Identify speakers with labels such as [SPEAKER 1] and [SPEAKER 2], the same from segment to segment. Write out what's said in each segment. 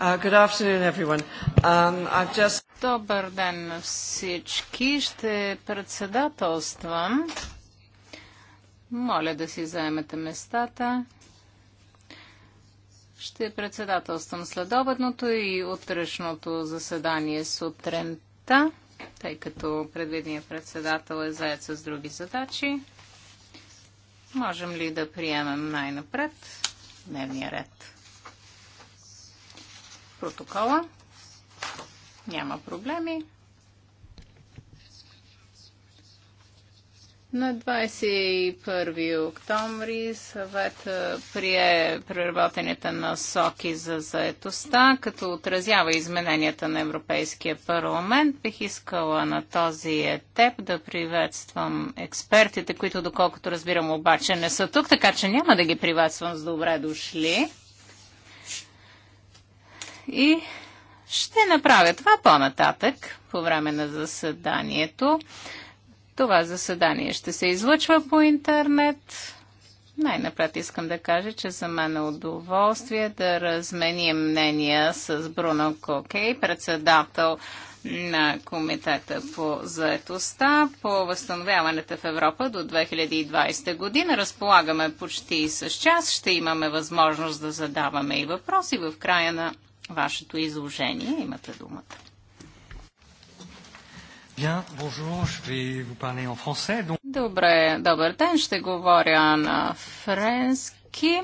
[SPEAKER 1] Uh, um, just... Добър ден на всички. Ще председателствам. Моля да си заемете местата. Ще председателствам следобедното и утрешното заседание сутринта, тъй като предвидният председател е заед с други задачи. Можем ли да приемем най-напред дневния ред? протокола. Няма проблеми. На 21 октомври съвет прие преработените насоки за заетостта, като отразява измененията на Европейския парламент. Бих искала на този етеп да приветствам експертите, които доколкото разбирам обаче не са тук, така че няма да ги приветствам с добре дошли и ще направя това по-нататък по време на заседанието. Това заседание ще се излъчва по интернет. Най-напред искам да кажа, че за мен е удоволствие да разменим мнения с Бруно Кокей, председател на Комитета по заетостта по възстановяването в Европа до 2020 година. Разполагаме почти с час. Ще имаме възможност да задаваме и въпроси в края на вашето изложение. Имате думата. Добре, добър ден, ще говоря на френски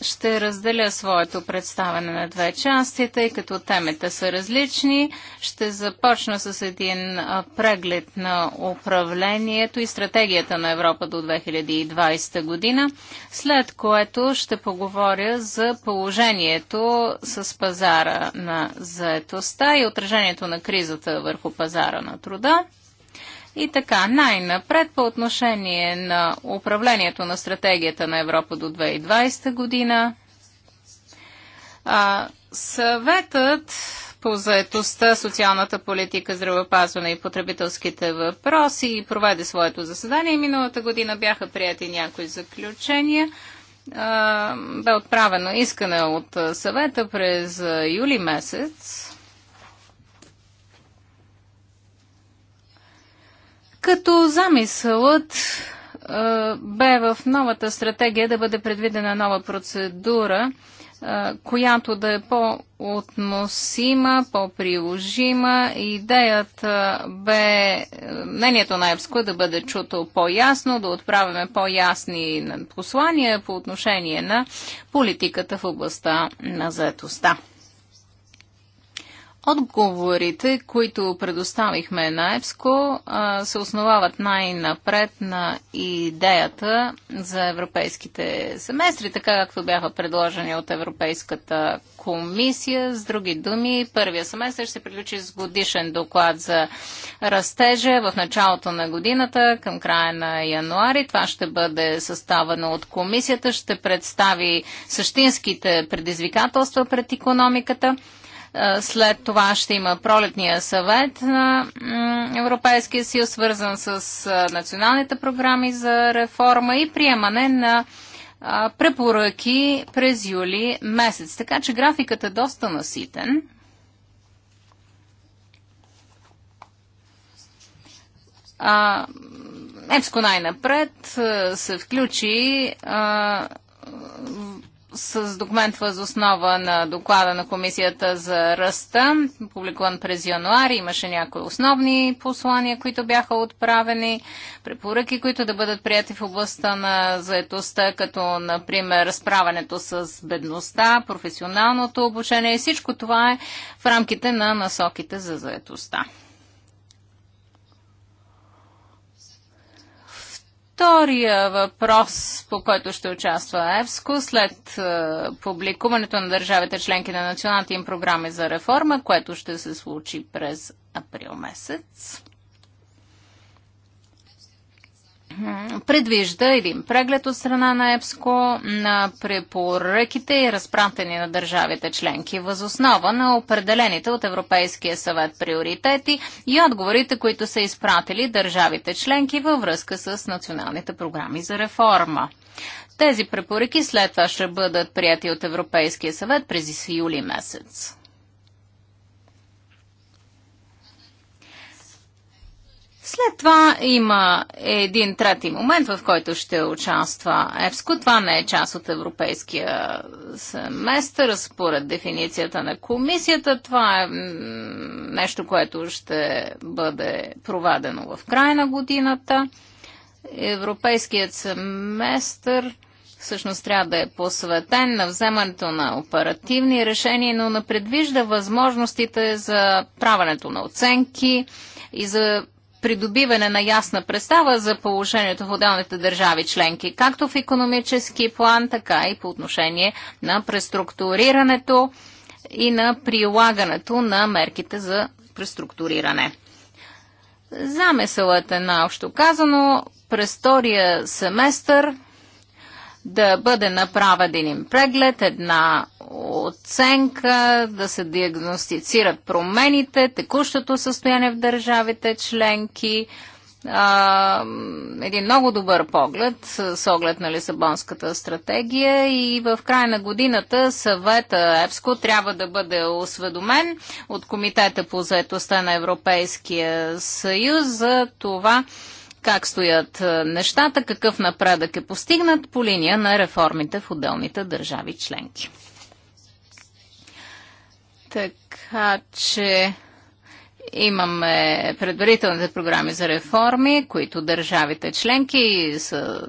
[SPEAKER 1] ще разделя своето представяне на две части, тъй като темите са различни. Ще започна с един преглед на управлението и стратегията на Европа до 2020 година, след което ще поговоря за положението с пазара на заетостта и отражението на кризата върху пазара на труда. И така, най-напред по отношение на управлението на стратегията на Европа до 2020 година, а, съветът по заетостта, социалната политика, здравеопазване и потребителските въпроси проведе своето заседание. Миналата година бяха прияти някои заключения. бе отправено искане от съвета през юли месец Като замисълът бе в новата стратегия да бъде предвидена нова процедура, която да е по-относима, по-приложима. Идеята бе мнението на ЕПСКО да бъде чуто по-ясно, да отправяме по-ясни послания по отношение на политиката в областта на заетостта. Отговорите, които предоставихме на ЕПСКО, се основават най-напред на идеята за европейските семестри, така както бяха предложени от Европейската комисия. С други думи, първия семестър ще приключи с годишен доклад за растежа в началото на годината, към края на януари. Това ще бъде съставено от комисията, ще представи същинските предизвикателства пред економиката е, след това ще има пролетния съвет на Европейския съюз, свързан с е, националните програми за реформа и приемане на е, препоръки през юли месец. Така че графикът е доста наситен. А, Епско най-напред се включи с документ въз основа на доклада на Комисията за ръста, публикуван през януари. Имаше някои основни послания, които бяха отправени, препоръки, които да бъдат прияти в областта на заетостта, като например справянето с бедността, професионалното обучение и всичко това е в рамките на насоките за заетостта. Втория въпрос, по който ще участва ЕВСКО, след е, публикуването на държавите членки на националните им програми за реформа, което ще се случи през април месец предвижда един преглед от страна на ЕПСКО на препоръките и разпратени на държавите членки възоснова на определените от Европейския съвет приоритети и отговорите, които са изпратили държавите членки във връзка с националните програми за реформа. Тези препоръки след това ще бъдат прияти от Европейския съвет през юли месец. След това има един трети момент, в който ще участва ЕФСКО. Това не е част от европейския семестър, според дефиницията на комисията. Това е нещо, което ще бъде проведено в края на годината. Европейският семестър всъщност трябва да е посветен на вземането на оперативни решения, но не предвижда възможностите за правенето на оценки и за придобиване на ясна представа за положението в отделните държави членки, както в економически план, така и по отношение на преструктурирането и на прилагането на мерките за преструктуриране. Замесълът е наобщо казано през втория семестър – да бъде направен един преглед, една оценка, да се диагностицират промените, текущото състояние в държавите членки, а, един много добър поглед с оглед на Лисабонската стратегия и в края на годината съвета ЕПСКО трябва да бъде осведомен от Комитета по заетостта на Европейския съюз за това, как стоят е, нещата, какъв напредък е постигнат по линия на реформите в отделните държави членки. Така че имаме предварителните програми за реформи, които държавите членки са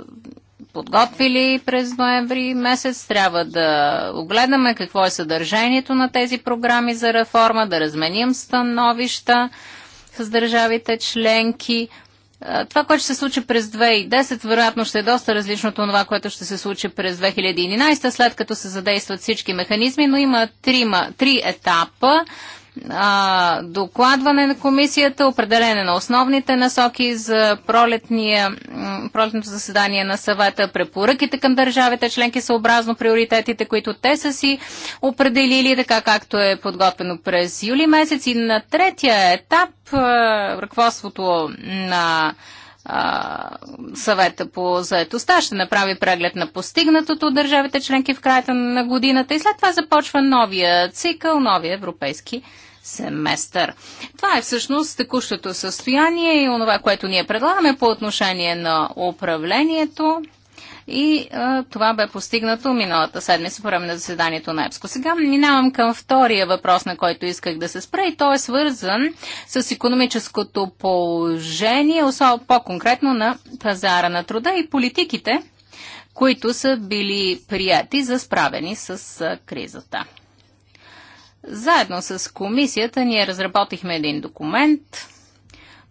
[SPEAKER 1] подготвили през ноември месец. Трябва да огледаме какво е съдържанието на тези програми за реформа, да разменим становища с държавите членки това, което ще се случи през 2010, вероятно ще е доста различно от това, което ще се случи през 2011, след като се задействат всички механизми, но има три, три етапа а, докладване на комисията, определене на основните насоки за пролетния, пролетното заседание на съвета, препоръките към държавите членки съобразно приоритетите, които те са си определили, така както е подготвено през юли месец. И на третия етап ръководството на съвета по заетостта, ще направи преглед на постигнатото от държавите членки в края на годината и след това започва новия цикъл, новия европейски семестър. Това е всъщност текущото състояние и онова, което ние предлагаме по отношение на управлението и а, това бе постигнато миналата седмица по време на заседанието на ЕПСКО. Сега минавам към втория въпрос, на който исках да се спра и той е свързан с економическото положение, особено по-конкретно на пазара на труда и политиките, които са били прияти за справени с а, кризата. Заедно с комисията ние разработихме един документ,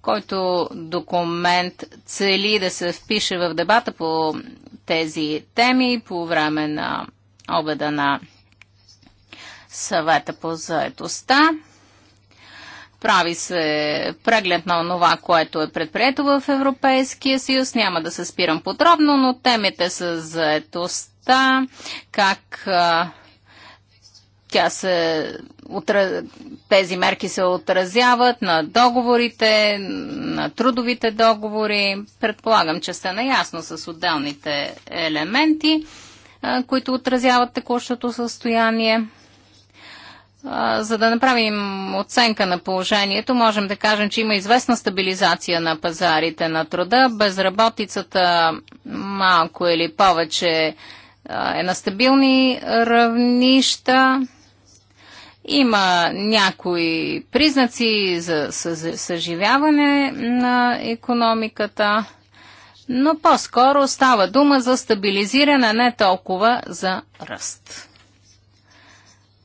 [SPEAKER 1] който документ цели да се впише в дебата по тези теми по време на обеда на съвета по заедостта. Прави се преглед на това, което е предприето в Европейския съюз. Няма да се спирам подробно, но темите са заедостта, как а, тя се, тези мерки се отразяват на договорите, на трудовите договори. Предполагам, че сте наясно с отделните елементи, които отразяват текущото състояние. За да направим оценка на положението, можем да кажем, че има известна стабилизация на пазарите на труда. Безработицата малко или повече е на стабилни равнища. Има някои признаци за съживяване на економиката, но по-скоро става дума за стабилизиране, не толкова за ръст.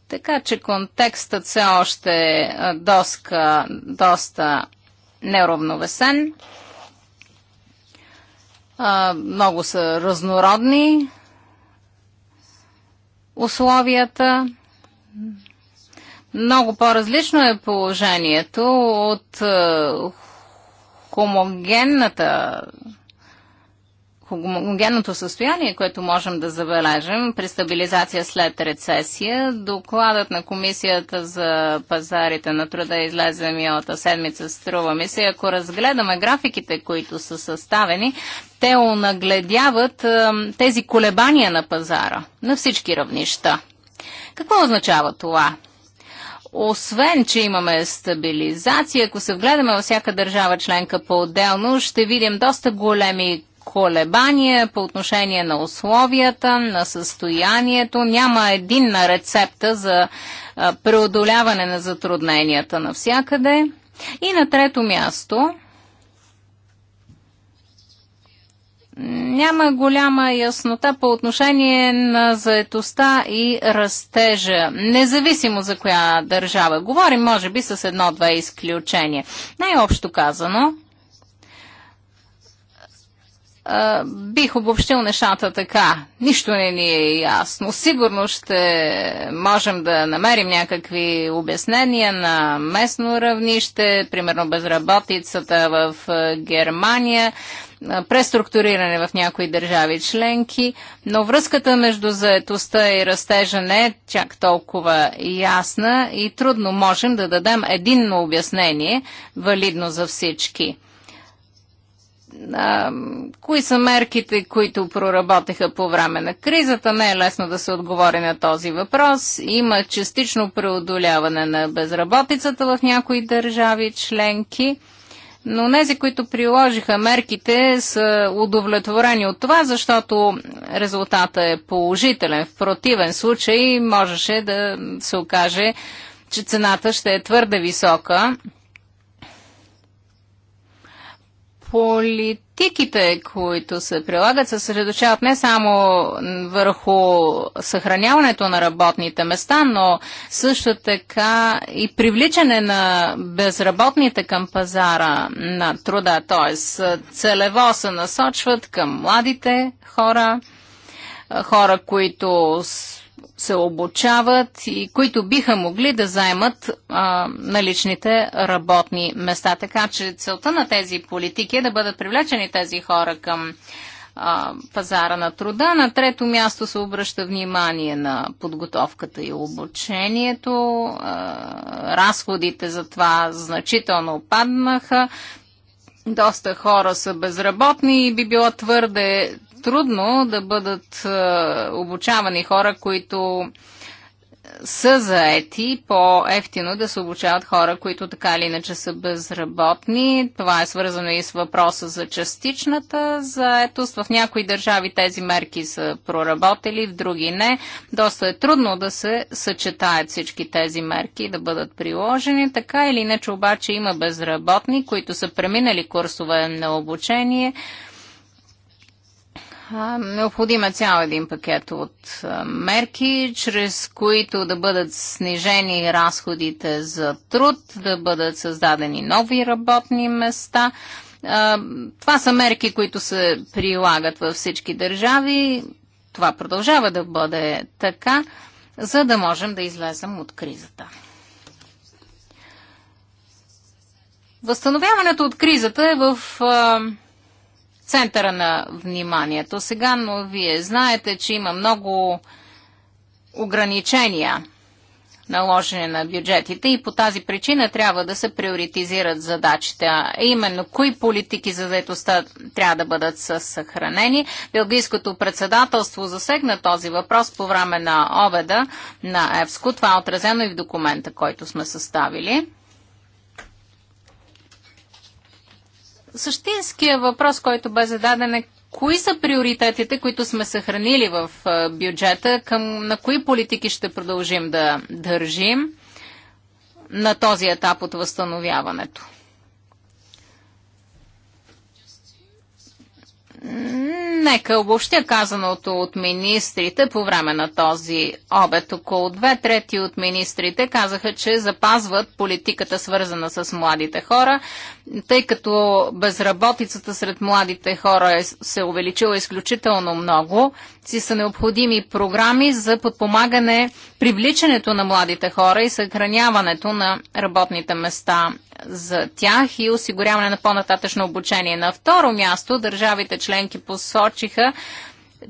[SPEAKER 1] Така че контекстът все още е доска, доста неравновесен. Много са разнородни условията много по-различно е положението от е, хомогенната хомогенното състояние, което можем да забележим при стабилизация след рецесия. Докладът на Комисията за пазарите на труда е излезе от седмица, струва ми се. Ако разгледаме графиките, които са съставени, те онагледяват е, тези колебания на пазара на всички равнища. Какво означава това? освен, че имаме стабилизация, ако се вгледаме във всяка държава членка по-отделно, ще видим доста големи колебания по отношение на условията, на състоянието. Няма единна рецепта за преодоляване на затрудненията навсякъде. И на трето място – няма голяма яснота по отношение на заетостта и растежа, независимо за коя държава. Говорим, може би, с едно-две изключения. Най-общо казано, бих обобщил нещата така. Нищо не ни е ясно. Сигурно ще можем да намерим някакви обяснения на местно равнище, примерно безработицата в Германия преструктуриране в някои държави членки, но връзката между заетостта и растежа не е чак толкова ясна и трудно можем да дадем единно обяснение, валидно за всички. кои са мерките, които проработеха по време на кризата? Не е лесно да се отговори на този въпрос. Има частично преодоляване на безработицата в някои държави членки – но тези, които приложиха мерките, са удовлетворени от това, защото резултата е положителен. В противен случай можеше да се окаже, че цената ще е твърде висока политиките, които се прилагат, се съсредоточават не само върху съхраняването на работните места, но също така и привличане на безработните към пазара на труда, т.е. целево се насочват към младите хора, хора, които се обучават и които биха могли да заемат а, наличните работни места. Така че целта на тези политики е да бъдат привлечени тези хора към а, пазара на труда. На трето място се обръща внимание на подготовката и обучението. А, разходите за това значително опаднаха. Доста хора са безработни и би било твърде трудно да бъдат е, обучавани хора, които са заети, по-ефтино да се обучават хора, които така или иначе са безработни. Това е свързано и с въпроса за частичната заетост. В някои държави тези мерки са проработили, в други не. Доста е трудно да се съчетаят всички тези мерки да бъдат приложени. Така или иначе обаче има безработни, които са преминали курсове на обучение необходим е цял един пакет от мерки, чрез които да бъдат снижени разходите за труд, да бъдат създадени нови работни места. Това са мерки, които се прилагат във всички държави. Това продължава да бъде така, за да можем да излезем от кризата. Възстановяването от кризата е в центъра на вниманието сега, но вие знаете, че има много ограничения наложени на бюджетите и по тази причина трябва да се приоритизират задачите. А именно, кои политики за заедостта трябва да бъдат съхранени. Белгийското председателство засегна този въпрос по време на обеда на ЕВСКО. Това е отразено и в документа, който сме съставили. същинския въпрос, който бе зададен е кои са приоритетите, които сме съхранили в бюджета, към, на кои политики ще продължим да държим на този етап от възстановяването? Нека обобщя казаното от министрите по време на този обед. Около две трети от министрите казаха, че запазват политиката свързана с младите хора, тъй като безработицата сред младите хора е, се увеличила изключително много, си са необходими програми за подпомагане привличането на младите хора и съхраняването на работните места за тях и осигуряване на по-нататъчно обучение. На второ място държавите членки посочиха,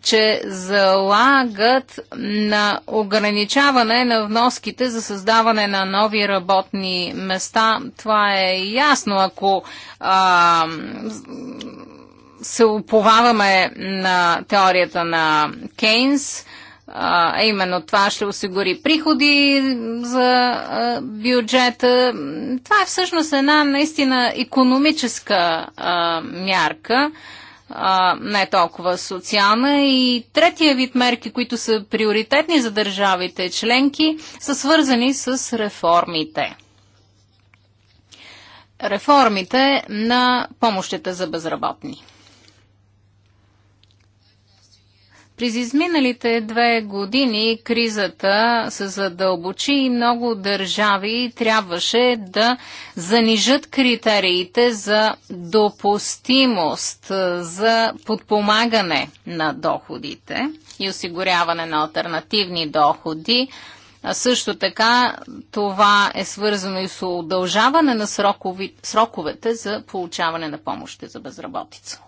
[SPEAKER 1] че залагат на ограничаване на вноските за създаване на нови работни места. Това е ясно, ако а, се уповаваме на теорията на Кейнс, а именно това ще осигури приходи за а, бюджета. Това е всъщност една наистина економическа а, мярка. А, а, не толкова социална. И третия вид мерки, които са приоритетни за държавите членки, са свързани с реформите. Реформите на помощите за безработни. През изминалите две години кризата се задълбочи и много държави трябваше да занижат критериите за допустимост, е, за подпомагане на доходите и осигуряване на альтернативни доходи. А също така това е свързано и с удължаване на срокови, сроковете за получаване на помощи за безработица.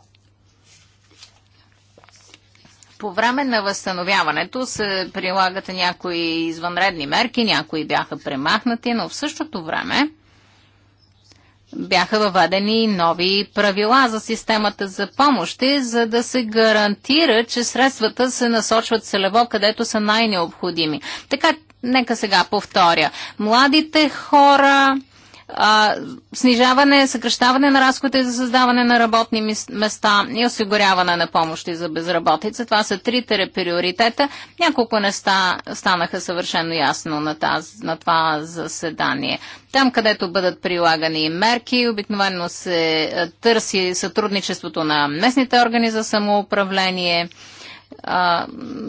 [SPEAKER 1] По време на възстановяването се прилагат някои извънредни мерки, някои бяха премахнати, но в същото време бяха въведени нови правила за системата за помощи, за да се гарантира, че средствата се насочват целево, където са най-необходими. Така, нека сега повторя. Младите хора, а, снижаване, съкръщаване на разходите за създаване на работни места и осигуряване на помощи за безработица. Това са трите приоритета. Няколко неща станаха съвършено ясно на, таз, на това заседание. Там, където бъдат прилагани мерки, обикновено се е, търси сътрудничеството на местните органи за самоуправление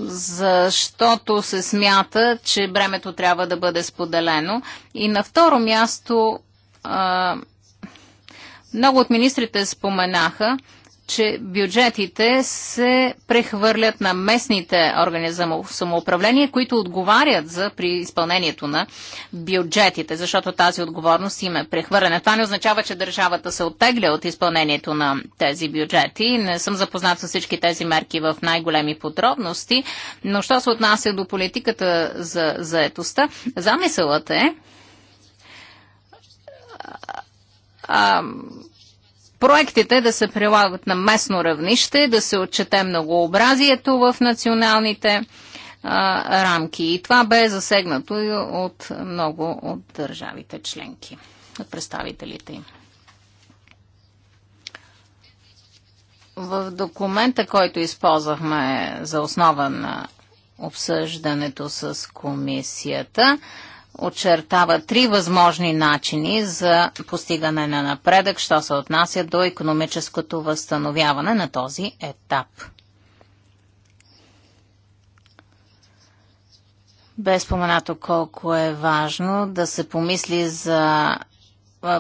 [SPEAKER 1] защото се смята, че бремето трябва да бъде споделено. И на второ място много от министрите споменаха, че бюджетите се прехвърлят на местните органи за самоуправление, които отговарят за при изпълнението на бюджетите, защото тази отговорност им е прехвърлена. Това не означава, че държавата се оттегля от изпълнението на тези бюджети. Не съм запознат с всички тези мерки в най-големи подробности, но що се отнася до политиката за заетостта, замисълът е, проектите да се прилагат на местно равнище, да се отчете многообразието в националните а, рамки. И това бе засегнато и от много от държавите членки, от представителите им. В документа, който използвахме за основа на обсъждането с комисията, очертава три възможни начини за постигане на напредък, що се отнася до економическото възстановяване на този етап. Бе споменато колко е важно да се помисли за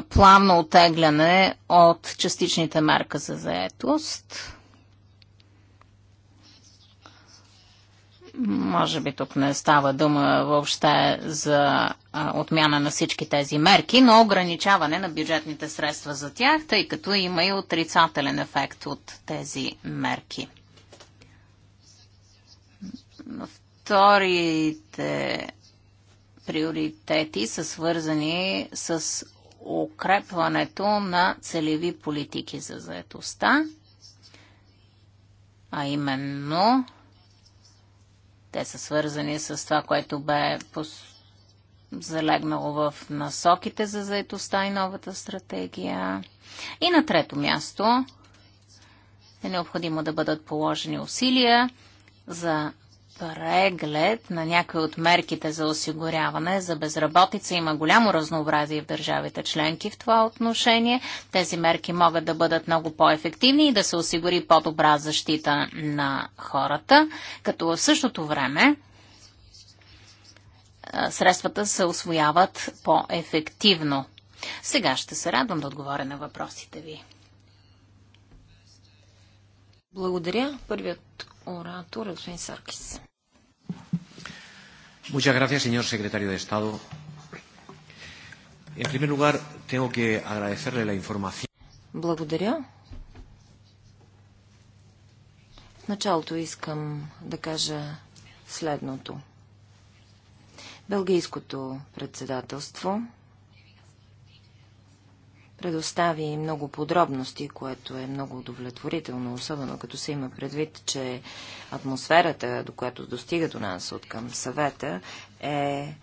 [SPEAKER 1] плавно отегляне от частичните мерки за заетост. Може би тук не става дума въобще за отмяна на всички тези мерки, но ограничаване на бюджетните средства за тях, тъй като има и отрицателен ефект от тези мерки. Вторите приоритети са свързани с укрепването на целеви политики за заетостта, а именно те са свързани с това, което бе залегнало в насоките за заедостта и новата стратегия. И на трето място е необходимо да бъдат положени усилия за преглед на някои от мерките за осигуряване за безработица. Има голямо разнообразие в държавите членки в това отношение. Тези мерки могат да бъдат много по-ефективни и да се осигури по-добра защита на хората, като в същото време средствата се освояват по-ефективно. Сега ще се радвам да отговоря на въпросите ви.
[SPEAKER 2] Благодаря. Първият оратор е господин Саркис.
[SPEAKER 1] Muchas gracias, señor secretario de Estado. En primer
[SPEAKER 2] lugar, tengo que agradecerle la información. Благодаря. В началото искам да кажа следното. Белгийското председателство предостави много подробности, което е много удовлетворително, особено като се има предвид, че атмосферата, до която достига до нас от към съвета, е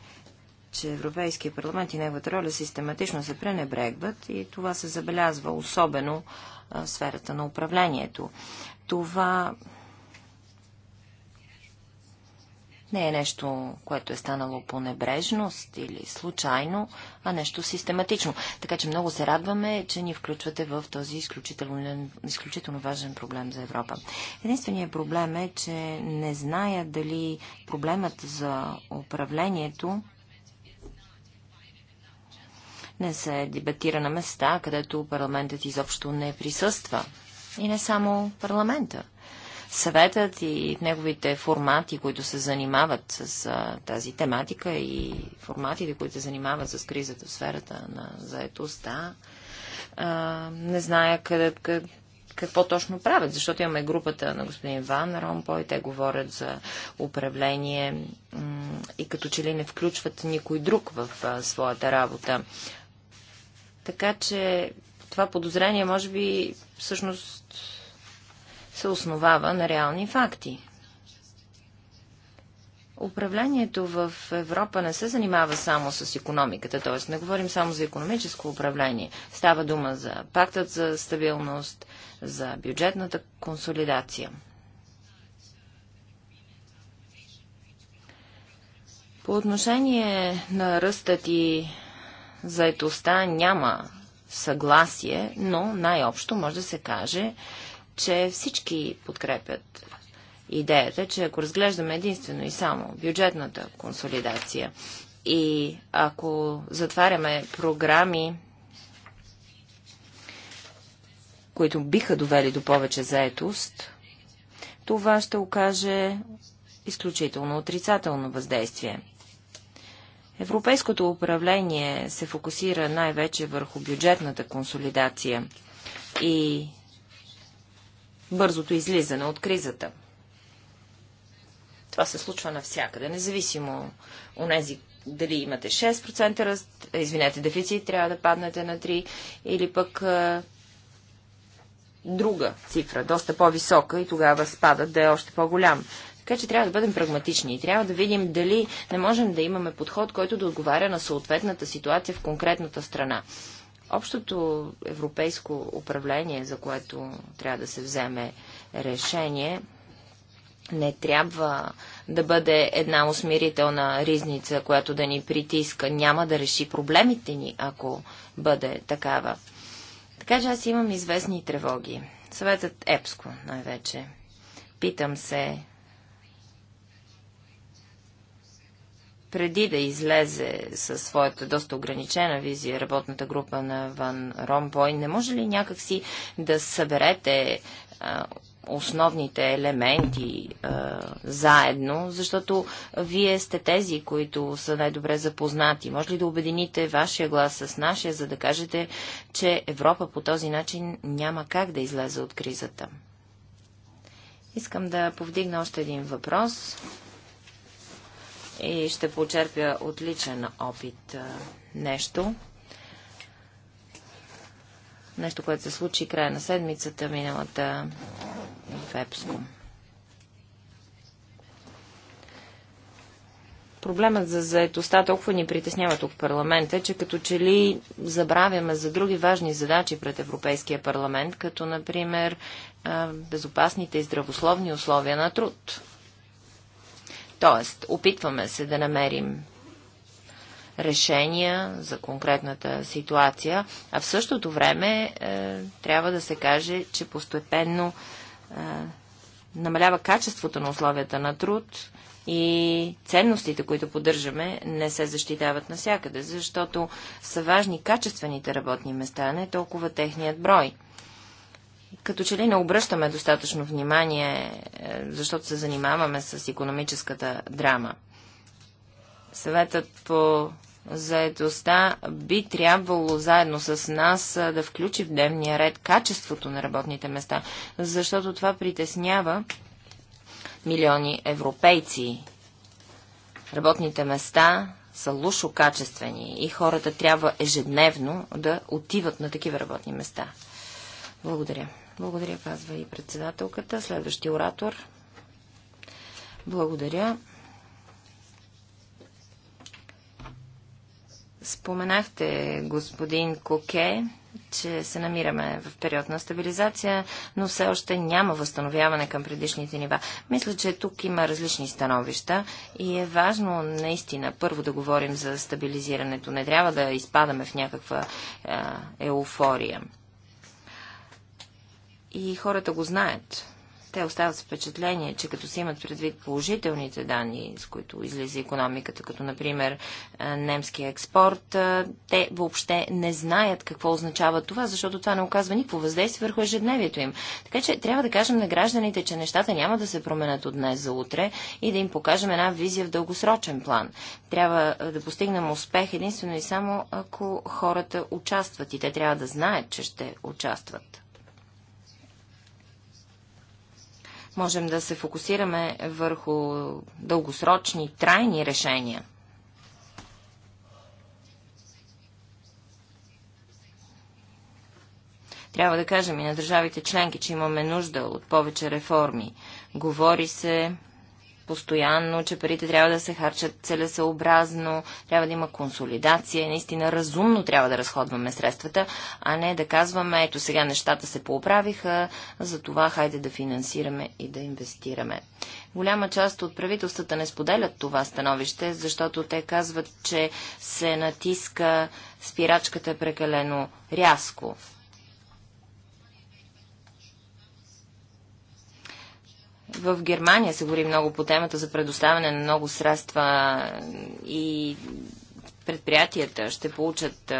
[SPEAKER 2] че Европейския парламент и неговата роля систематично се пренебрегват и това се забелязва особено в сферата на управлението. Това не е нещо, което е станало по небрежност или случайно, а нещо систематично. Така че много се радваме, че ни включвате в този изключително, изключително важен проблем за Европа. Единственият проблем е, че не зная дали проблемът за управлението не се дебатира на места, където парламентът изобщо не присъства. И не само парламента. Съветът и неговите формати, които се занимават с а, тази тематика и форматите, които се занимават с кризата в сферата на заетостта, а, не зная къде, къде, какво точно правят, защото имаме групата на господин Ван Ромпой, те говорят за управление и като че ли не включват никой друг в а, своята работа. Така че това подозрение може би всъщност се основава на реални факти. Управлението в Европа не се занимава само с економиката, т.е. не говорим само за економическо управление. Става дума за пактът за стабилност, за бюджетната консолидация. По отношение на ръстът и заетостта няма съгласие, но най-общо може да се каже, че всички подкрепят идеята, че ако разглеждаме единствено и само бюджетната консолидация и ако затваряме програми, които биха довели до повече заетост, това ще окаже изключително отрицателно въздействие. Европейското управление се фокусира най-вече върху бюджетната консолидация и бързото излизане от кризата. Това се случва навсякъде, независимо от тези, дали имате 6% ръст, извинете, дефицит, трябва да паднете на 3, или пък е, друга цифра, доста по-висока и тогава спадът да е още по-голям. Така че трябва да бъдем прагматични и трябва да видим дали не можем да имаме подход, който да отговаря на съответната ситуация в конкретната страна. Общото европейско управление, за което трябва да се вземе решение, не трябва да бъде една усмирителна ризница, която да ни притиска. Няма да реши проблемите ни, ако бъде такава. Така че аз имам известни тревоги. Съветът Епско най-вече. Питам се, преди да излезе със своята доста ограничена визия работната група на Ван Ромбой, не може ли някакси да съберете а, основните елементи а, заедно, защото вие сте тези, които са най-добре запознати. Може ли да обедините вашия глас с нашия, за да кажете, че Европа по този начин няма как да излезе от кризата? Искам да повдигна още един въпрос и ще почерпя отличен опит нещо. Нещо, което се случи края на седмицата, миналата в Епско. Проблемът за заедостта толкова ни притеснява тук в парламента, е, че като че ли забравяме за други важни задачи пред Европейския парламент, като например безопасните и здравословни условия на труд. Тоест, опитваме се да намерим решения за конкретната ситуация, а в същото време е, трябва да се каже, че постепенно е, намалява качеството на условията на труд и ценностите, които поддържаме, не се защитават навсякъде, защото са важни качествените работни места, не толкова техният брой като че ли не обръщаме достатъчно внимание, е, защото се занимаваме с економическата драма. Съветът по заедостта би трябвало заедно с нас е, да включи в дневния ред качеството на работните места, защото това притеснява милиони европейци. Работните места са лошо качествени и хората трябва ежедневно да отиват на такива работни места. Благодаря. Благодаря, казва и председателката. Следващия оратор. Благодаря. Споменахте, господин Коке, че се намираме в период на стабилизация, но все още няма възстановяване към предишните нива. Мисля, че тук има различни становища и е важно наистина първо да говорим за стабилизирането. Не трябва да изпадаме в някаква еуфория. И хората го знаят. Те остават с впечатление, че като се имат предвид положителните данни, с които излиза економиката, като например е, немския експорт, е, те въобще не знаят какво означава това, защото това не оказва никакво въздействие върху ежедневието им. Така че трябва да кажем на гражданите, че нещата няма да се променят от днес за утре и да им покажем една визия в дългосрочен план. Трябва е, да постигнем успех единствено и само ако хората участват и те трябва да знаят, че ще участват. можем да се фокусираме върху дългосрочни, трайни решения. Трябва да кажем и на държавите членки, че имаме нужда от повече реформи. Говори се постоянно, че парите трябва да се харчат целесъобразно, трябва да има консолидация наистина разумно трябва да разходваме средствата, а не да казваме, ето сега нещата се поуправиха, за това хайде да финансираме и да инвестираме. Голяма част от правителствата не споделят това становище, защото те казват, че се натиска спирачката прекалено рязко. В Германия се говори много по темата за предоставяне на много средства и предприятията ще получат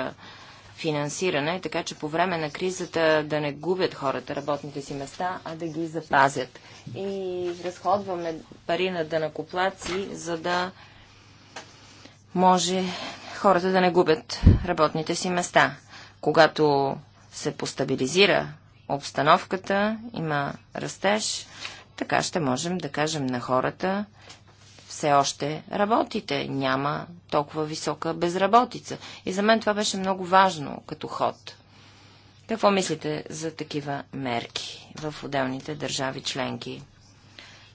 [SPEAKER 2] финансиране, така че по време на кризата да не губят хората работните си места, а да ги запазят. И разходваме пари на дънакоплаци, за да може хората да не губят работните си места. Когато се постабилизира обстановката, има растеж, така ще можем да кажем на хората, все още работите, няма толкова висока безработица. И за мен това беше много важно като ход. Какво мислите за такива мерки в отделните държави членки?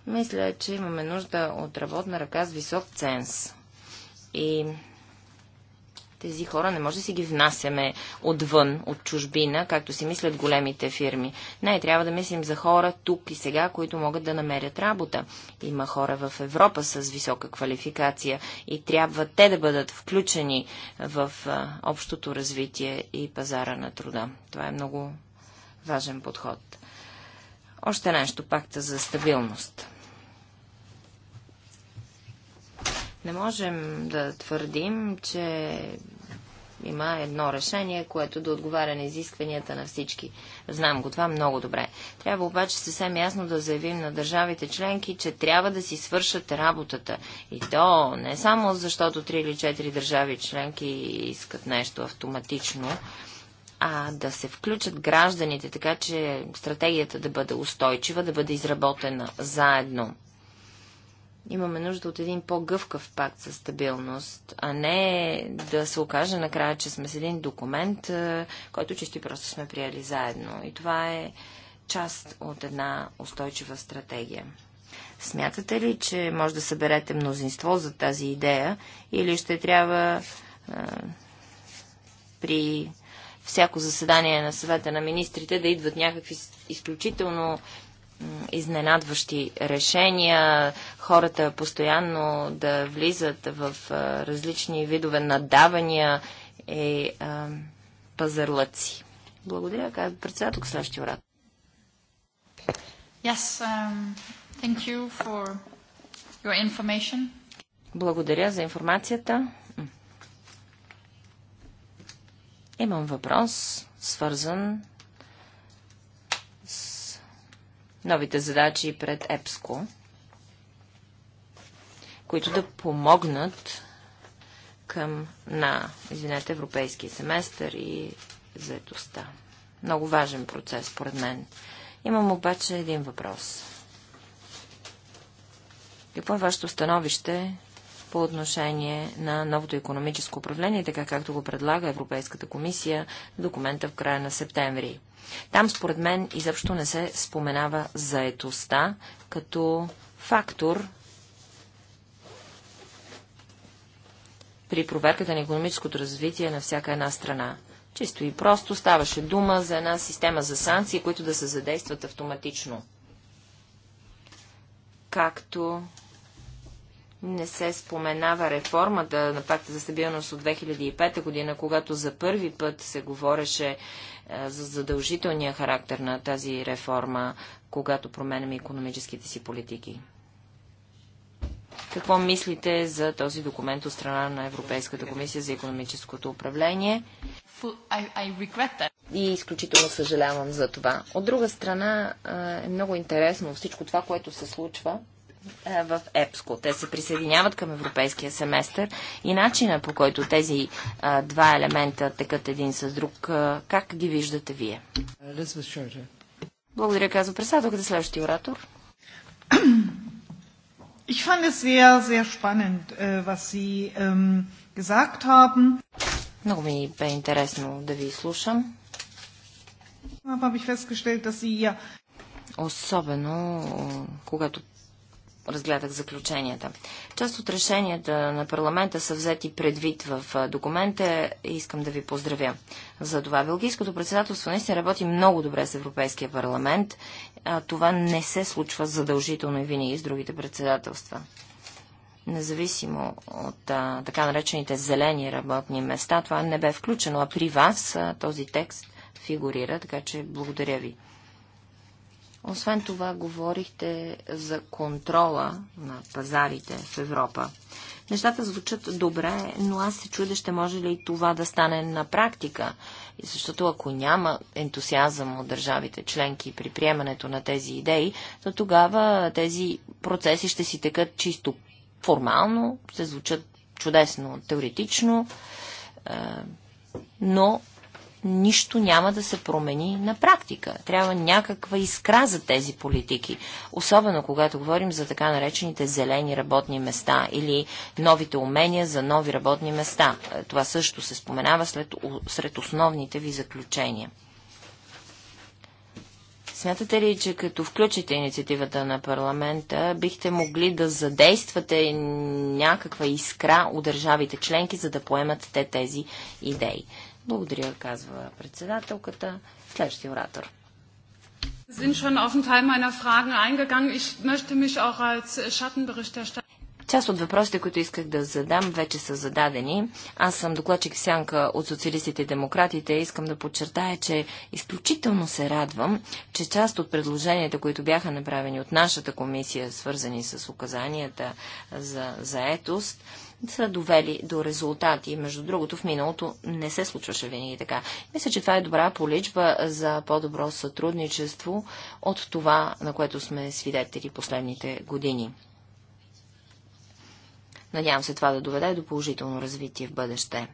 [SPEAKER 2] Мисля, че имаме нужда от работна ръка с висок ценз. И тези хора не може да си ги внасяме отвън, от чужбина, както си мислят големите фирми. Не, трябва да мислим за хора тук и сега, които могат да намерят работа. Има хора в Европа с висока квалификация и трябва те да бъдат включени в общото развитие и пазара на труда. Това е много важен подход. Още нещо, пакта за стабилност. Не можем да твърдим, че има едно решение, което да отговаря на изискванията на всички. Знам го това много добре. Трябва обаче съвсем ясно да заявим на държавите членки, че трябва да си свършат работата. И то не само защото три или четири държави членки искат нещо автоматично, а да се включат гражданите, така че стратегията да бъде устойчива, да бъде изработена заедно. Имаме нужда от един по-гъвкав пакт за стабилност, а не да се окаже накрая, че сме с един документ, е, който чисти просто сме приели заедно. И това е част от една устойчива стратегия. Смятате ли, че може да съберете мнозинство за тази идея или ще трябва а, е, при всяко заседание на съвета на министрите да идват някакви изключително изненадващи решения, хората постоянно да влизат в различни видове надавания и пазарлъци. Благодаря, казва председател, следващия урад.
[SPEAKER 1] Yes, um, thank you for your information.
[SPEAKER 2] Благодаря за информацията. Имам въпрос, свързан новите задачи пред ЕПСКО, които да помогнат към на, извинете, европейския семестър и заедостта. Много важен процес, според мен. Имам обаче един въпрос. Какво е вашето становище по отношение на новото економическо управление, така както го предлага Европейската комисия в документа в края на септември? Там, според мен, изобщо не се споменава заетостта като фактор при проверката на економическото развитие на всяка една страна. Чисто и просто ставаше дума за една система за санкции, които да се задействат автоматично. Както не се споменава реформата на пакта за стабилност от 2005 година, когато за първи път се говореше е, за задължителния характер на тази реформа, когато променяме економическите си политики. Какво мислите за този документ от страна на Европейската комисия за економическото управление? И изключително съжалявам за това. От друга страна е, е много интересно всичко това, което се случва в ЕПСКО. Те се присъединяват към европейския семестър и начина по който тези а, два елемента текат един с друг, а, как ги виждате вие? Благодаря, казва председател. председателката. Следващия оратор. Ich fand es sehr, sehr spannend, was Sie ähm, gesagt haben. Много ми бе интересно да ви слушам. Особено, когато разгледах заключенията. Част от решенията на парламента са взети предвид в документа и искам да ви поздравя. За това Белгийското председателство наистина работи много добре с Европейския парламент. А това не се случва задължително и винаги с другите председателства. Независимо от а, така наречените зелени работни места, това не бе включено, а при вас а, този текст фигурира, така че благодаря ви. Освен това, говорихте за контрола на пазарите в Европа. Нещата звучат добре, но аз се чудя, ще може ли това да стане на практика. Защото ако няма ентусиазъм от държавите членки при приемането на тези идеи, то тогава тези процеси ще си текат чисто формално, ще звучат чудесно теоретично, е, но нищо няма да се промени на практика. Трябва някаква искра за тези политики, особено когато говорим за така наречените зелени работни места или новите умения за нови работни места. Е, това също се споменава след, сред основните ви заключения. Смятате ли, че като включите инициативата на парламента, бихте могли да задействате някаква искра у държавите членки, за да поемат те тези идеи? Благодаря, казва председателката. Следващия оратор. Част от въпросите, които исках да задам, вече са зададени. Аз съм докладчик Сянка от социалистите и демократите. Искам да подчертая, че изключително се радвам, че част от предложенията, които бяха направени от нашата комисия, свързани с указанията за заетост, са довели до резултати. Между другото, в миналото не се случваше винаги така. Мисля, че това е добра поличба за по-добро сътрудничество от това, на което сме свидетели последните години. Надявам се това да доведе до положително развитие в бъдеще.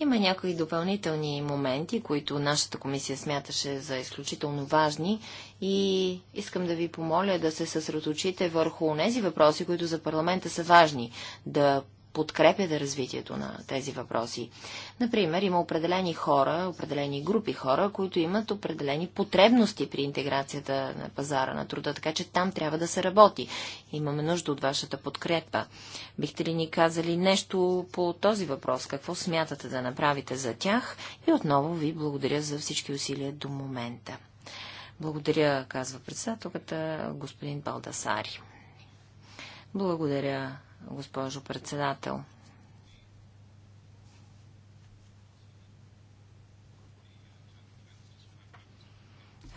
[SPEAKER 2] Има някои допълнителни моменти, които нашата комисия смяташе за изключително важни и искам да ви помоля да се съсредоточите върху тези въпроси, които за парламента са важни, да подкрепяте развитието на тези въпроси. Например, има определени хора, определени групи хора, които имат определени потребности при интеграцията на пазара на труда, така че там трябва да се работи. Имаме нужда от вашата подкрепа. Бихте ли ни казали нещо по този въпрос? Какво смятате да направите за тях? И отново ви благодаря за всички усилия до момента. Благодаря, казва председателката, господин Балдасари. Благодаря, госпожо председател.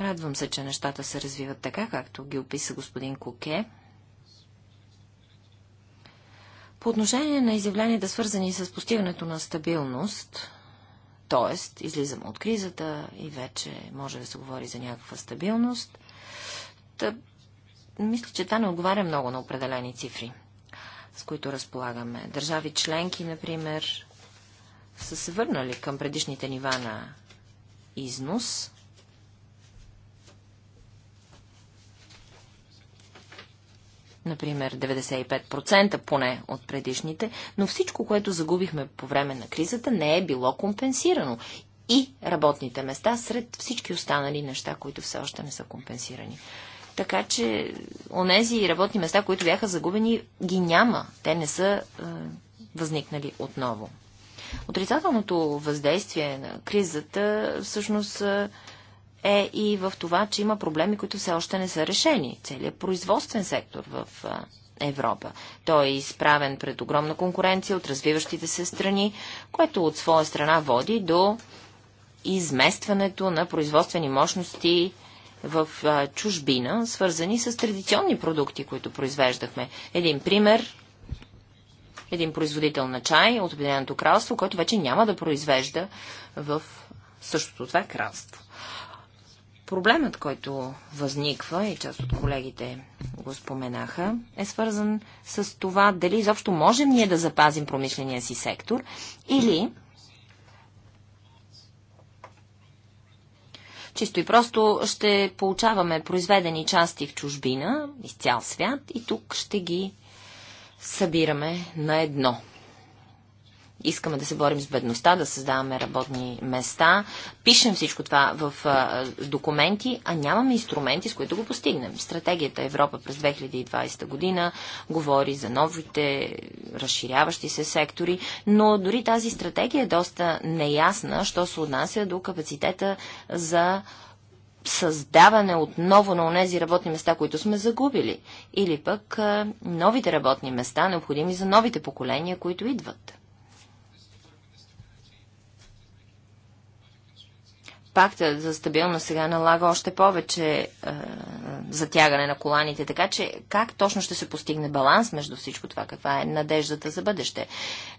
[SPEAKER 2] Радвам се, че нещата се развиват така, както ги описа господин Коке. По отношение на изявленията, свързани с постигането на стабилност, Тоест, излизаме от кризата и вече може да се говори за някаква стабилност. Та, мисля, че това не отговаря много на определени цифри, с които разполагаме. Държави членки, например, са се върнали към предишните нива на износ, например 95% поне от предишните, но всичко, което загубихме по време на кризата, не е било компенсирано. И работните места сред всички останали неща, които все още не са компенсирани. Така че онези работни места, които бяха загубени, ги няма. Те не са е, възникнали отново. Отрицателното въздействие на кризата всъщност е, е и в това, че има проблеми, които все още не са решени. Целият производствен сектор в Европа. Той е изправен пред огромна конкуренция от развиващите се страни, което от своя страна води до изместването на производствени мощности в чужбина, свързани с традиционни продукти, които произвеждахме. Един пример един производител на чай от Обединеното кралство, който вече няма да произвежда в същото това кралство. Проблемът, който възниква, и част от колегите го споменаха, е свързан с това дали изобщо можем ние да запазим промишления си сектор или чисто и просто ще получаваме произведени части в чужбина, из цял свят и тук ще ги събираме на едно искаме да се борим с бедността, да създаваме работни места. Пишем всичко това в документи, а нямаме инструменти, с които го постигнем. Стратегията Европа през 2020 година говори за новите разширяващи се сектори, но дори тази стратегия е доста неясна, що се отнася до капацитета за създаване отново на онези работни места, които сме загубили. Или пък новите работни места, необходими за новите поколения, които идват. пакта за стабилност сега налага още повече е, затягане на коланите, така че как точно ще се постигне баланс между всичко това? Каква е надеждата за бъдеще?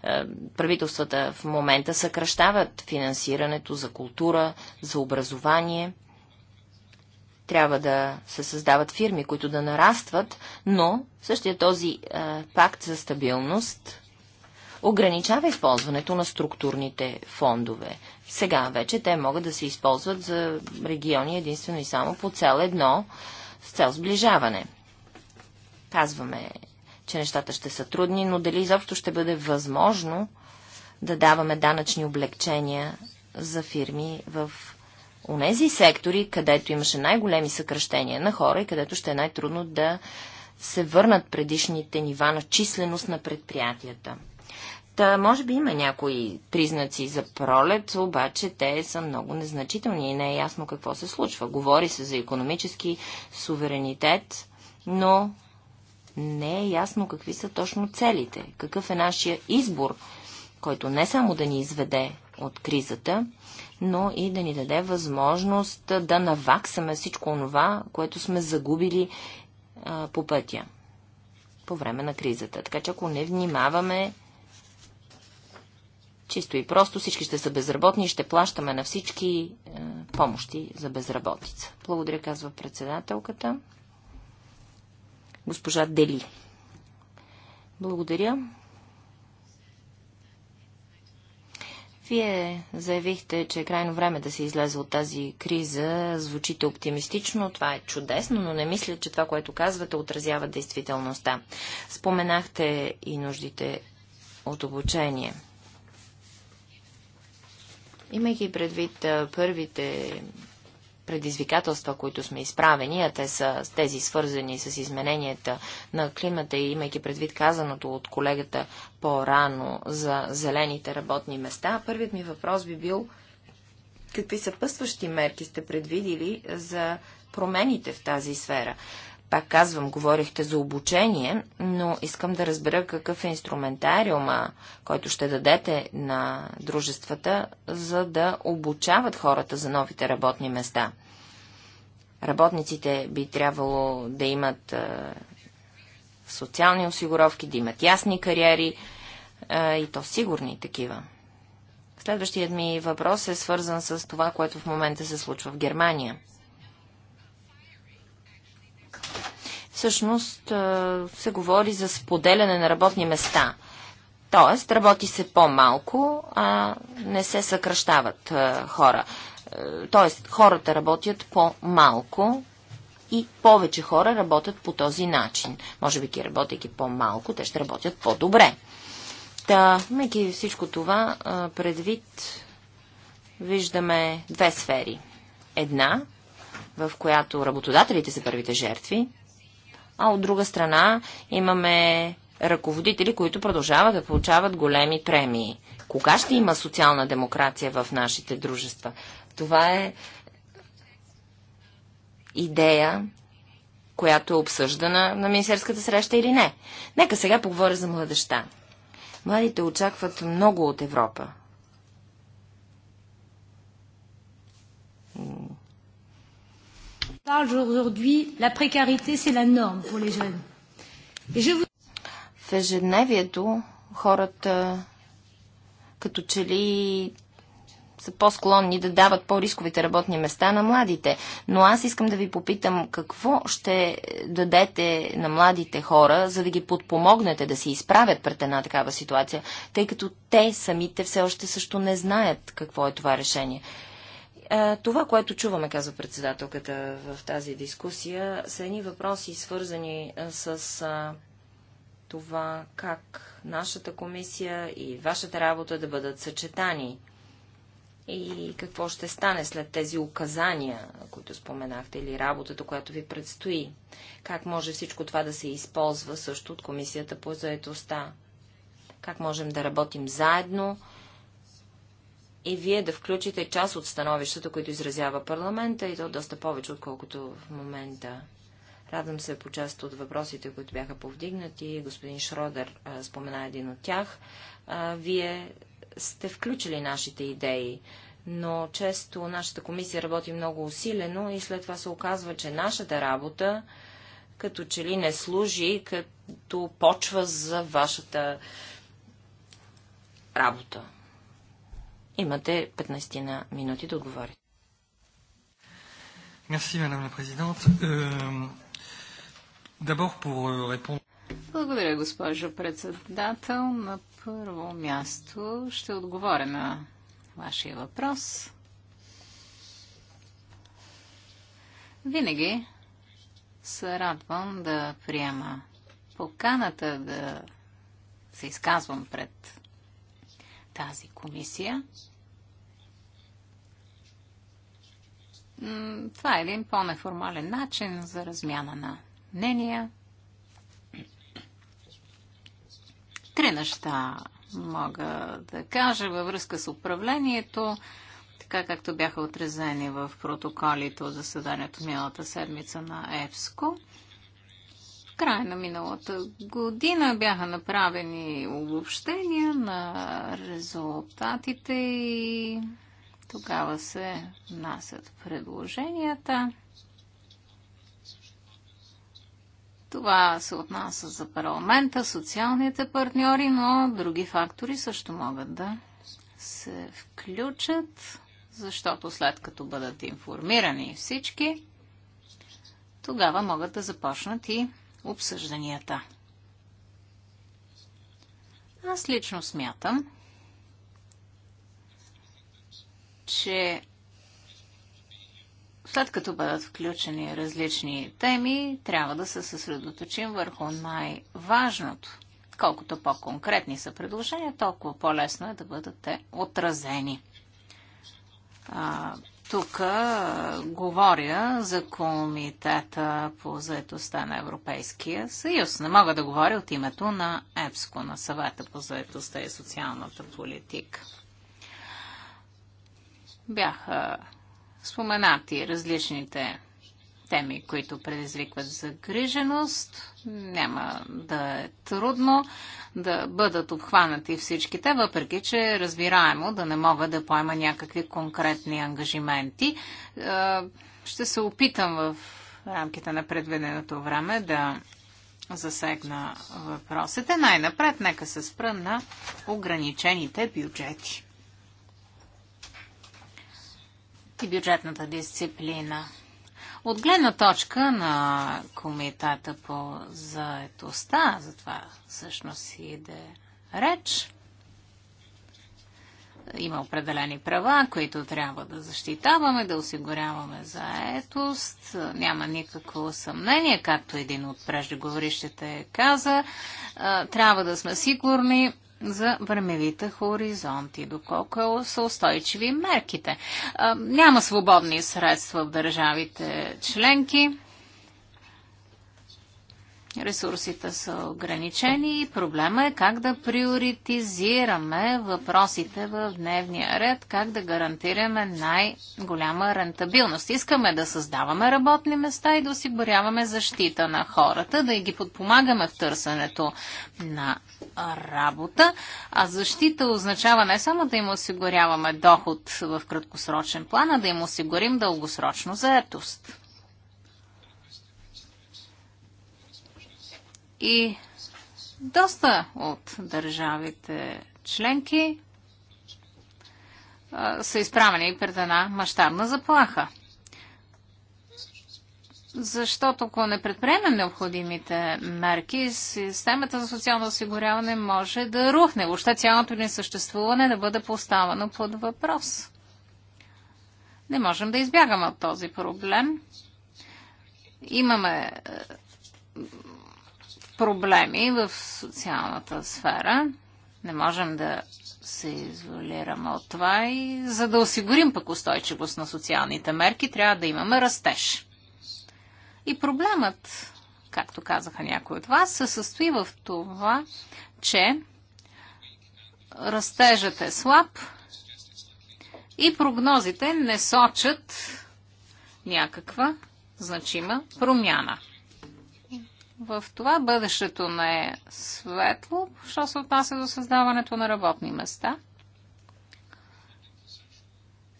[SPEAKER 2] Е, правителствата в момента съкръщават финансирането за култура, за образование. Трябва да се създават фирми, които да нарастват, но същия този е, пакт за стабилност ограничава използването на структурните фондове. Сега вече те могат да се използват за региони единствено и само по цел едно, с цел сближаване. Казваме, че нещата ще са трудни, но дали изобщо ще бъде възможно да даваме данъчни облегчения за фирми в онези сектори, където имаше най-големи съкръщения на хора и където ще е най-трудно да се върнат предишните нива на численост на предприятията. Та, може би има някои признаци за пролет, обаче те са много незначителни и не е ясно какво се случва. Говори се за економически суверенитет, но не е ясно какви са точно целите, какъв е нашия избор, който не само да ни изведе от кризата, но и да ни даде възможност да наваксаме всичко това, което сме загубили а, по пътя по време на кризата. Така че ако не внимаваме, Чисто и просто всички ще са безработни и ще плащаме на всички е, помощи за безработица. Благодаря, казва председателката. Госпожа Дели. Благодаря. Вие заявихте, че е крайно време да се излезе от тази криза. Звучите оптимистично, това е чудесно, но не мисля, че това, което казвате, отразява действителността. Споменахте и нуждите от обучение. Имайки предвид първите предизвикателства, които сме изправени, а те са тези свързани с измененията на климата и имайки предвид казаното от колегата по-рано за зелените работни места, първият ми въпрос би бил какви съпъстващи мерки сте предвидили за промените в тази сфера? Пак казвам, говорихте за обучение, но искам да разбера какъв е инструментариума, който ще дадете на дружествата, за да обучават хората за новите работни места. Работниците би трябвало да имат е, социални осигуровки, да имат ясни кариери е, и то сигурни такива. Следващият ми въпрос е свързан с това, което в момента се случва в Германия – всъщност се говори за споделяне на работни места. Тоест, работи се по-малко, а не се съкръщават хора. Тоест, хората работят по-малко и повече хора работят по този начин. Може би, работейки по-малко, те ще работят по-добре. Та, мейки всичко това предвид, виждаме две сфери. Една, в която работодателите са първите жертви, а от друга страна имаме ръководители, които продължават да получават големи премии. Кога ще има социална демокрация в нашите дружества? Това е идея, която е обсъждана на министерската среща или не. Нека сега поговоря за младеща. Младите очакват много от Европа. В ежедневието хората като че ли са по-склонни да дават по-рисковите работни места на младите. Но аз искам да ви попитам какво ще дадете на младите хора, за да ги подпомогнете да се изправят пред една такава ситуация, тъй като те самите все още също не знаят какво е това решение. Е, това, което чуваме, казва председателката в тази дискусия, са едни въпроси, свързани е, с е, това как нашата комисия и вашата работа да бъдат съчетани и какво ще стане след тези указания, които споменахте, или работата, която ви предстои. Как може всичко това да се използва също от Комисията по заедостта? Как можем да работим заедно, и вие да включите част от становищата, които изразява парламента и то доста повече, отколкото в момента. Радвам се по част от въпросите, които бяха повдигнати. Господин Шродер а, спомена един от тях. А, вие сте включили нашите идеи, но често нашата комисия работи много усилено и след това се оказва, че нашата работа като че ли не служи като почва за вашата работа. Имате 15 на минути да отговорите.
[SPEAKER 1] Merci, madame la présidente. Euh, d'abord pour euh, répondre. Благодаря, госпожо председател. На първо място ще отговоря на вашия въпрос. Винаги се радвам да приема поканата да се изказвам пред тази комисия. Това е един по-неформален начин за размяна на мнения. Три неща мога да кажа във връзка с управлението, така както бяха отрезени в протоколите от заседанието миналата седмица на ЕФСКО края на миналата година бяха направени обобщения на резултатите и тогава се внасят предложенията. Това се отнася за парламента, социалните партньори, но други фактори също могат да се включат, защото след като бъдат информирани всички, тогава могат да започнат и обсъжданията. Аз лично смятам, че след като бъдат включени различни теми, трябва да се съсредоточим върху най-важното. Колкото по-конкретни са предложения, толкова по-лесно е да бъдат те отразени. Тук говоря за комитета по заедостта на Европейския съюз. Не мога да говоря от името на ЕПСКО, на съвета по заедостта и социалната политика. Бяха споменати различните теми, които предизвикват загриженост. Няма да е трудно да бъдат обхванати всичките, въпреки че е разбираемо да не мога да поема някакви конкретни ангажименти. Е, ще се опитам в рамките на предвиденото време да засегна въпросите. Най-напред нека се спра на ограничените бюджети и бюджетната дисциплина. От гледна точка на комитета по заетостта, за това всъщност иде реч, има определени права, които трябва да защитаваме, да осигуряваме заетост. Няма никакво съмнение, както един от преждеговорищите каза. Трябва да сме сигурни, за времевите хоризонти, доколко са устойчиви мерките. Няма свободни средства в държавите членки. Ресурсите са ограничени и проблема е как да приоритизираме въпросите в дневния ред, как да гарантираме най-голяма рентабилност. Искаме да създаваме работни места и да осигуряваме защита на хората, да ги подпомагаме в търсенето на работа, а защита означава не само да им осигуряваме доход в краткосрочен план, а да им осигурим дългосрочно заетост. И доста от държавите членки са изправени пред една мащабна заплаха. Защото ако не предприемем необходимите мерки, системата за социално осигуряване може да рухне. Въобще цялото ни съществуване да бъде поставено под въпрос. Не можем да избягаме от този проблем. Имаме е, проблеми в социалната сфера. Не можем да се изолираме от това и за да осигурим пък устойчивост на социалните мерки, трябва да имаме растеж. И проблемът, както казаха някои от вас, се състои в това, че растежът е слаб и прогнозите не сочат някаква значима промяна. В това бъдещето не е светло, що се отнася до създаването на работни места.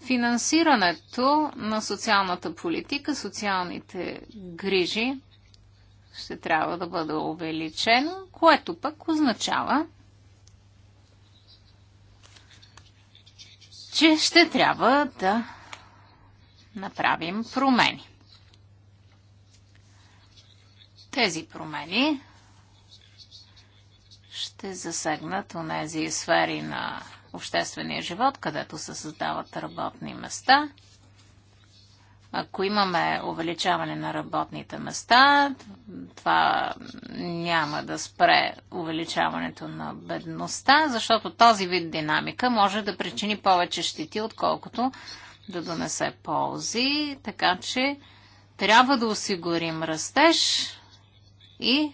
[SPEAKER 1] Финансирането на социалната политика, социалните грижи ще трябва да бъде увеличено, което пък означава, че ще трябва да направим промени. Тези промени ще засегнат онези сфери на обществения живот, където се създават работни места. Ако имаме увеличаване на работните места, това няма да спре увеличаването на бедността, защото този вид динамика може да причини повече щети, отколкото да донесе ползи. Така че трябва да осигурим растеж, и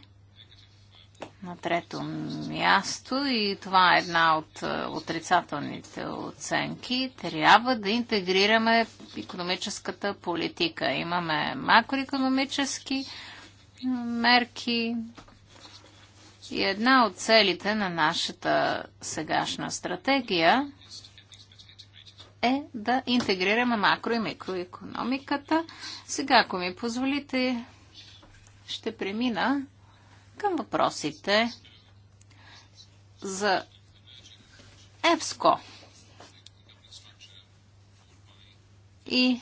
[SPEAKER 1] на трето място, и това е една от е, отрицателните оценки, трябва да интегрираме економическата политика. Имаме макроекономически мерки и една от целите на нашата сегашна стратегия е да интегрираме макро и микроекономиката. Сега, ако ми позволите, ще премина към въпросите за ЕВСКО. И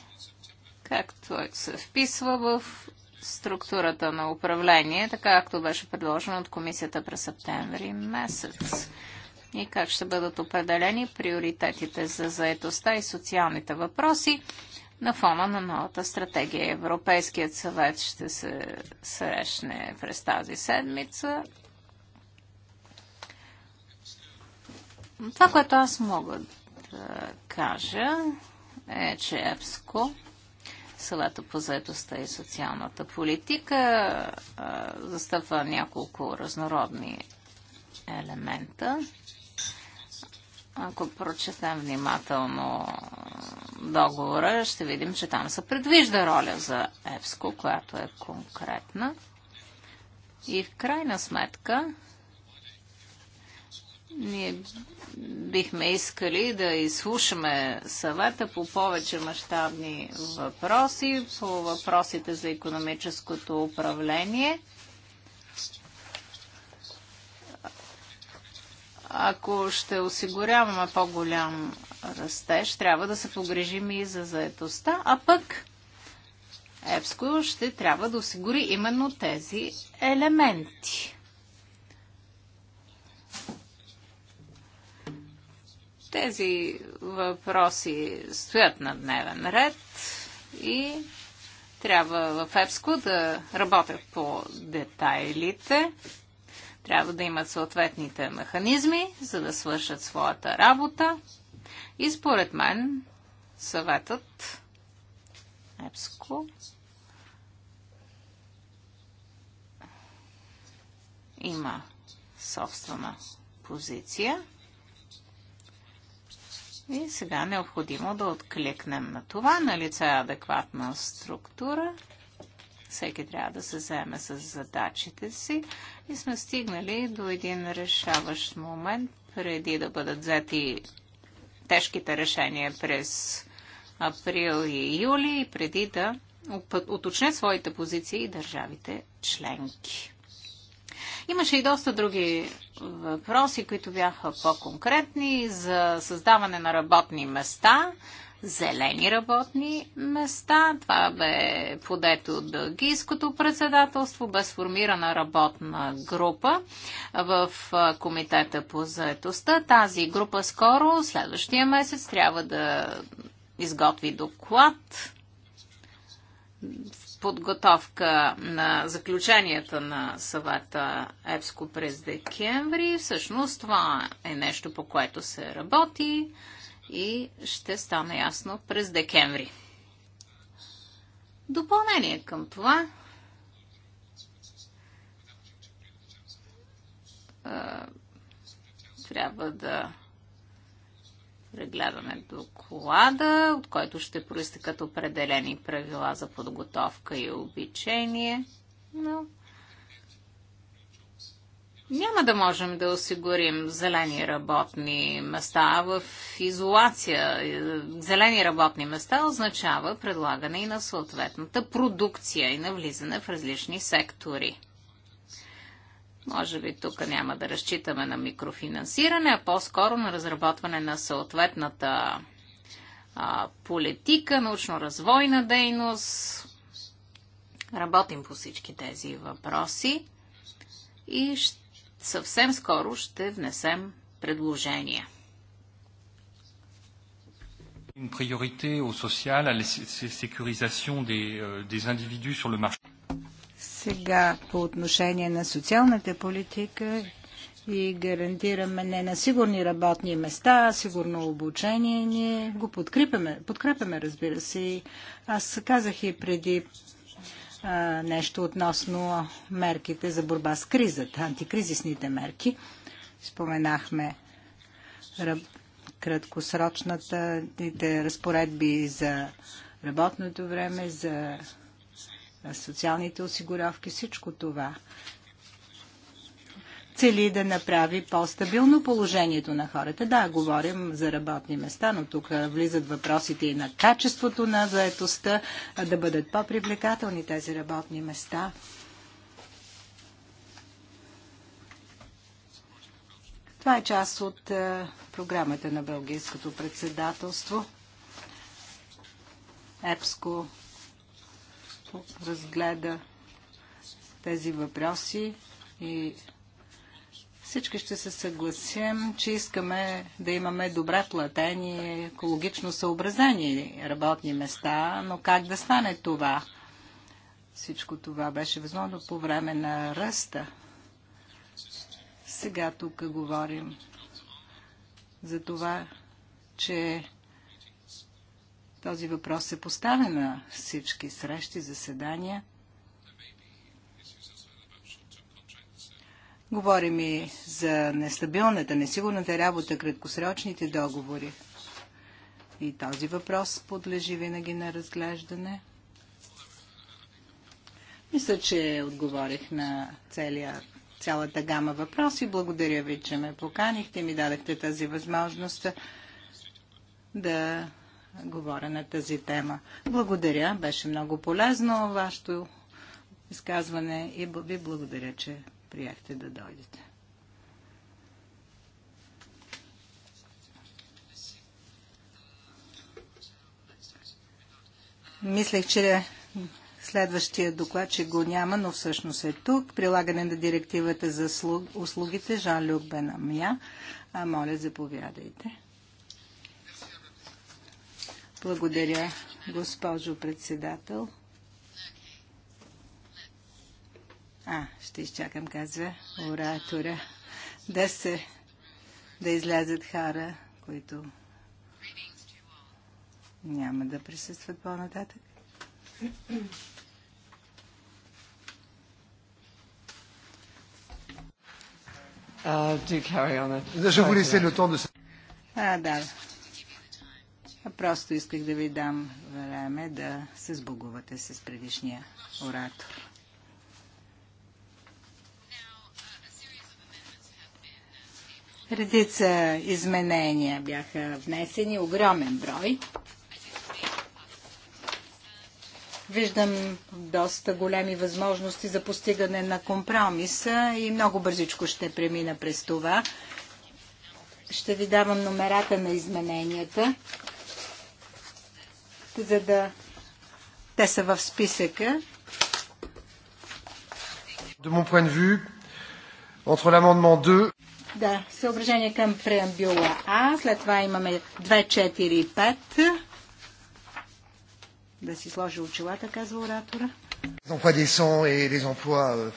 [SPEAKER 1] както се вписва в структурата на управление, така както беше предложено от комисията през септември месец. И как ще бъдат определени приоритетите за заетостта и социалните въпроси на фона на новата стратегия. Европейският съвет ще се срещне през тази седмица. Това, което аз мога да кажа е, че ЕПСКО, съвета по заедостта и социалната политика, застъпва няколко разнородни елемента. Ако прочетем внимателно договора, ще видим, че там се предвижда роля за ЕВСКО, която е конкретна. И в крайна сметка, ние бихме искали да изслушаме съвета по повече мащабни въпроси, по въпросите за економическото управление – Ако ще осигуряваме по-голям растеж, трябва да се погрежим и за заетостта, а пък ЕПСКО ще трябва да осигури именно тези елементи. Тези въпроси стоят на дневен ред и трябва в ЕПСКО да работят по детайлите. Трябва да имат съответните механизми, за да свършат своята работа. И според мен съветът ЕПСКО има собствена позиция. И сега е необходимо да откликнем на това. На лице е адекватна структура всеки трябва да се заеме с задачите си и сме стигнали до един решаващ момент преди да бъдат взети тежките решения през април и юли и преди да уточнят своите позиции и държавите членки. Имаше и доста други въпроси, които бяха по-конкретни за създаване на работни места – зелени работни места. Това бе подето от Белгийското председателство, бе сформирана работна група в Комитета по заетостта. Тази група скоро, следващия месец, трябва да изготви доклад в подготовка на заключенията на съвета ЕПСКО през декември. Всъщност това е нещо, по което се работи и ще стане ясно през декември. Допълнение към това трябва да прегледаме доклада, от който ще проистекат определени правила за подготовка и обичение, но няма да можем да осигурим зелени работни места в изолация. Е, зелени работни места означава предлагане и на съответната продукция и на влизане в различни сектори. Може би тук няма да разчитаме на микрофинансиране, а по-скоро на разработване на съответната а, политика, научно-развойна дейност. Работим по всички тези въпроси и ще съвсем скоро ще внесем предложения.
[SPEAKER 3] Une priorité au social, à la sécurisation des, euh, des individus sur le marché. Сега по отношение на социалната политика и гарантираме не на сигурни работни места, а сигурно обучение. Ние го подкрепяме, подкрепяме разбира се. Аз казах и преди нещо относно мерките за борба с кризата, антикризисните мерки. Споменахме краткосрочната разпоредби за работното време, за социалните осигуровки, всичко това цели да направи по-стабилно положението на хората. Да, говорим за работни места, но тук влизат въпросите и на качеството на заетостта, да бъдат по-привлекателни тези работни места. Това е част от е, програмата на Бългийското председателство. ЕПСКО разгледа тези въпроси и всички ще се съгласим, че искаме да имаме добре платени, екологично съобразени работни места, но как да стане това? Всичко това беше възможно по време на ръста. Сега тук говорим за това, че този въпрос се поставя на всички срещи, заседания – Говорим и за нестабилната, несигурната работа, краткосрочните договори. И този въпрос подлежи винаги на разглеждане. Мисля, че отговорих на целия, цялата гама въпроси. Благодаря ви, че ме поканихте и ми дадахте тази възможност да говоря на тази тема. Благодаря, беше много полезно вашето изказване и ви благодаря, че приехте да дойдете. Мислех, че следващия доклад, че го няма, но всъщност е тук. Прилагане на директивата за услугите Жан-Люк Бенамия. А моля, заповядайте. Благодаря, госпожо председател. А, ще изчакам, казва оратора, да се, да излязат хара, които няма да присъстват по-нататък.
[SPEAKER 2] Uh,
[SPEAKER 3] А, да. Просто исках да ви дам време да се сбогувате с предишния оратор. Редица изменения бяха внесени, огромен брой. Виждам доста големи възможности за постигане на компромиса и много бързичко ще премина през това. Ще ви давам номерата на измененията, за да те са в списъка.
[SPEAKER 2] De mon point de vue, entre l'amendement 2
[SPEAKER 3] да, съображение към преамбюла А. След това имаме 2, 4, 5. Да си сложи очилата, казва оратора.
[SPEAKER 2] Euh,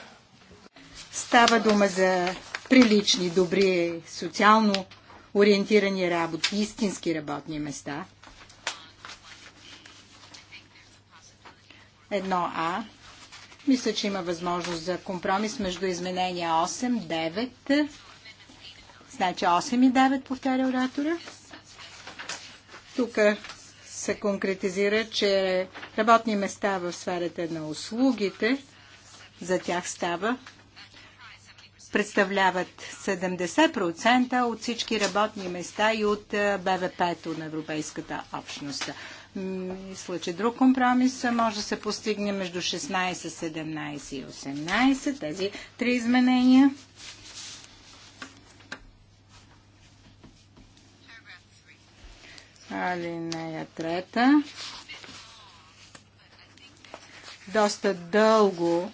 [SPEAKER 3] Става дума за прилични, добри, социално ориентирани работи, истински работни места. Едно А. Мисля, че има възможност за компромис между изменения 8, 9 Значи 8 и 9, повтаря оратора. Тук се конкретизира, че работни места в сферата на услугите, за тях става, представляват 70% от всички работни места и от е, БВП-то на Европейската общност. Мисля, че друг компромис може да се постигне между 16, 17 и 18, тези три изменения. Алинея трета. Доста дълго,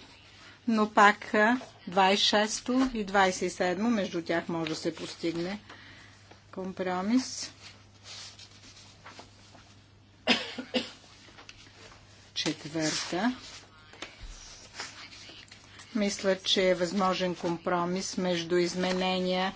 [SPEAKER 3] но пак 26 и 27 между тях може да се постигне компромис. Четвърта. Мисля, че е възможен компромис между изменения 1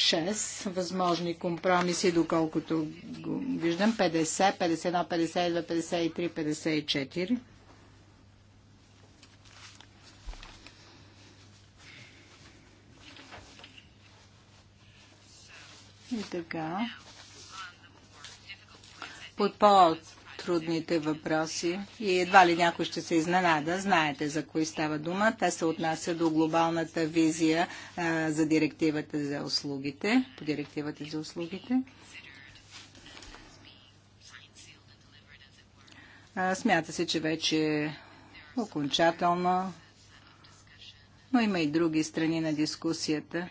[SPEAKER 3] 6 възможни компромиси, доколкото го виждам. 50, 51, 52, 53, 54. И така. Под по трудните въпроси и едва ли някой ще се изненада. Знаете за кои става дума. Те се отнася до глобалната визия а, за директивата за услугите, по директивата за услугите. А, смята се, че вече е окончателно, но има и други страни на дискусията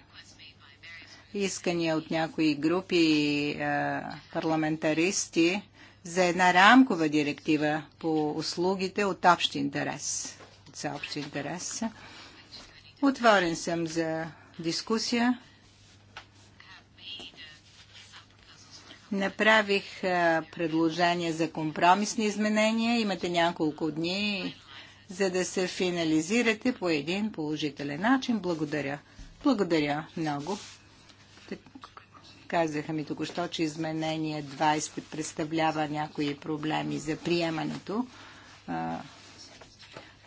[SPEAKER 3] искания от някои групи е, парламентаристи за една рамкова директива по услугите от общ интерес. От общ интерес. Отворен съм за дискусия. Направих предложение за компромисни изменения. Имате няколко дни, за да се финализирате по един положителен начин. Благодаря. Благодаря много. Казаха ми току-що, че изменение 20 представлява някои проблеми за приемането.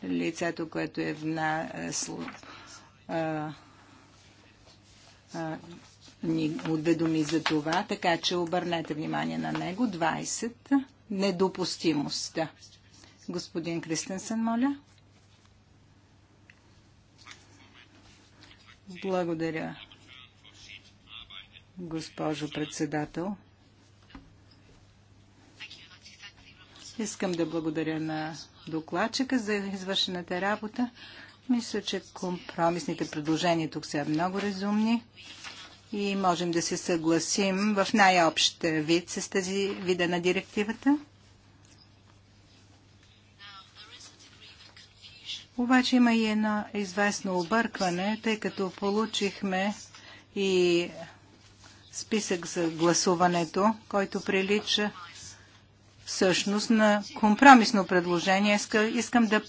[SPEAKER 3] лицето, което е вна... ни уведоми за това, така че обърнете внимание на него. 20. Недопустимост. Господин Кристенсен, моля. Благодаря, госпожо председател. Искам да благодаря на докладчика за извършената работа. Мисля, че компромисните предложения тук са много разумни и можем да се съгласим в най-общ вид с тази вида на директивата. Обаче има и едно известно объркване, тъй като получихме и списък за гласуването, който прилича всъщност на компромисно предложение. Искам да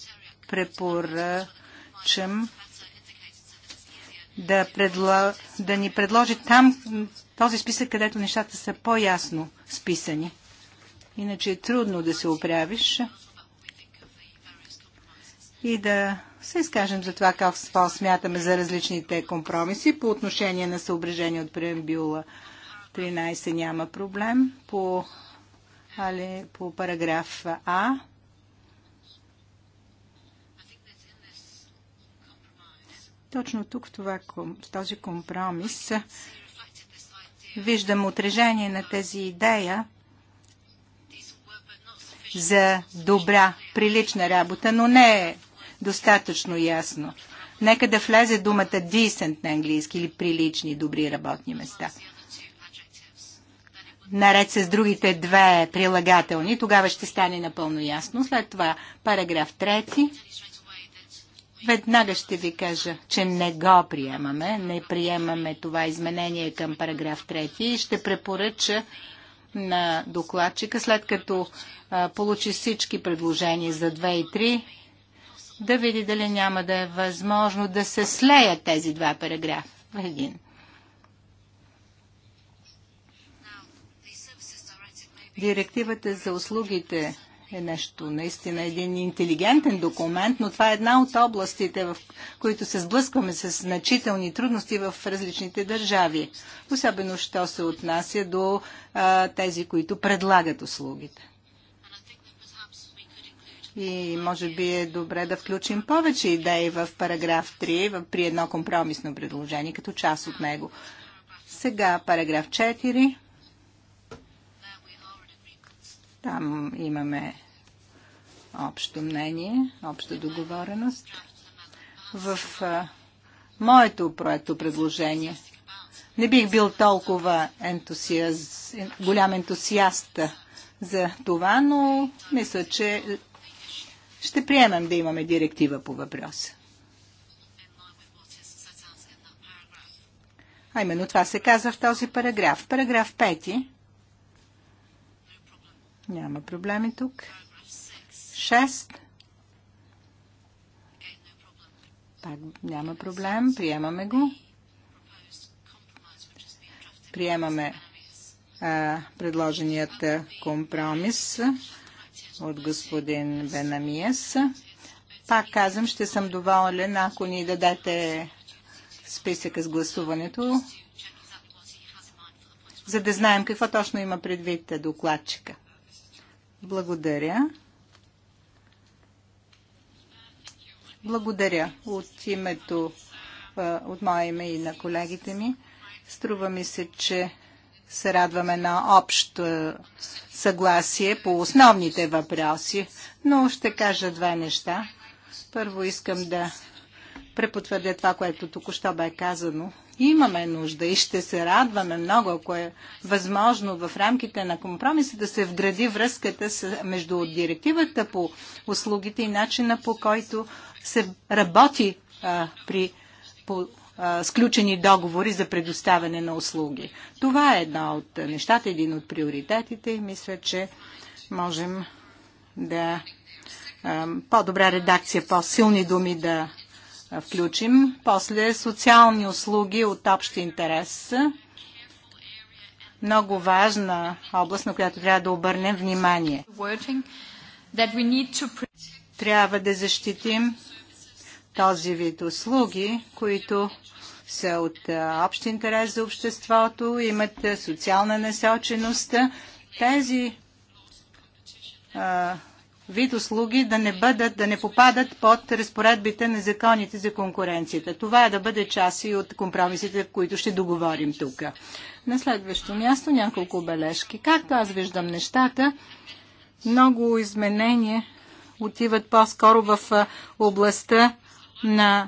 [SPEAKER 3] препоръчам да, предла... да ни предложи там този списък, където нещата са по-ясно списани. Иначе е трудно да се оправиш и да се изкажем за това как смятаме за различните компромиси. По отношение на съображение от преамбюла 13 няма проблем. По, али, по параграф А Точно тук в, това, в този компромис виждам отражение на тези идея за добра, прилична работа, но не е достатъчно ясно. Нека да влезе думата decent на английски или прилични, добри работни места. Наред с другите две прилагателни, тогава ще стане напълно ясно. След това параграф трети. Веднага ще ви кажа, че не го приемаме, не приемаме това изменение към параграф трети и ще препоръча на докладчика, след като а, получи всички предложения за 2 и да види дали няма да е възможно да се слеят тези два параграфа в един. Директивата за услугите е нещо, наистина един интелигентен документ, но това е една от областите, в които се сблъскваме с значителни трудности в различните държави. Особено, що се отнася до а, тези, които предлагат услугите. И може би е добре да включим повече идеи в параграф 3 при едно компромисно предложение, като част от него. Сега параграф 4. Там имаме общо мнение, обща договореност. В а, моето проекто предложение не бих бил толкова ентусиаз, голям ентусиаст за това, но мисля, че ще приемем да имаме директива по въпроса. А именно това се казва в този параграф. Параграф 5. Няма проблеми тук. 6. Пак няма проблем. Приемаме го. Приемаме а, предложеният компромис от господин Бенамиес. Пак казвам, ще съм доволен, ако ни дадете списъка с гласуването, за да знаем какво точно има предвид докладчика. Благодаря. Благодаря от името, от мое име и на колегите ми. Струва ми се, че се радваме на общо е, съгласие по основните въпроси, но ще кажа две неща. Първо искам да препотвърдя това, което току-що бе казано. Имаме нужда и ще се радваме много, ако е възможно в рамките на компромиса да се вгради връзката между директивата по услугите и начина по който се работи а, при по сключени договори за предоставяне на услуги. Това е една от нещата, един от приоритетите и мисля, че можем да по-добра редакция, по-силни думи да включим. После социални услуги от общ интерес. Много важна област, на която трябва да обърнем внимание. Трябва да защитим този вид услуги, които са от общ интерес за обществото, имат социална насоченост. Тези а, вид услуги да не бъдат, да не попадат под разпоредбите на законите за конкуренцията. Това е да бъде част и от компромисите, които ще договорим тук. На следващо място няколко бележки. Както аз виждам нещата, много изменения отиват по-скоро в областта на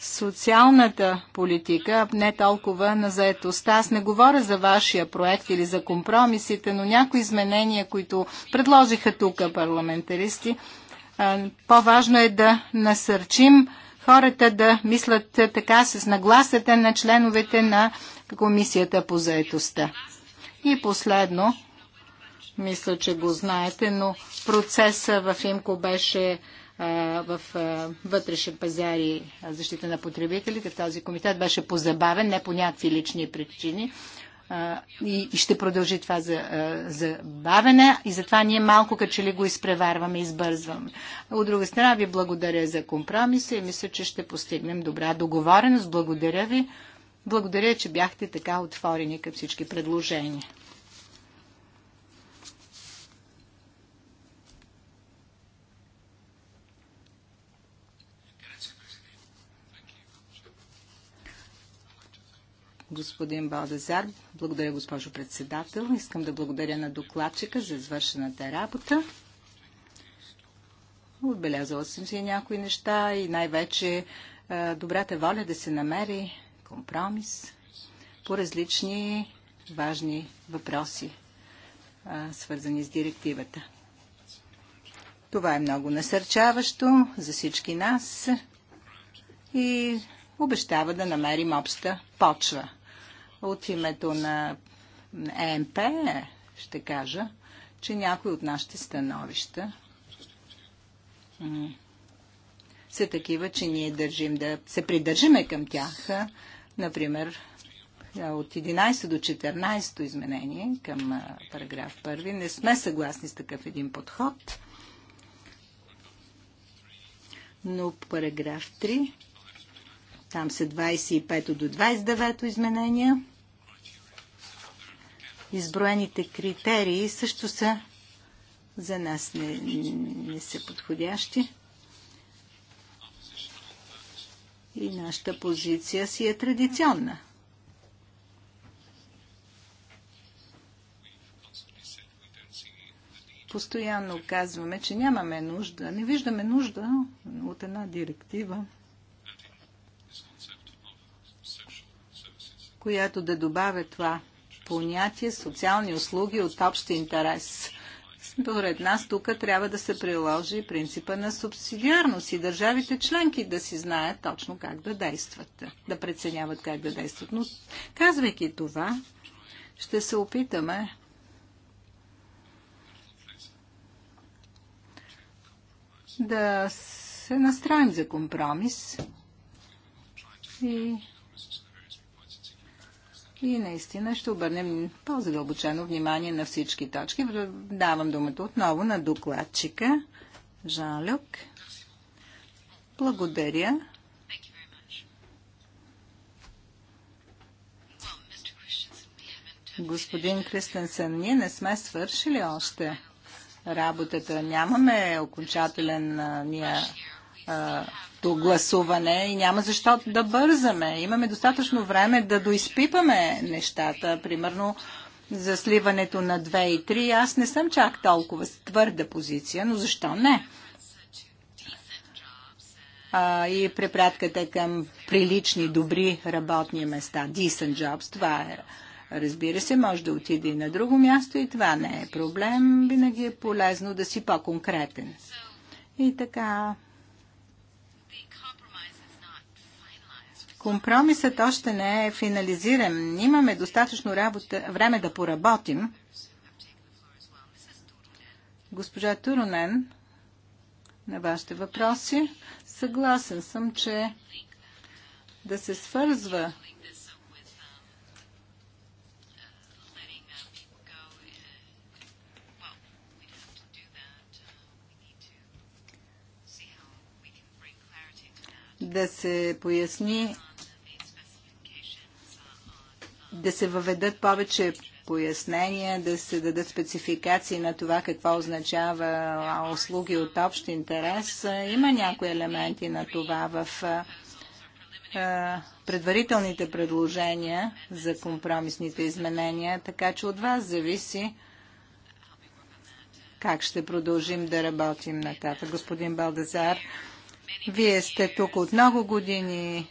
[SPEAKER 3] социалната политика, не толкова на заетостта. Аз не говоря за вашия проект или за компромисите, но някои изменения, които предложиха тук парламентаристи, по-важно е да насърчим хората да мислят така с нагласата на членовете на Комисията по заетостта. И последно, мисля, че го знаете, но процеса в Имко беше в вътрешен пазар и защита на потребителите в този комитет беше позабавен, не по някакви лични причини. И ще продължи това забавене за и затова ние малко като ли го изпреварваме, избързваме. От друга страна ви благодаря за компромиса и мисля, че ще постигнем добра договореност. Благодаря ви. Благодаря, че бяхте така отворени към всички предложения. господин Балдазар. Благодаря, госпожо председател. Искам да благодаря на докладчика за извършената работа. Отбелязала съм си някои неща и най-вече е, добрата воля да се намери компромис по различни важни въпроси, е, свързани с директивата. Това е много насърчаващо за всички нас и обещава да намерим обща почва. От името на ЕМП ще кажа, че някои от нашите становища са такива, че ние държим да се придържиме към тях. Например, от 11 до 14 изменение към параграф 1. Не сме съгласни с такъв един подход. Но параграф 3, там са 25 до 29 изменения изброените критерии също са за нас не, не са подходящи. И нашата позиция си е традиционна. Постоянно казваме, че нямаме нужда, не виждаме нужда от една директива, която да добавя това понятие социални услуги от общ интерес. Според нас тук трябва да се приложи принципа на субсидиарност и държавите членки да си знаят точно как да действат, да преценяват как да действат. Но казвайки това, ще се опитаме да се настроим за компромис и и наистина ще обърнем по-задълбочено внимание на всички точки. Давам думата отново на докладчика Жан Люк. Благодаря. Господин Кристенсен, ние не сме свършили още работата. Нямаме окончателен ние а, гласуване и няма защо да бързаме. Имаме достатъчно време да доизпипаме нещата. Примерно за сливането на 2 и 3. Аз не съм чак толкова с твърда позиция, но защо не? а, и препратката към прилични, добри работни места. Decent jobs, това е. Разбира се, може да отиде и на друго място и това не е проблем. Винаги е полезно да си по-конкретен. И така, Компромисът още не е финализиран. Имаме достатъчно работа, време да поработим. Госпожа Туронен, на вашите въпроси, съгласен съм, че да се свързва да се поясни да се въведат повече пояснения, да се дадат спецификации на това какво означава услуги от общ интерес. Има някои елементи на това в предварителните предложения за компромисните изменения, така че от вас зависи как ще продължим да работим нататък. Господин Балдазар, вие сте тук от много години,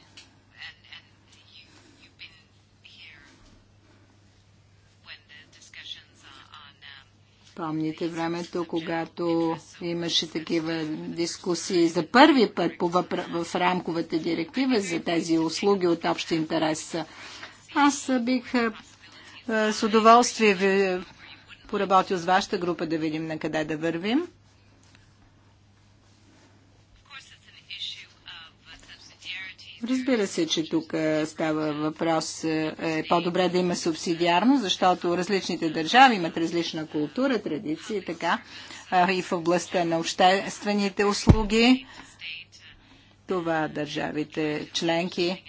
[SPEAKER 3] Помните времето, когато имаше такива дискусии за първи път по въпра... в рамковата директива за тези услуги от общ интерес. Аз бих с удоволствие поработил с вашата група да видим на къде да вървим. Разбира се, че тук е, става въпрос, е, е по-добре да има субсидиарно, защото различните държави имат различна култура, традиции и така, е, и в областта на обществените услуги. Това държавите членки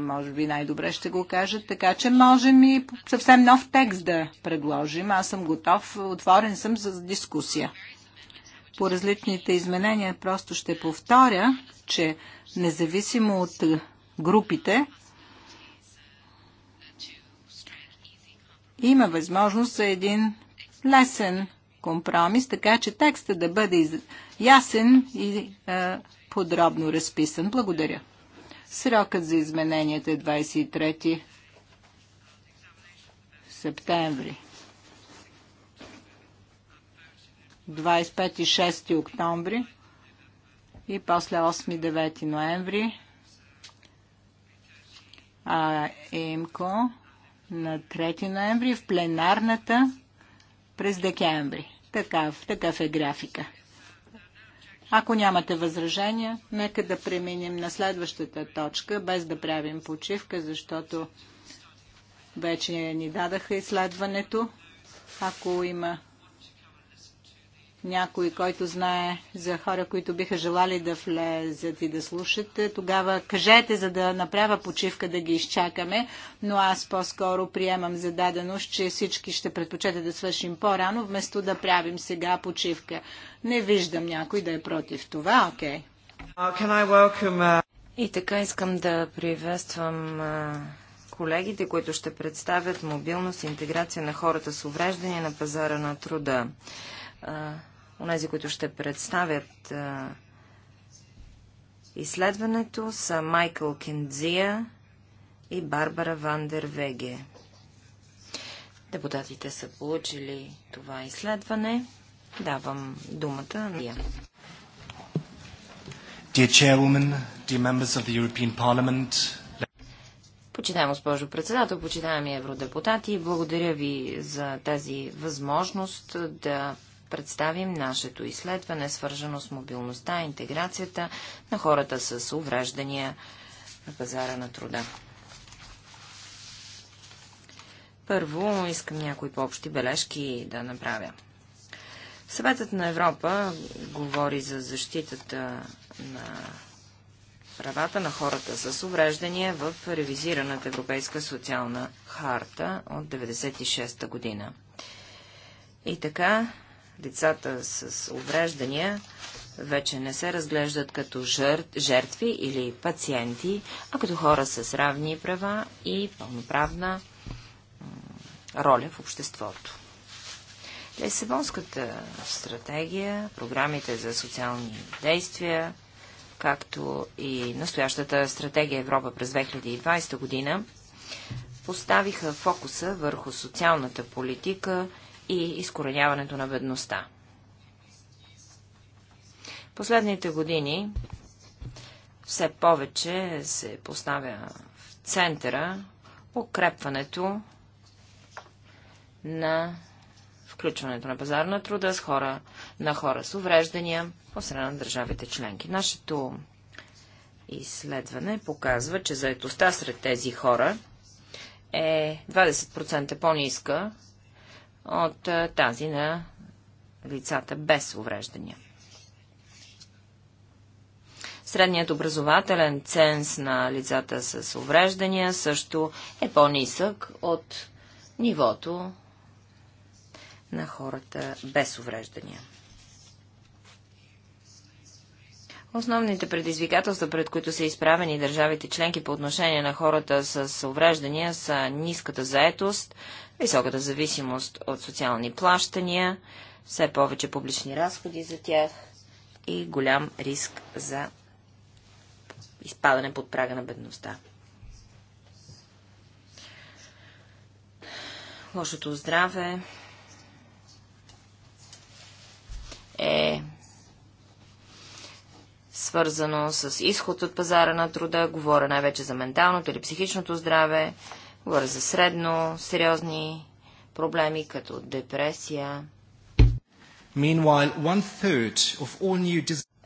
[SPEAKER 3] може би най-добре ще го кажат, така че можем и съвсем нов текст да предложим. Аз съм готов, отворен съм за дискусия. По различните изменения просто ще повторя, че независимо от групите, има възможност за един лесен компромис, така че текстът да бъде ясен и е, подробно разписан. Благодаря. Срокът за измененията е 23 септември. 25 и 6 октомври и после 8-9 ноември а ЕМКО на 3 ноември в пленарната през декември. Такав, такъв е графика. Ако нямате възражения, нека да преминем на следващата точка, без да правим почивка, защото вече ни дадаха изследването. Ако има някой, който знае за хора, които биха желали да влезат и да слушат, е, тогава кажете, за да направя почивка да ги изчакаме, но аз по-скоро приемам за даденост, че всички ще предпочете да свършим по-рано, вместо да правим сега почивка. Не виждам някой да е против това, окей.
[SPEAKER 2] Uh, okay. Uh, и така искам да приветствам колегите, които ще представят мобилност и интеграция на хората с увреждания на пазара на труда. Онези, които ще представят изследването са Майкъл Кензия и Барбара Вандер Веге. Депутатите са получили това изследване. Давам думата на я.
[SPEAKER 1] Dear Chairwoman, dear members of the European Parliament,
[SPEAKER 2] Почитаем, госпожо председател, почитаеми евродепутати, благодаря ви за тази възможност да представим нашето изследване, свържено с мобилността и интеграцията на хората с увреждания на пазара на труда. Първо искам някои по-общи бележки да направя. Съветът на Европа говори за защитата на правата на хората с увреждания в ревизираната Европейска социална харта от 1996 година. И така, лицата с увреждания вече не се разглеждат като жертви или пациенти, а като хора с равни права и пълноправна роля в обществото. Лесебонската стратегия, програмите за социални действия, както и настоящата стратегия Европа през 2020 година, поставиха фокуса върху социалната политика и изкореняването на бедността. Последните години все повече се поставя в центъра укрепването на включването на пазарна на труда с хора, на хора с увреждания по страна на държавите членки. Нашето изследване показва, че заетостта сред тези хора е 20% по-ниска от тази на лицата без увреждания. Средният образователен ценз на лицата с увреждания също е по-нисък от нивото на хората без увреждания. Основните предизвикателства, пред които са изправени държавите членки по отношение на хората с увреждания са ниската заетост, високата зависимост от социални плащания, все повече публични разходи за тях и голям риск за изпадане под прага на бедността. Лошото здраве е свързано с изход от пазара на труда, говоря най-вече за менталното или психичното здраве, Говоря за средно сериозни проблеми, като депресия.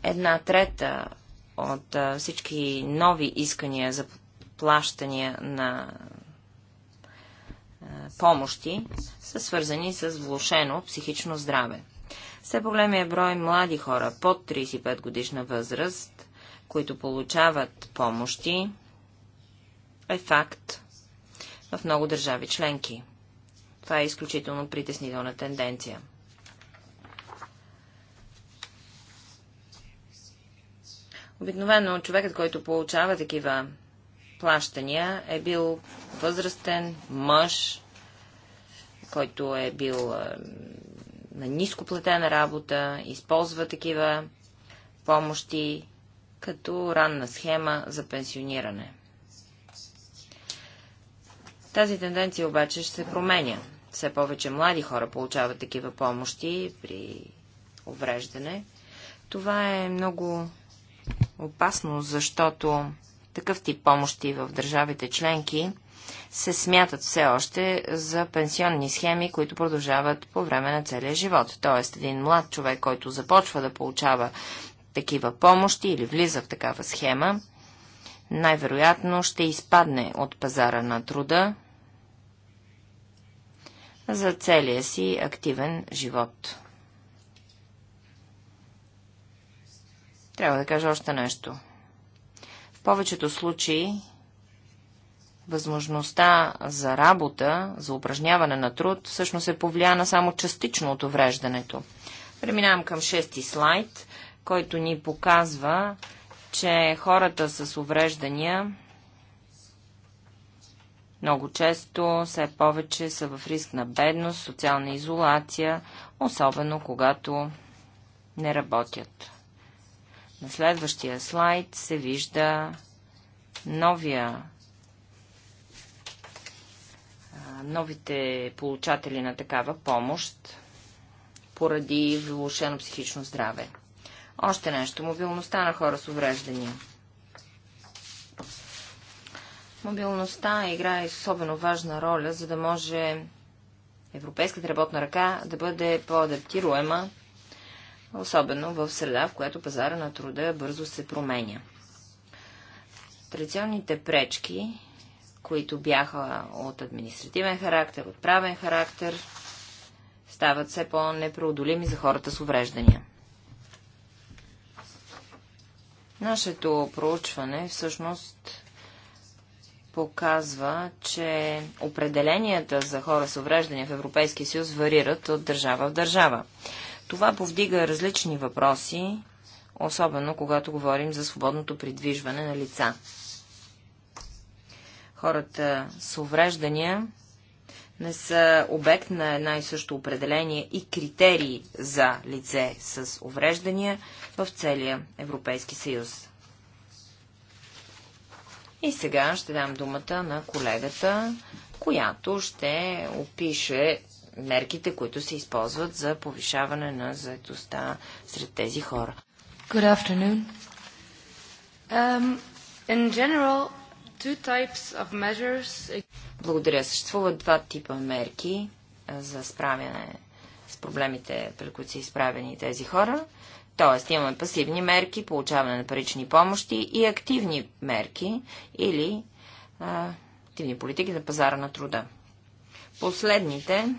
[SPEAKER 2] Една трета от всички нови искания за плащания на помощи са свързани с влошено психично здраве. Все по-големия брой млади хора под 35 годишна възраст, които получават помощи, е факт в много държави членки. Това е изключително притеснителна тенденция. Обикновено човекът, който получава такива плащания, е бил възрастен мъж, който е бил на ниско платена работа, използва такива помощи като ранна схема за пенсиониране. Тази тенденция обаче ще се променя. Все повече млади хора получават такива помощи при увреждане. Това е много опасно, защото такъв тип помощи в държавите членки се смятат все още за пенсионни схеми, които продължават по време на целия живот. Тоест, един млад човек, който започва да получава такива помощи или влиза в такава схема, най-вероятно ще изпадне от пазара на труда за целия си активен живот. Трябва да кажа още нещо. В повечето случаи възможността за работа, за упражняване на труд, всъщност е повлияна само частично от увреждането. Преминавам към шести слайд, който ни показва че хората с увреждания много често все повече са в риск на бедност, социална изолация, особено когато не работят. На следващия слайд се вижда новия новите получатели на такава помощ поради влошено психично здраве. Още нещо. Мобилността на хора с увреждания. Мобилността играе особено важна роля, за да може европейската работна ръка да бъде по-адаптируема, особено в среда, в която пазара на труда бързо се променя. Традиционните пречки, които бяха от административен характер, от правен характер, стават все по-непреодолими за хората с увреждания. Нашето проучване всъщност показва, че определенията за хора с увреждания в Европейския съюз варират от държава в държава. Това повдига различни въпроси, особено когато говорим за свободното придвижване на лица. Хората с увреждания не са обект на една и също определение и критерии за лице с увреждания в целия Европейски съюз. И сега ще дам думата на колегата, която ще опише мерките, които се използват за повишаване на заедостта сред тези хора. Good afternoon. Um, in general, благодаря. Съществуват два типа мерки за справяне с проблемите, при които са изправени тези хора. Тоест имаме пасивни мерки, получаване на парични помощи и активни мерки или а, активни политики за пазара на труда. Последните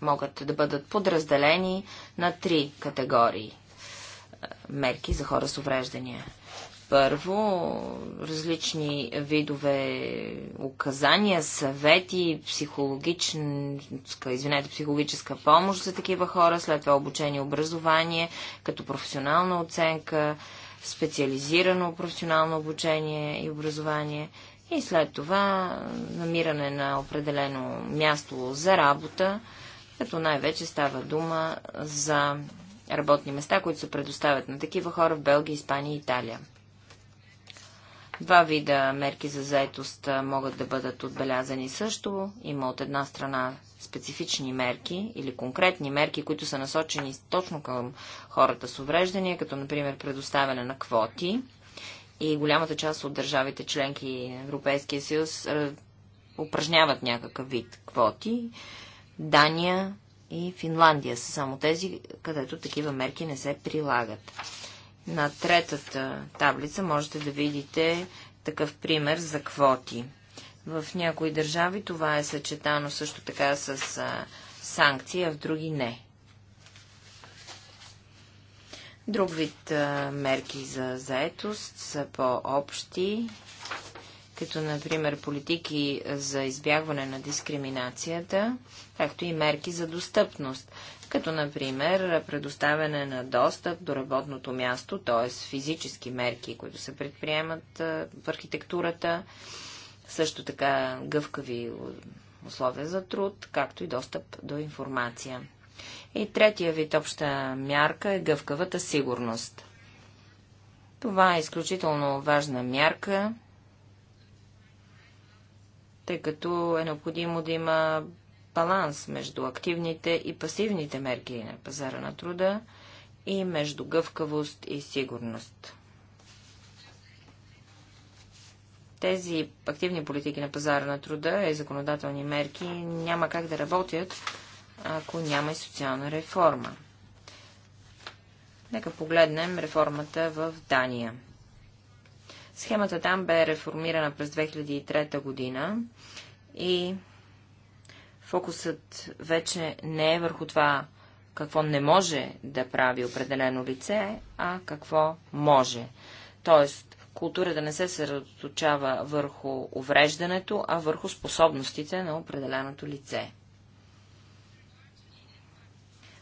[SPEAKER 2] могат да бъдат подразделени на три категории мерки за хора с увреждания. Първо, различни видове указания, съвети, психологическа, извинете, психологическа помощ за такива хора, след това обучение и образование, като професионална оценка, специализирано професионално обучение и образование и след това намиране на определено място за работа, като най-вече става дума за работни места, които се предоставят на такива хора в Белгия, Испания и Италия. Два вида мерки за заетост могат да бъдат отбелязани също. Има от една страна специфични мерки или конкретни мерки, които са насочени точно към хората с увреждания, като например предоставяне на квоти. И голямата част от държавите членки Европейския съюз упражняват някакъв вид квоти. Дания и Финландия са само тези, където такива мерки не се прилагат. На третата таблица можете да видите такъв пример за квоти. В някои държави това е съчетано също така с санкции, а в други не. Друг вид мерки за заетост са по-общи, като например политики за избягване на дискриминацията, както и мерки за достъпност като например предоставяне на достъп до работното място, т.е. физически мерки, които се предприемат в архитектурата, също така гъвкави условия за труд, както и достъп до информация. И третия вид обща мярка е гъвкавата сигурност. Това е изключително важна мярка, тъй като е необходимо да има баланс между активните и пасивните мерки на пазара на труда и между гъвкавост и сигурност. Тези активни политики на пазара на труда и законодателни мерки няма как да работят, ако няма и социална реформа. Нека погледнем реформата в Дания. Схемата там бе реформирана през 2003 година и Фокусът вече не е върху това, какво не може да прави определено лице, а какво може. Тоест, култура да не се съсредоточава върху увреждането, а върху способностите на определеното лице.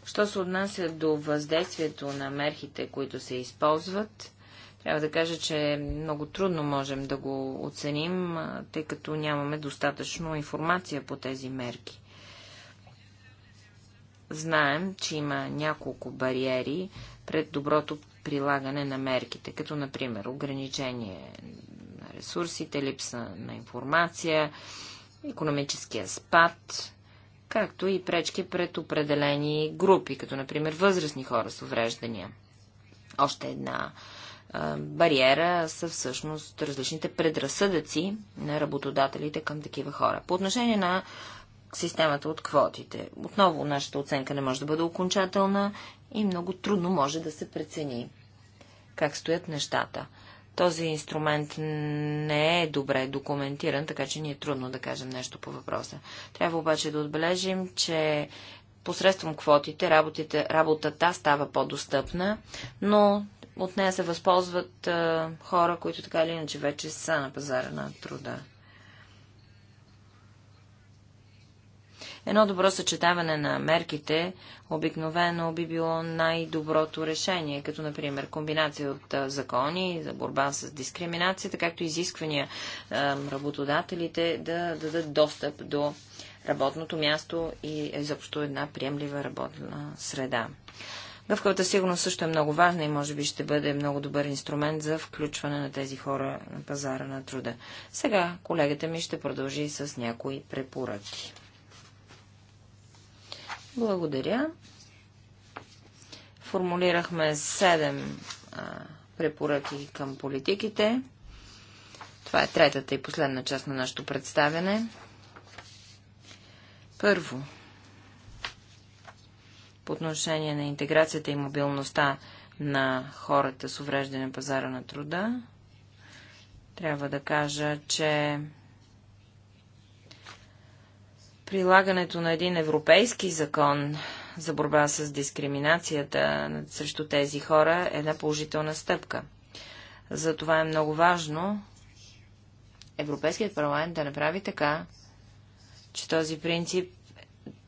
[SPEAKER 2] Що се отнася до въздействието на мерките, които се използват, трябва да кажа, че много трудно можем да го оценим, тъй като нямаме достатъчно информация по тези мерки. Знаем, че има няколко бариери пред доброто прилагане на мерките, като например ограничение на ресурсите, липса на информация, економическия спад, както и пречки пред определени групи, като например възрастни хора с увреждания. Още една бариера са всъщност различните предразсъдъци на работодателите към такива хора. По отношение на системата от квотите. Отново нашата оценка не може да бъде окончателна и много трудно може да се прецени как стоят нещата. Този инструмент не е добре документиран, така че ни е трудно да кажем нещо по въпроса. Трябва обаче да отбележим, че посредством квотите работите, работата става по-достъпна, но от нея се възползват а, хора, които така или иначе вече са на пазара на труда. Едно добро съчетаване на мерките обикновено би било най-доброто решение, като например комбинация от закони за борба с дискриминацията, както изисквания работодателите да дадат достъп до работното място и е изобщо една приемлива работна среда. Гъвкавата сигурност също е много важна и може би ще бъде много добър инструмент за включване на тези хора на пазара на труда. Сега колегата ми ще продължи с някои препоръки. Благодаря. Формулирахме 7 препоръки към политиките. Това е третата и последна част на нашето представяне. Първо, по отношение на интеграцията и мобилността на хората с увреждане пазара на труда, трябва да кажа, че прилагането на един европейски закон за борба с дискриминацията срещу тези хора е една положителна стъпка. Затова е много важно Европейският парламент да направи така, че този принцип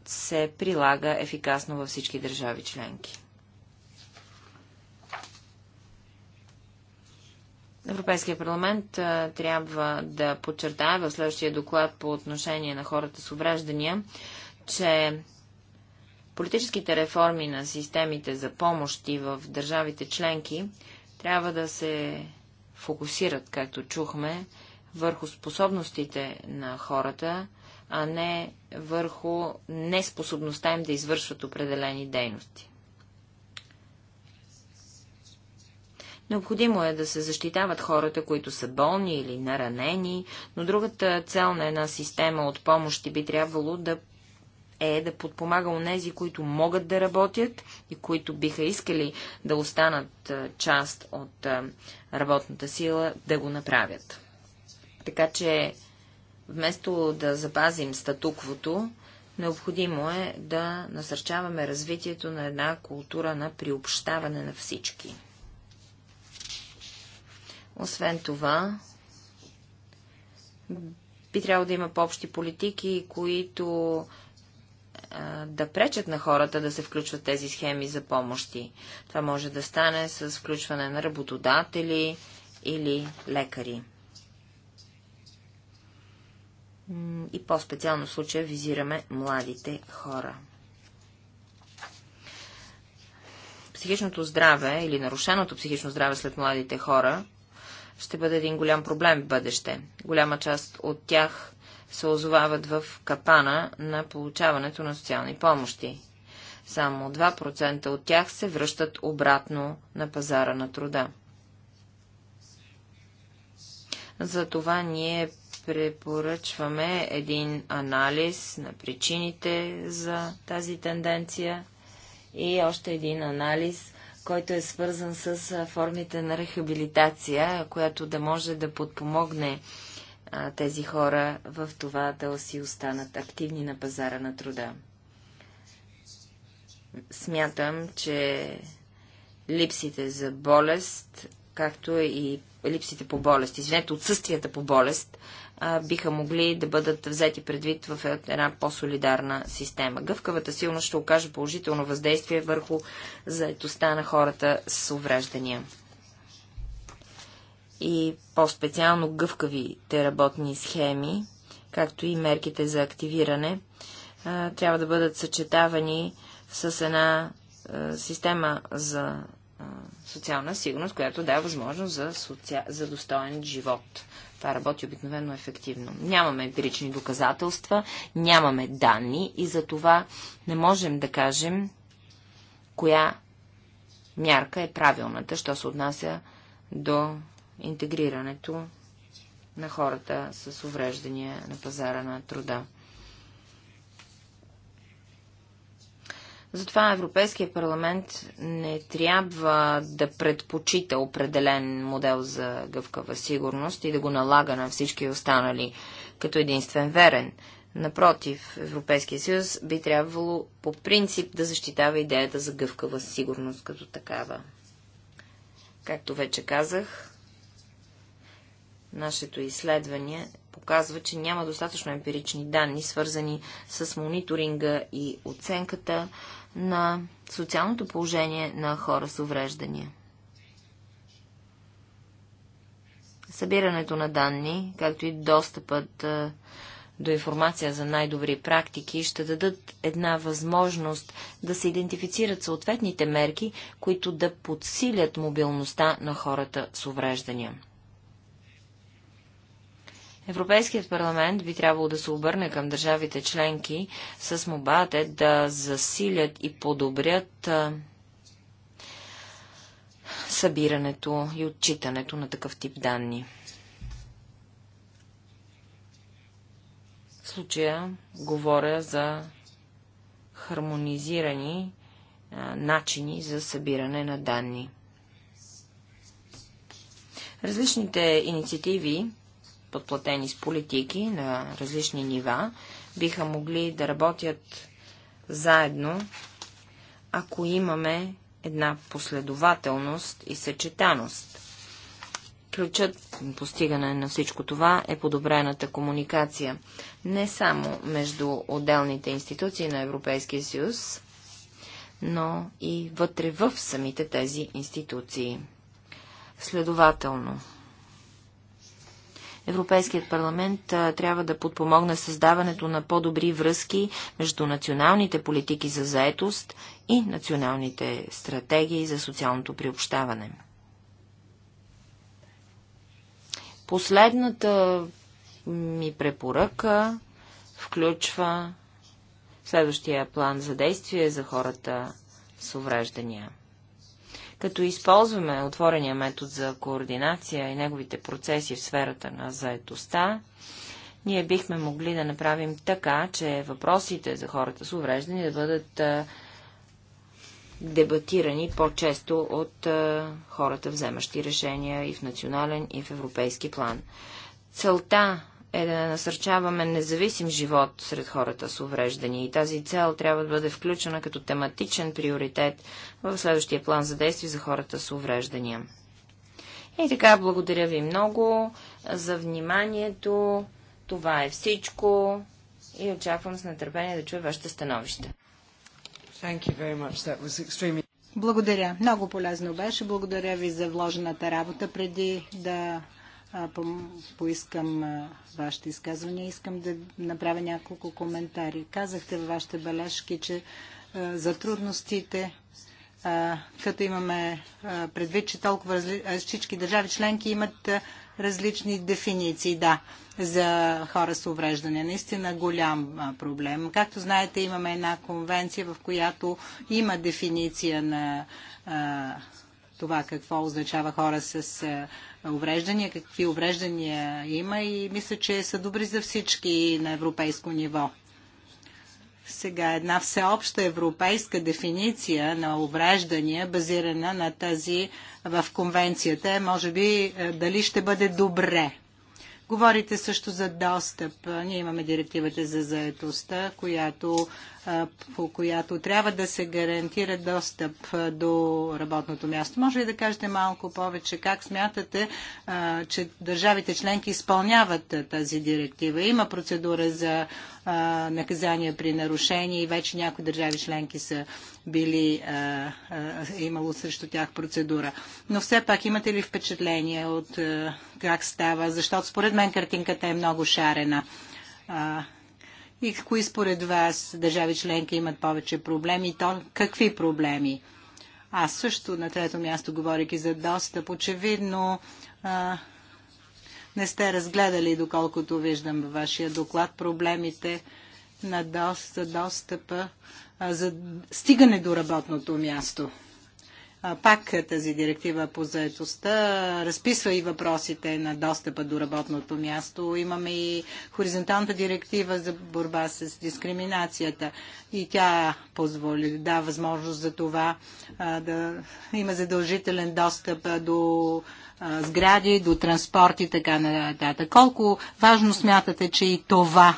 [SPEAKER 2] се прилага ефикасно във всички държави членки. Европейския парламент трябва да подчертае в следващия доклад по отношение на хората с увреждания, че политическите реформи на системите за помощи в държавите членки трябва да се фокусират, както чухме, върху способностите на хората а не върху неспособността им да извършват определени дейности. Необходимо е да се защитават хората, които са болни или наранени, но другата цел на една система от помощи би трябвало да е да подпомага онези, които могат да работят и които биха искали да останат част от работната сила, да го направят. Така че Вместо да запазим статуквото, необходимо е да насърчаваме развитието на една култура на приобщаване на всички. Освен това, би трябвало да има по-общи политики, които да пречат на хората да се включват тези схеми за помощи. Това може да стане с включване на работодатели или лекари и по-специално случая визираме младите хора. Психичното здраве или нарушеното психично здраве след младите хора ще бъде един голям проблем в бъдеще. Голяма част от тях се озовават в капана на получаването на социални помощи. Само 2% от тях се връщат обратно на пазара на труда. Затова ние препоръчваме един анализ на причините за тази тенденция и още един анализ, който е свързан с формите на рехабилитация, която да може да подпомогне тези хора в това да си останат активни на пазара на труда. Смятам, че липсите за болест, както и липсите по болест, извинете, отсъствията по болест, биха могли да бъдат взети предвид в една по-солидарна система. Гъвкавата силност ще окаже положително въздействие върху заетостта на хората с увреждания. И по-специално гъвкавите работни схеми, както и мерките за активиране, трябва да бъдат съчетавани с една система за социална сигурност, която дава възможност за, соци... за достоен живот това работи обикновено ефективно. Нямаме емпирични доказателства, нямаме данни и за това не можем да кажем коя мярка е правилната, що се отнася до интегрирането на хората с увреждания на пазара на труда. Затова Европейския парламент не трябва да предпочита определен модел за гъвкава сигурност и да го налага на всички останали като единствен верен. Напротив, Европейския съюз би трябвало по принцип да защитава идеята за гъвкава сигурност като такава. Както вече казах, нашето изследване показва, че няма достатъчно емпирични данни, свързани с мониторинга и оценката на социалното положение на хора с увреждания. Събирането на данни, както и достъпът до информация за най-добри практики, ще дадат една възможност да се идентифицират съответните мерки, които да подсилят мобилността на хората с увреждания. Европейският парламент би трябвало да се обърне към държавите членки с мобате да засилят и подобрят събирането и отчитането на такъв тип данни. В случая говоря за хармонизирани начини за събиране на данни. Различните инициативи подплатени с политики на различни нива, биха могли да работят заедно, ако имаме една последователност и съчетаност. Ключът на постигане на всичко това е подобрената комуникация не само между отделните институции на Европейския съюз, но и вътре в самите тези институции. Следователно, Европейският парламент трябва да подпомогне създаването на по-добри връзки между националните политики за заетост и националните стратегии за социалното приобщаване. Последната ми препоръка включва следващия план за действие за хората с увреждания. Като използваме отворения метод за координация и неговите процеси в сферата на заетостта, ние бихме могли да направим така, че въпросите за хората с увреждане да бъдат дебатирани по-често от хората, вземащи решения и в национален, и в европейски план. Целта е да насърчаваме независим живот сред хората с увреждания и тази цел трябва да бъде включена като тематичен приоритет в следващия план за действие за хората с увреждания. И така, благодаря ви много за вниманието. Това е всичко и очаквам с нетърпение да чуя вашите становище. Extremely...
[SPEAKER 3] Благодаря. Много полезно беше. Благодаря ви за вложената работа. Преди да по поискам вашите изказвания. Искам да направя няколко коментари. Казахте във вашите бележки, че за трудностите като имаме предвид, че толкова всички държави членки имат различни дефиниции, да, за хора с увреждане. Наистина голям проблем. Както знаете, имаме една конвенция, в която има дефиниция на това какво означава хора с увреждания, какви увреждания има и мисля, че са добри за всички на европейско ниво. Сега една всеобща европейска дефиниция на увреждания, базирана на тази в конвенцията, може би дали ще бъде добре. Говорите също за достъп. Ние имаме директивата за заетостта, която, по която трябва да се гарантира достъп до работното място. Може ли да кажете малко повече как смятате, че държавите членки изпълняват тази директива? Има процедура за наказания при нарушения и вече някои държави членки са били, имало срещу тях процедура. Но все пак имате ли впечатление от как става, защото според мен картинката е много шарена. и кои според вас държави членки имат повече проблеми, то какви проблеми? Аз също на трето място, говоряки за достъп, очевидно а, не сте разгледали, доколкото виждам във вашия доклад, проблемите на доста, достъпа за стигане до работното място пак тази директива по заедостта разписва и въпросите на достъпа до работното място. Имаме и хоризонталната директива за борба с дискриминацията и тя позволи, да, възможност за това да има задължителен достъп до сгради, до транспорт и така нататък. Колко важно смятате, че и това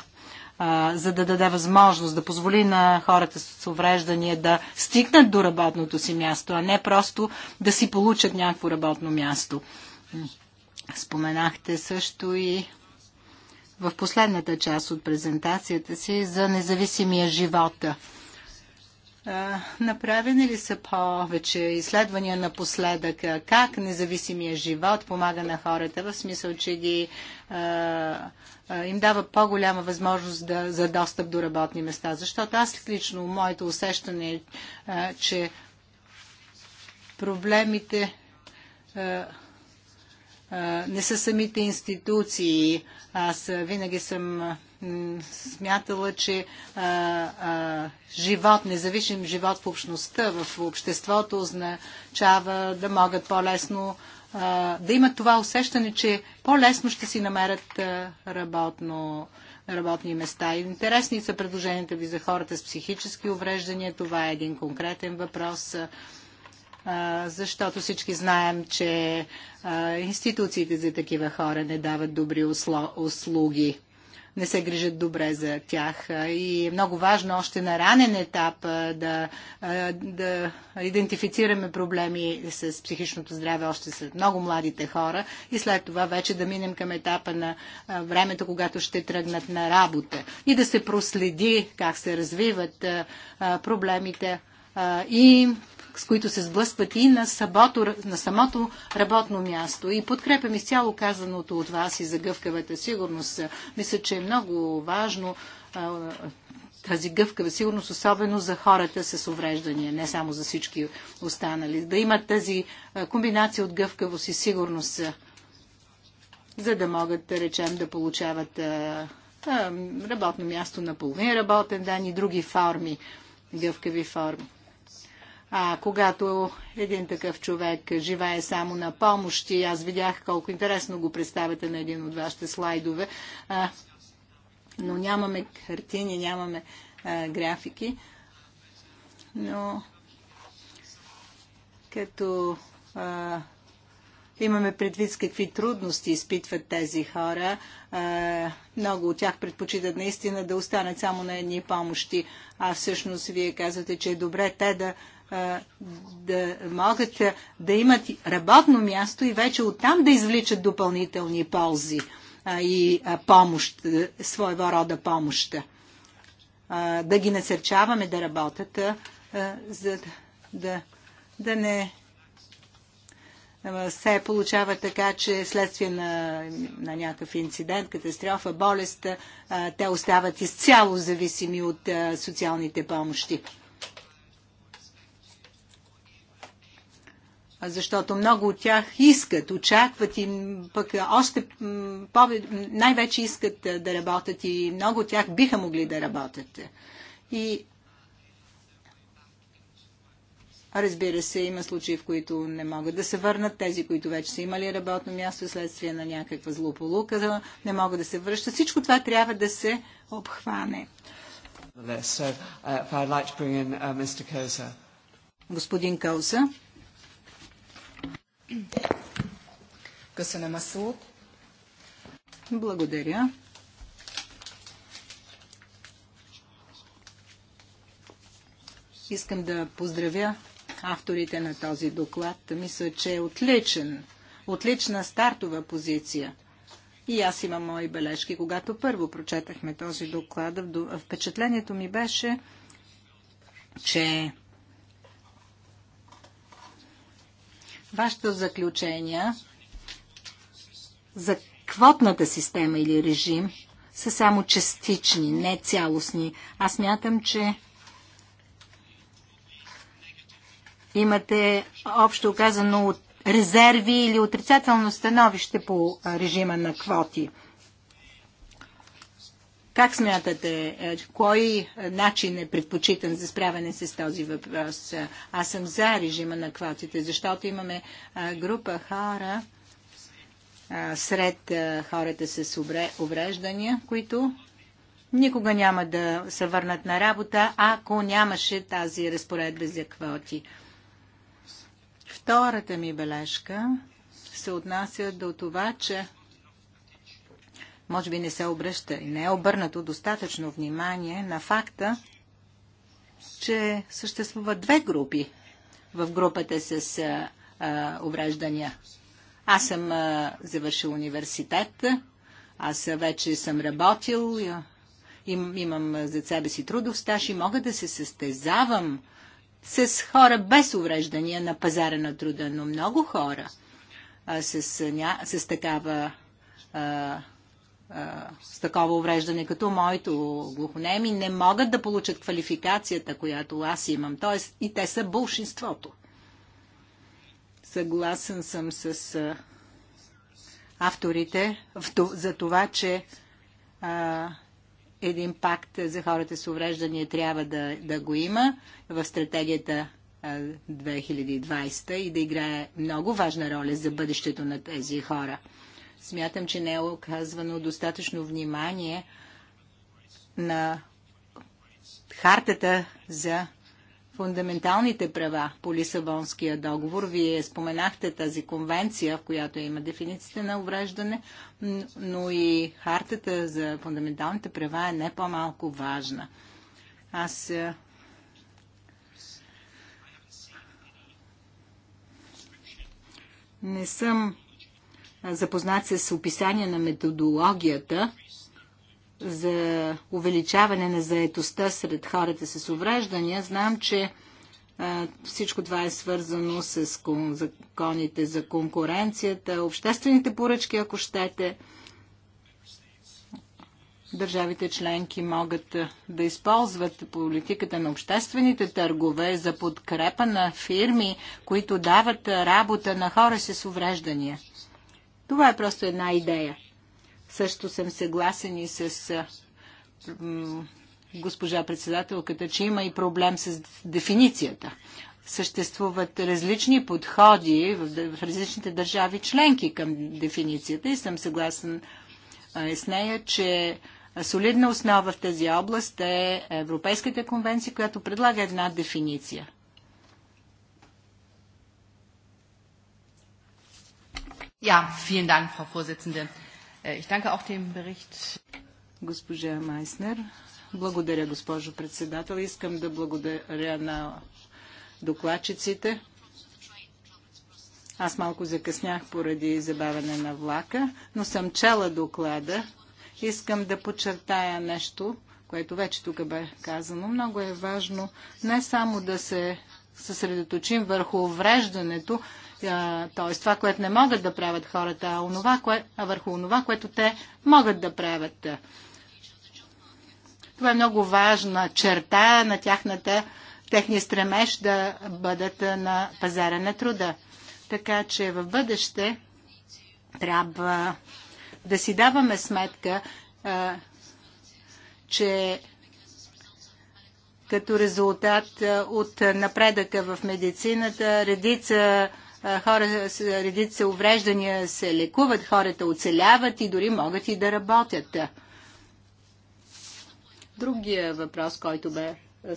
[SPEAKER 3] за да даде възможност, да позволи на хората с увреждания да стигнат до работното си място, а не просто да си получат някакво работно място. Споменахте също и в последната част от презентацията си за независимия живота. Направени ли са повече изследвания напоследък? Как независимия живот помага на хората? В смисъл, че ги, им дава по-голяма възможност да, за достъп до работни места. Защото аз лично, моето усещане е, че проблемите не са самите институции. Аз винаги съм смятала, че а, а, живот, независим живот в общността, в обществото означава да могат по-лесно да имат това усещане, че по-лесно ще си намерят работно, работни места. Интересни са предложенията ви за хората с психически увреждания. Това е един конкретен въпрос защото всички знаем, че институциите за такива хора не дават добри услуги не се грижат добре за тях. И е много важно още на ранен етап да, да идентифицираме проблеми с психичното здраве още след много младите хора и след това вече да минем към етапа на времето, когато ще тръгнат на работа и да се проследи как се развиват проблемите и с които се сблъскват и на, сабото, на самото работно място. И подкрепям изцяло казаното от вас и за гъвкавата сигурност. Мисля, че е много важно тази гъвкава сигурност, особено за хората с увреждания, не само за всички останали. Да имат тази комбинация от гъвкавост и сигурност, за да могат, да речем, да получават работно място на половин работен ден и други форми, гъвкави форми. А когато един такъв човек живее само на помощи, аз видях колко интересно го представяте на един от вашите слайдове, а, но нямаме картини, нямаме а, графики. Но като а, имаме предвид с какви трудности изпитват тези хора. Много от тях предпочитат наистина да останат само на едни помощи, а всъщност вие казвате, че е добре те да да могат да имат работно място и вече оттам да извличат допълнителни ползи и помощ, своего рода помощ. Да ги насърчаваме да работят, за да, да не се получава така, че следствие на, на някакъв инцидент, катастрофа, болест, те остават изцяло зависими от социалните помощи. защото много от тях искат, очакват и пък още най-вече искат да работят и много от тях биха могли да работят. И разбира се, има случаи, в които не могат да се върнат тези, които вече са имали работно място следствие на някаква злополука, не могат да се връщат. Всичко това трябва да се обхване.
[SPEAKER 1] Uh, uh,
[SPEAKER 3] Господин Кауса. Köszönöm a Благодаря. Искам да поздравя авторите на този доклад. Мисля, че е отличен, отлична стартова позиция. И аз имам мои бележки. Когато първо прочетахме този доклад, впечатлението ми беше, че вашите заключение за квотната система или режим са само частични, не цялостни. Аз мятам, че имате общо казано резерви или отрицателно становище по режима на квоти. Как смятате, е, кой е, начин е предпочитан за справяне с този въпрос? Аз съм за режима на квотите, защото имаме е, група хора сред хората с увреждания, които никога няма да се върнат на работа, ако нямаше тази разпоредба за квоти. Втората ми бележка се отнася до това, че може би не се обръща и не е обърнато достатъчно внимание на факта, че съществуват две групи в групата с а, увреждания. Аз съм а, завършил университет, аз вече съм работил, им, имам за себе си трудов стаж и мога да се състезавам с хора без увреждания на пазара на труда, но много хора а, с, ня, с такава а, с такова увреждане като моето глухонеми не могат да получат квалификацията, която аз имам. Тоест и те са бълшинството. Съгласен съм с авторите за това, че а, един пакт за хората с увреждания трябва да, да го има в стратегията 2020 и да играе много важна роля за бъдещето на тези хора. Смятам, че не е оказвано достатъчно внимание на хартата за фундаменталните права по Лисабонския договор. Вие споменахте тази конвенция, в която има дефиницията на увреждане, но и хартата за фундаменталните права е не по-малко важна. Аз е, не съм запознат с описание на методологията за увеличаване на заетостта сред хората с увреждания. Знам, че всичко това е свързано с законите за конкуренцията, обществените поръчки, ако щете. Държавите членки могат да използват политиката на обществените търгове за подкрепа на фирми, които дават работа на хора с увреждания. Това е просто една идея. Също съм съгласен и с госпожа председателката, че има и проблем с дефиницията. Съществуват различни подходи в, различните държави членки към дефиницията и съм съгласен с нея, че солидна основа в тази област е Европейската конвенция, която предлага една дефиниция. Ja,
[SPEAKER 1] vielen Dank, Frau Vorsitzende. Äh, ich danke auch dem Bericht.
[SPEAKER 3] Госпожа Майснер. Благодаря, госпожо председател. Искам да благодаря на докладчиците. Аз малко закъснях поради забавяне на влака, но съм чела доклада. Искам да подчертая нещо, което вече тук бе казано. Много е важно не само да се съсредоточим върху увреждането, т.е. това, което не могат да правят хората, а, онова, кое, а върху онова, което те могат да правят. Това е много важна черта на тяхната, техния стремеж да бъдат на пазара на труда. Така че в бъдеще трябва да си даваме сметка, че като резултат от напредъка в медицината, редица хора с редица увреждания се лекуват, хората оцеляват и дори могат и да работят. Другия въпрос, който бе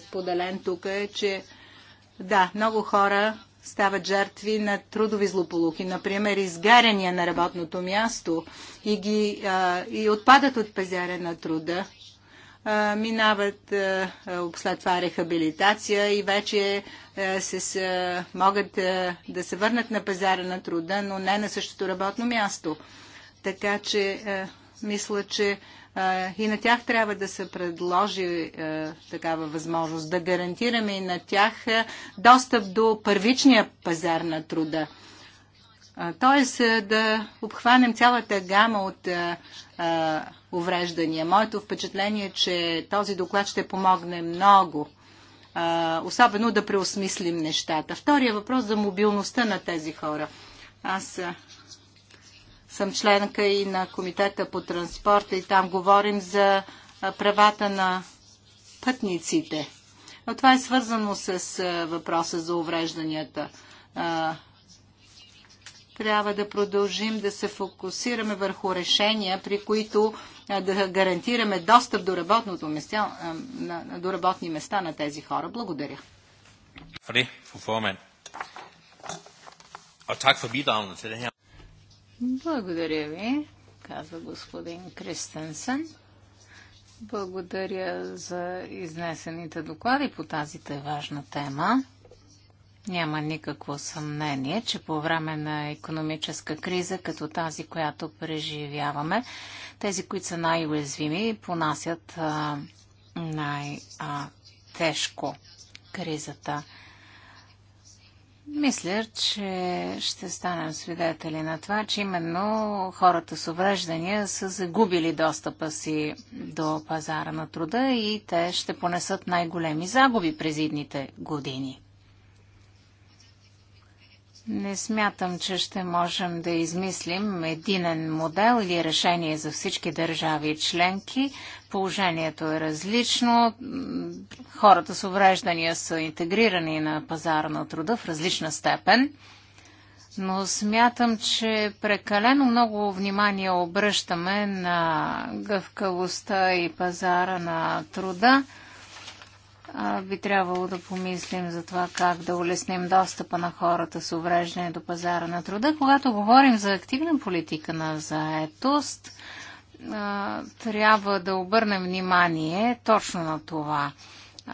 [SPEAKER 3] споделен тук е, че да, много хора стават жертви на трудови злополуки, например изгаряния на работното място и, ги, а, и отпадат от пазара на труда минават след това рехабилитация и вече се, с, могат да се върнат на пазара на труда, но не на същото работно място. Така че мисля, че и на тях трябва да се предложи такава възможност, да гарантираме и на тях достъп до първичния пазар на труда т.е. да обхванем цялата гама от е, е, увреждания. Моето впечатление е, че този доклад ще помогне много, е, особено да преосмислим нещата. Втория въпрос за мобилността на тези хора. Аз съм членка и на Комитета по транспорта и там говорим за правата на пътниците. Но това е свързано с въпроса за уврежданията трябва да продължим да се фокусираме върху решения, при които да гарантираме достъп до, работното места, до работни места на тези хора. Благодаря.
[SPEAKER 1] Благодаря ви, казва господин Кристенсен. Благодаря за изнесените доклади по тази важна тема. Няма никакво съмнение, че по време на економическа криза, като тази, която преживяваме, тези, които са най-уязвими, понасят най-тежко кризата. Мисля, че ще станем свидетели на това, че именно хората с увреждания са загубили достъпа си до пазара на труда и те ще понесат най-големи загуби през идните години. Не смятам, че ще можем да измислим единен модел или решение за всички държави и членки. Положението е различно. Хората с увреждания са интегрирани на пазара на труда в различна степен. Но смятам, че прекалено много внимание обръщаме на гъвкавостта и пазара на труда би трябвало да помислим за това как да улесним достъпа на хората с увреждане до пазара на труда. Когато говорим за активна политика на заетост, трябва да обърнем внимание точно на това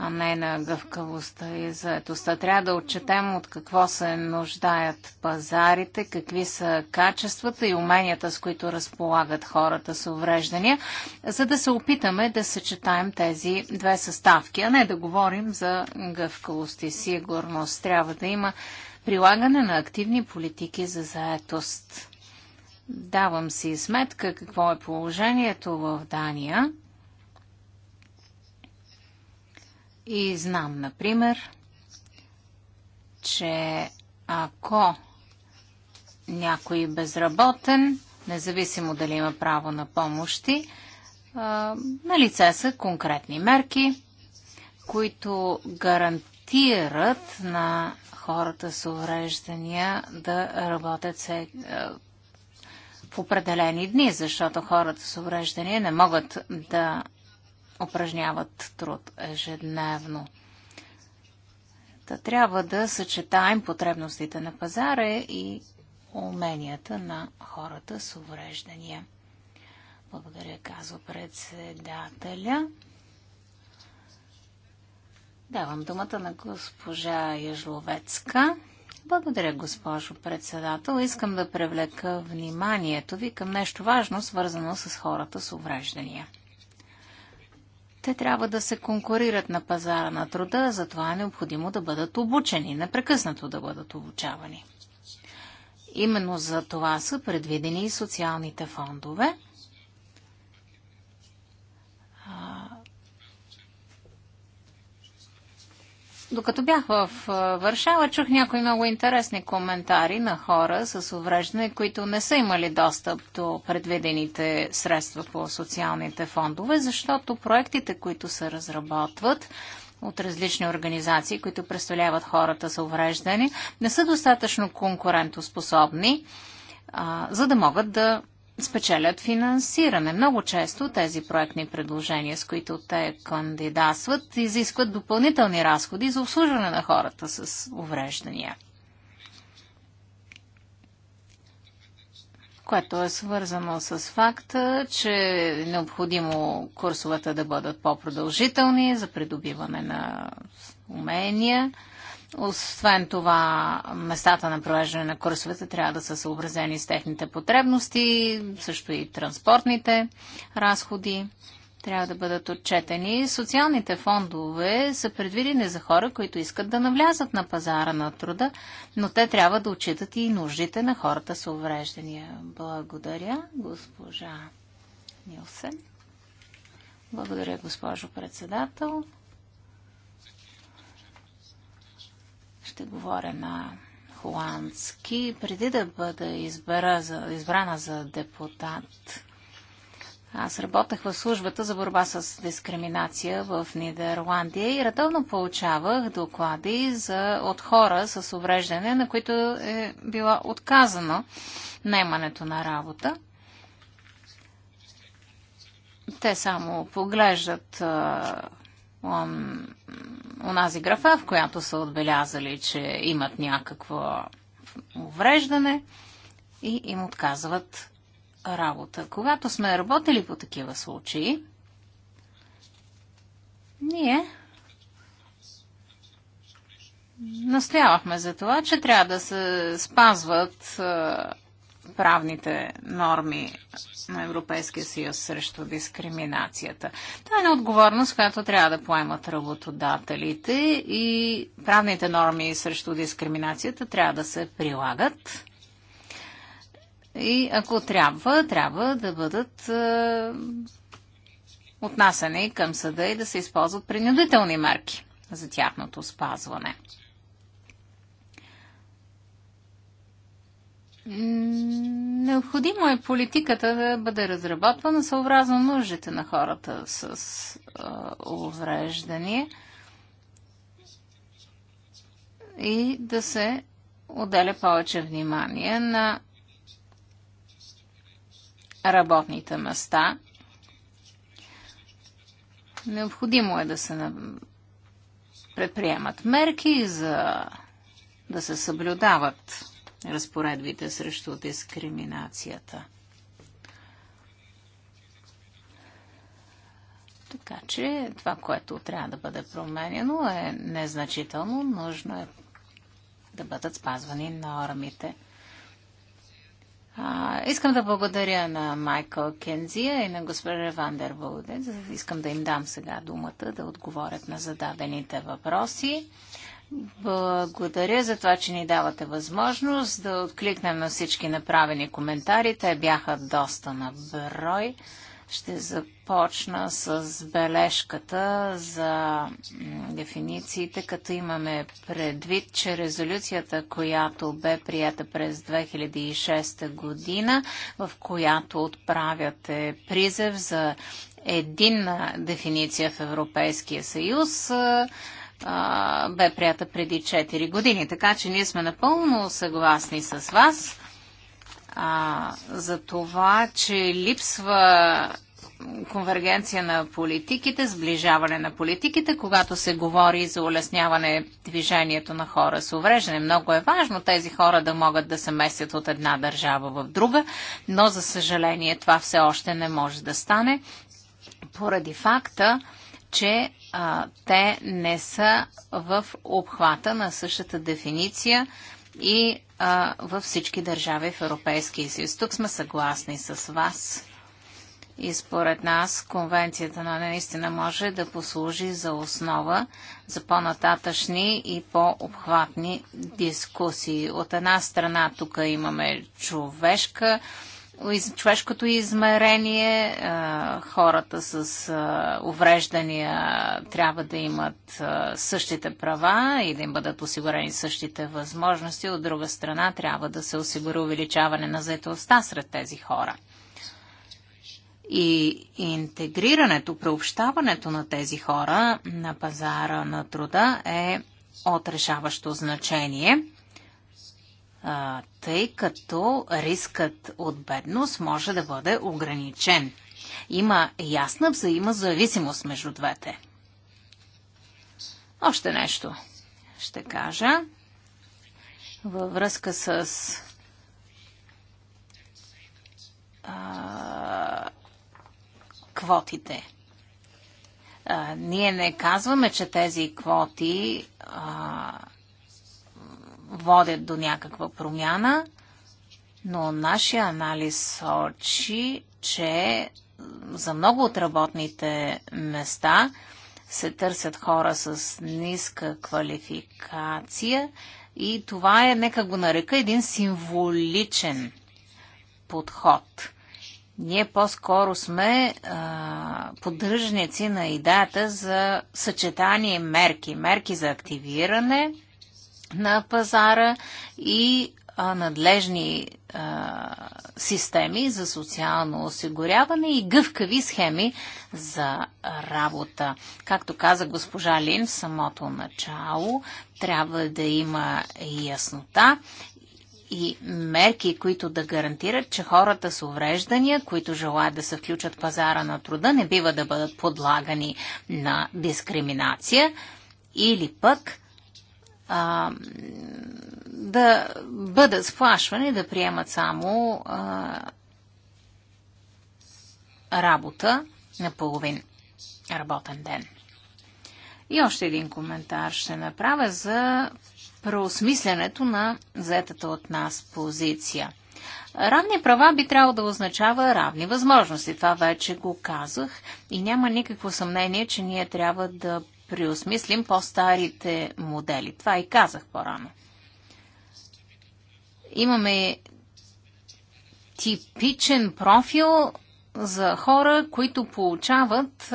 [SPEAKER 1] а не на гъвкавостта и заедостта. Трябва да отчетем от какво се нуждаят пазарите, какви са качествата и уменията, с които разполагат хората с увреждания, за да се опитаме да съчетаем тези две съставки, а не да говорим за гъвкавост и сигурност. Трябва да има прилагане на активни политики за заедост. Давам си сметка какво е положението в Дания – И знам, например, че ако някой е безработен, независимо дали има право на помощи, на лице са конкретни мерки, които гарантират на хората с увреждания да работят се, в определени дни, защото хората с увреждания не могат да упражняват труд ежедневно. Та трябва да съчетаем потребностите на пазара и уменията на хората с увреждания. Благодаря, казва председателя. Давам думата на госпожа Яжловецка. Благодаря, госпожо председател. Искам да привлека вниманието ви към нещо важно, свързано с хората с увреждания. Те трябва да се конкурират на пазара на труда, затова е необходимо да бъдат обучени, непрекъснато да бъдат обучавани. Именно за това са предвидени и социалните фондове. Докато бях в Варшава, чух някои много интересни коментари на хора с увреждане, които не са имали достъп до предвидените средства по социалните фондове, защото проектите, които се разработват от различни организации, които представляват хората с увреждане, не са достатъчно конкурентоспособни, а, за да могат да спечелят финансиране. Много често тези проектни предложения, с които те кандидатстват, изискват допълнителни разходи за обслужване на хората с увреждания. което е свързано с факта, че е необходимо курсовете да бъдат по-продължителни за придобиване на умения освен това, местата на провеждане на курсовете трябва да са съобразени с техните потребности, също и транспортните разходи трябва да бъдат отчетени. Социалните фондове са предвидени за хора, които искат да навлязат на пазара на труда, но те трябва да отчитат и нуждите на хората с увреждания. Благодаря, госпожа Нилсен. Благодаря, госпожо председател. Ще говоря на холандски. Преди да бъда избера за, избрана за депутат, аз работех в службата за борба с дискриминация в Нидерландия и редовно получавах доклади за, от хора с увреждане, на които е била отказано наймането на работа. Те само поглеждат а, он, онази графа, в която са отбелязали, че имат някакво увреждане и им отказват работа. Когато сме работили по такива случаи, ние настоявахме за това, че трябва да се спазват правните норми на Европейския съюз срещу дискриминацията. Това е неотговорност, която трябва да поемат работодателите и правните норми срещу дискриминацията трябва да се прилагат. И ако трябва, трябва да бъдат е, отнасени към съда и да се използват принудителни мерки за тяхното спазване. Необходимо е политиката да бъде разработвана съобразно нуждите на хората с а, увреждания и да се отделя повече внимание на работните места. Необходимо е да се предприемат мерки за да се съблюдават разпоредбите срещу дискриминацията. Така че това, което трябва да бъде променено е незначително, нужно е да бъдат спазвани нормите. А, искам да благодаря на Майкъл Кензия и на госпожа Вандер Волден. Искам да им дам сега думата да отговорят на зададените въпроси. Благодаря за това, че ни давате възможност да откликнем на всички направени коментари. Те бяха доста на брой. Ще започна с бележката за дефинициите, като имаме предвид, че резолюцията, която бе прията през 2006 година, в която отправяте призев за единна дефиниция в Европейския съюз, бе прията преди 4 години. Така че ние сме напълно съгласни с вас а, за това, че липсва конвергенция на политиките, сближаване на политиките, когато се говори за улесняване движението на хора с увреждане. Много е важно тези хора да могат да се местят от една държава в друга, но за съжаление това все още не може да стане поради факта, че а, те не са в обхвата на същата дефиниция и а, във всички държави в Европейския съюз. Тук сме съгласни с вас. И според нас конвенцията на наистина може да послужи за основа за по-нататъчни и по-обхватни дискусии. От една страна тук имаме човешка човешкото измерение, хората с увреждания трябва да имат същите права и да им бъдат осигурени същите възможности. От друга страна, трябва да се осигури увеличаване на заетостта сред тези хора. И интегрирането, преобщаването на тези хора на пазара на труда е от решаващо значение – тъй като рискът от бедност може да бъде ограничен. Има ясна взаимозависимост между двете. Още нещо ще кажа във връзка с а, квотите. А, ние не казваме, че тези квоти а, водят до някаква промяна, но нашия анализ сочи, че за много от работните места се търсят хора с ниска квалификация и това е, нека го нарека, един символичен подход. Ние по-скоро сме а, поддръжници на идеята за съчетание мерки. Мерки за активиране – на пазара и надлежни а, системи за социално осигуряване и гъвкави схеми за работа. Както каза госпожа Лин в самото начало, трябва да има яснота и мерки, които да гарантират, че хората с увреждания, които желаят да се включат пазара на труда, не бива да бъдат подлагани на дискриминация или пък а, да бъдат сплашвани да приемат само а, работа на половин работен ден. И още един коментар ще направя за преосмислянето на заетата от нас позиция. Равни права би трябвало да означава равни възможности. Това вече го казах и няма никакво съмнение, че ние трябва да преосмислим по-старите модели. Това и казах по-рано. Имаме типичен профил за хора, които получават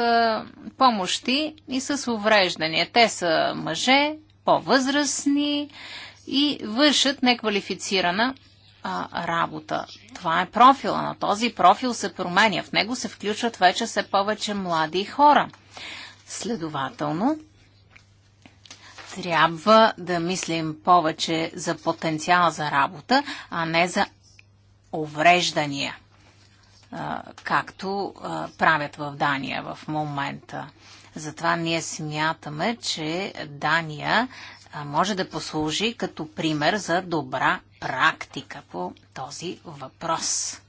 [SPEAKER 1] помощи и с увреждания. Те са мъже, по-възрастни и вършат неквалифицирана а, работа. Това е профила, на този профил се променя. В него се включват вече все повече млади хора. Следователно, трябва да мислим повече за потенциал за работа, а не за увреждания, както правят в Дания в момента. Затова ние смятаме, че Дания може да послужи като пример за добра практика по този въпрос.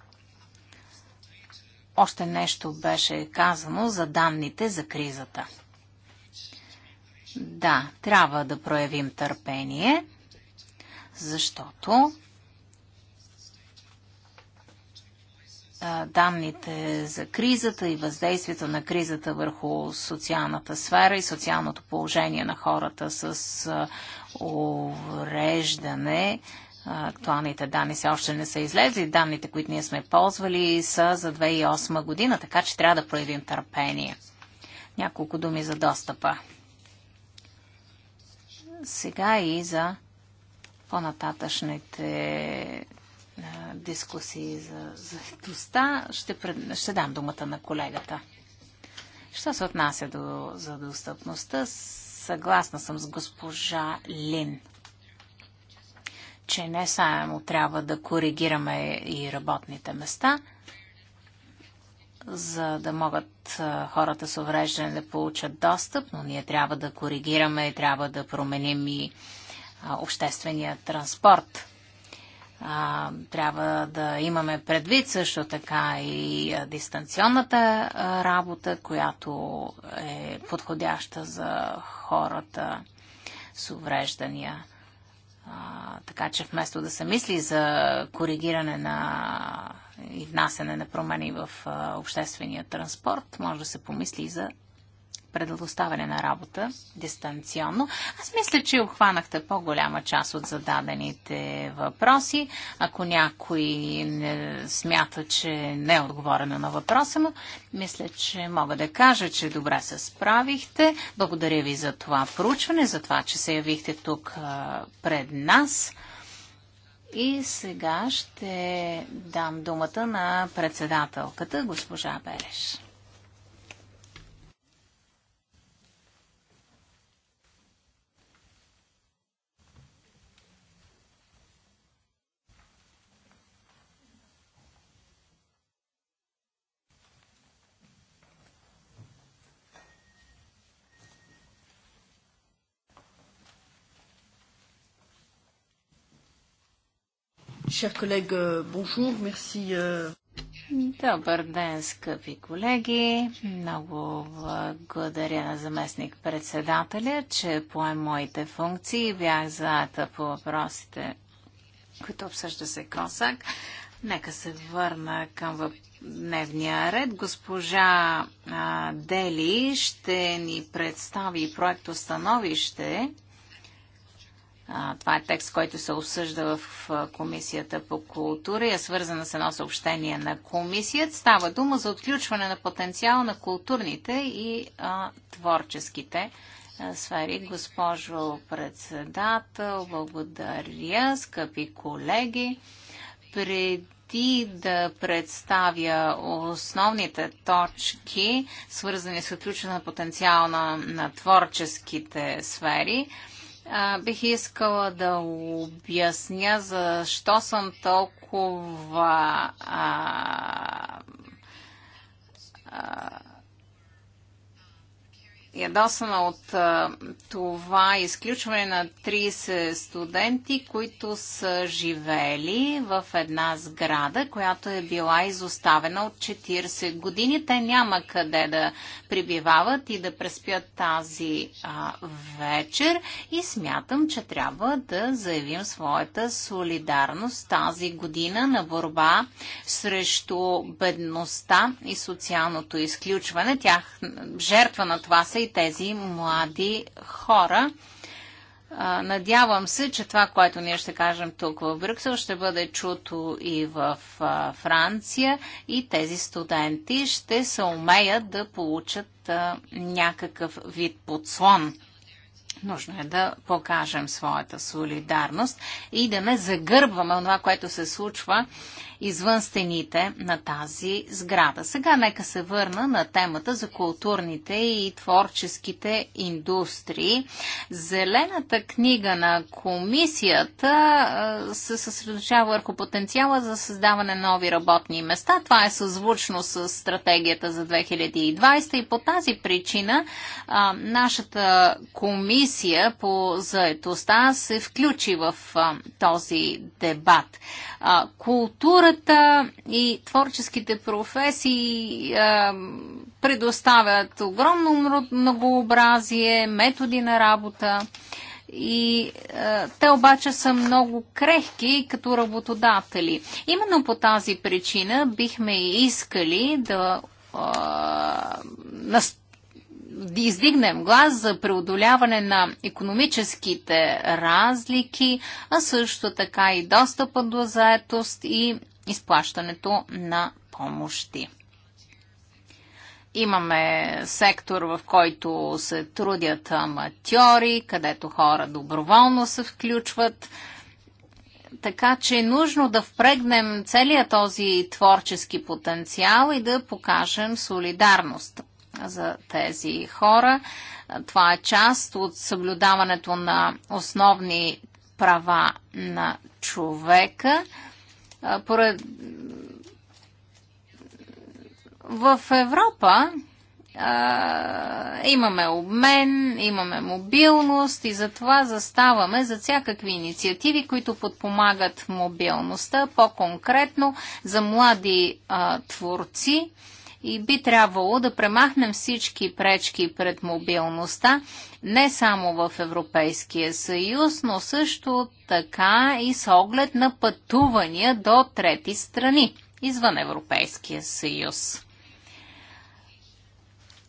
[SPEAKER 1] Още нещо беше казано за данните за кризата. Да, трябва да проявим търпение, защото данните за кризата и въздействието на кризата върху социалната сфера и социалното положение на хората с увреждане Актуалните данни все още не са излезли. Данните, които ние сме ползвали, са за 2008 година, така че трябва да проявим търпение. Няколко думи за достъпа. Сега и за по-нататъчните дискусии за заедостта, ще, пред... ще дам думата на колегата. Що се отнася до, за достъпността, съгласна съм с госпожа Лин че не само трябва да коригираме и работните места, за да могат хората с увреждане да получат достъп, но ние трябва да коригираме и трябва да променим и обществения транспорт. трябва да имаме предвид също така и дистанционната работа, която е подходяща за хората с увреждания така че вместо да се мисли за коригиране на и внасене на промени в обществения транспорт, може да се помисли и за предоставяне на работа дистанционно. Аз мисля, че обхванахте по-голяма част от зададените въпроси. Ако някой не смята, че не е отговорено на въпроса му, мисля, че мога да кажа, че добре се справихте. Благодаря ви за това проучване, за това, че се явихте тук пред нас. И сега ще дам думата на председателката, госпожа Береш. Chers collègues, euh, bonjour, merci. Euh. Добър ден, скъпи колеги. Много благодаря на заместник председателя, че пое моите функции. Бях заета по въпросите, които обсъжда се Косак. Нека се върна към дневния ред. Госпожа Дели ще ни представи проекто становище това е текст, който се осъжда в Комисията по култура и е свързана с едно съобщение на комисията. Става дума за отключване на потенциала на културните и а, творческите сфери. Госпожо председател, благодаря, скъпи колеги. Преди преди да представя основните точки, свързани с отключване на потенциал на, на творческите сфери, а, бих искала да обясня защо съм толкова а, а, ядосана от това изключване на 30 студенти, които са живели в една сграда, която е била изоставена от 40 години. Те няма къде да прибивават и да преспят тази а, вечер и смятам, че трябва да заявим своята солидарност тази година на борба срещу бедността и социалното изключване. Тях жертва на това са и тези млади хора. Надявам се, че това, което ние ще кажем тук в Брюксел, ще бъде чуто и в Франция и тези студенти ще се умеят да получат някакъв вид подслон. Нужно е да покажем своята солидарност и да не загърбваме това, което се случва извън стените на тази сграда. Сега нека се върна на темата за културните и творческите индустрии. Зелената книга на комисията се съсредоточава върху потенциала за създаване на нови работни места. Това е съзвучно с стратегията за 2020 и по тази причина а, нашата комисия по заетостта се включи в а, този дебат. А, културата културата и творческите професии а, предоставят огромно многообразие, методи на работа. И а, те обаче са много крехки като работодатели. Именно по тази причина бихме искали да а, наст... да издигнем глас за преодоляване на економическите разлики, а също така и достъпа до заетост и изплащането на помощи. Имаме сектор, в който се трудят аматьори, където хора доброволно се включват. Така че е нужно да впрегнем целият този творчески потенциал и да покажем солидарност за тези хора. Това е част от съблюдаването на основни права на човека поред... В Европа а, имаме обмен, имаме мобилност и затова заставаме за всякакви инициативи, които подпомагат мобилността, по-конкретно за млади а, творци, и би трябвало да премахнем всички пречки пред мобилността, не само в Европейския съюз, но също така и с оглед на пътувания до трети страни извън Европейския съюз.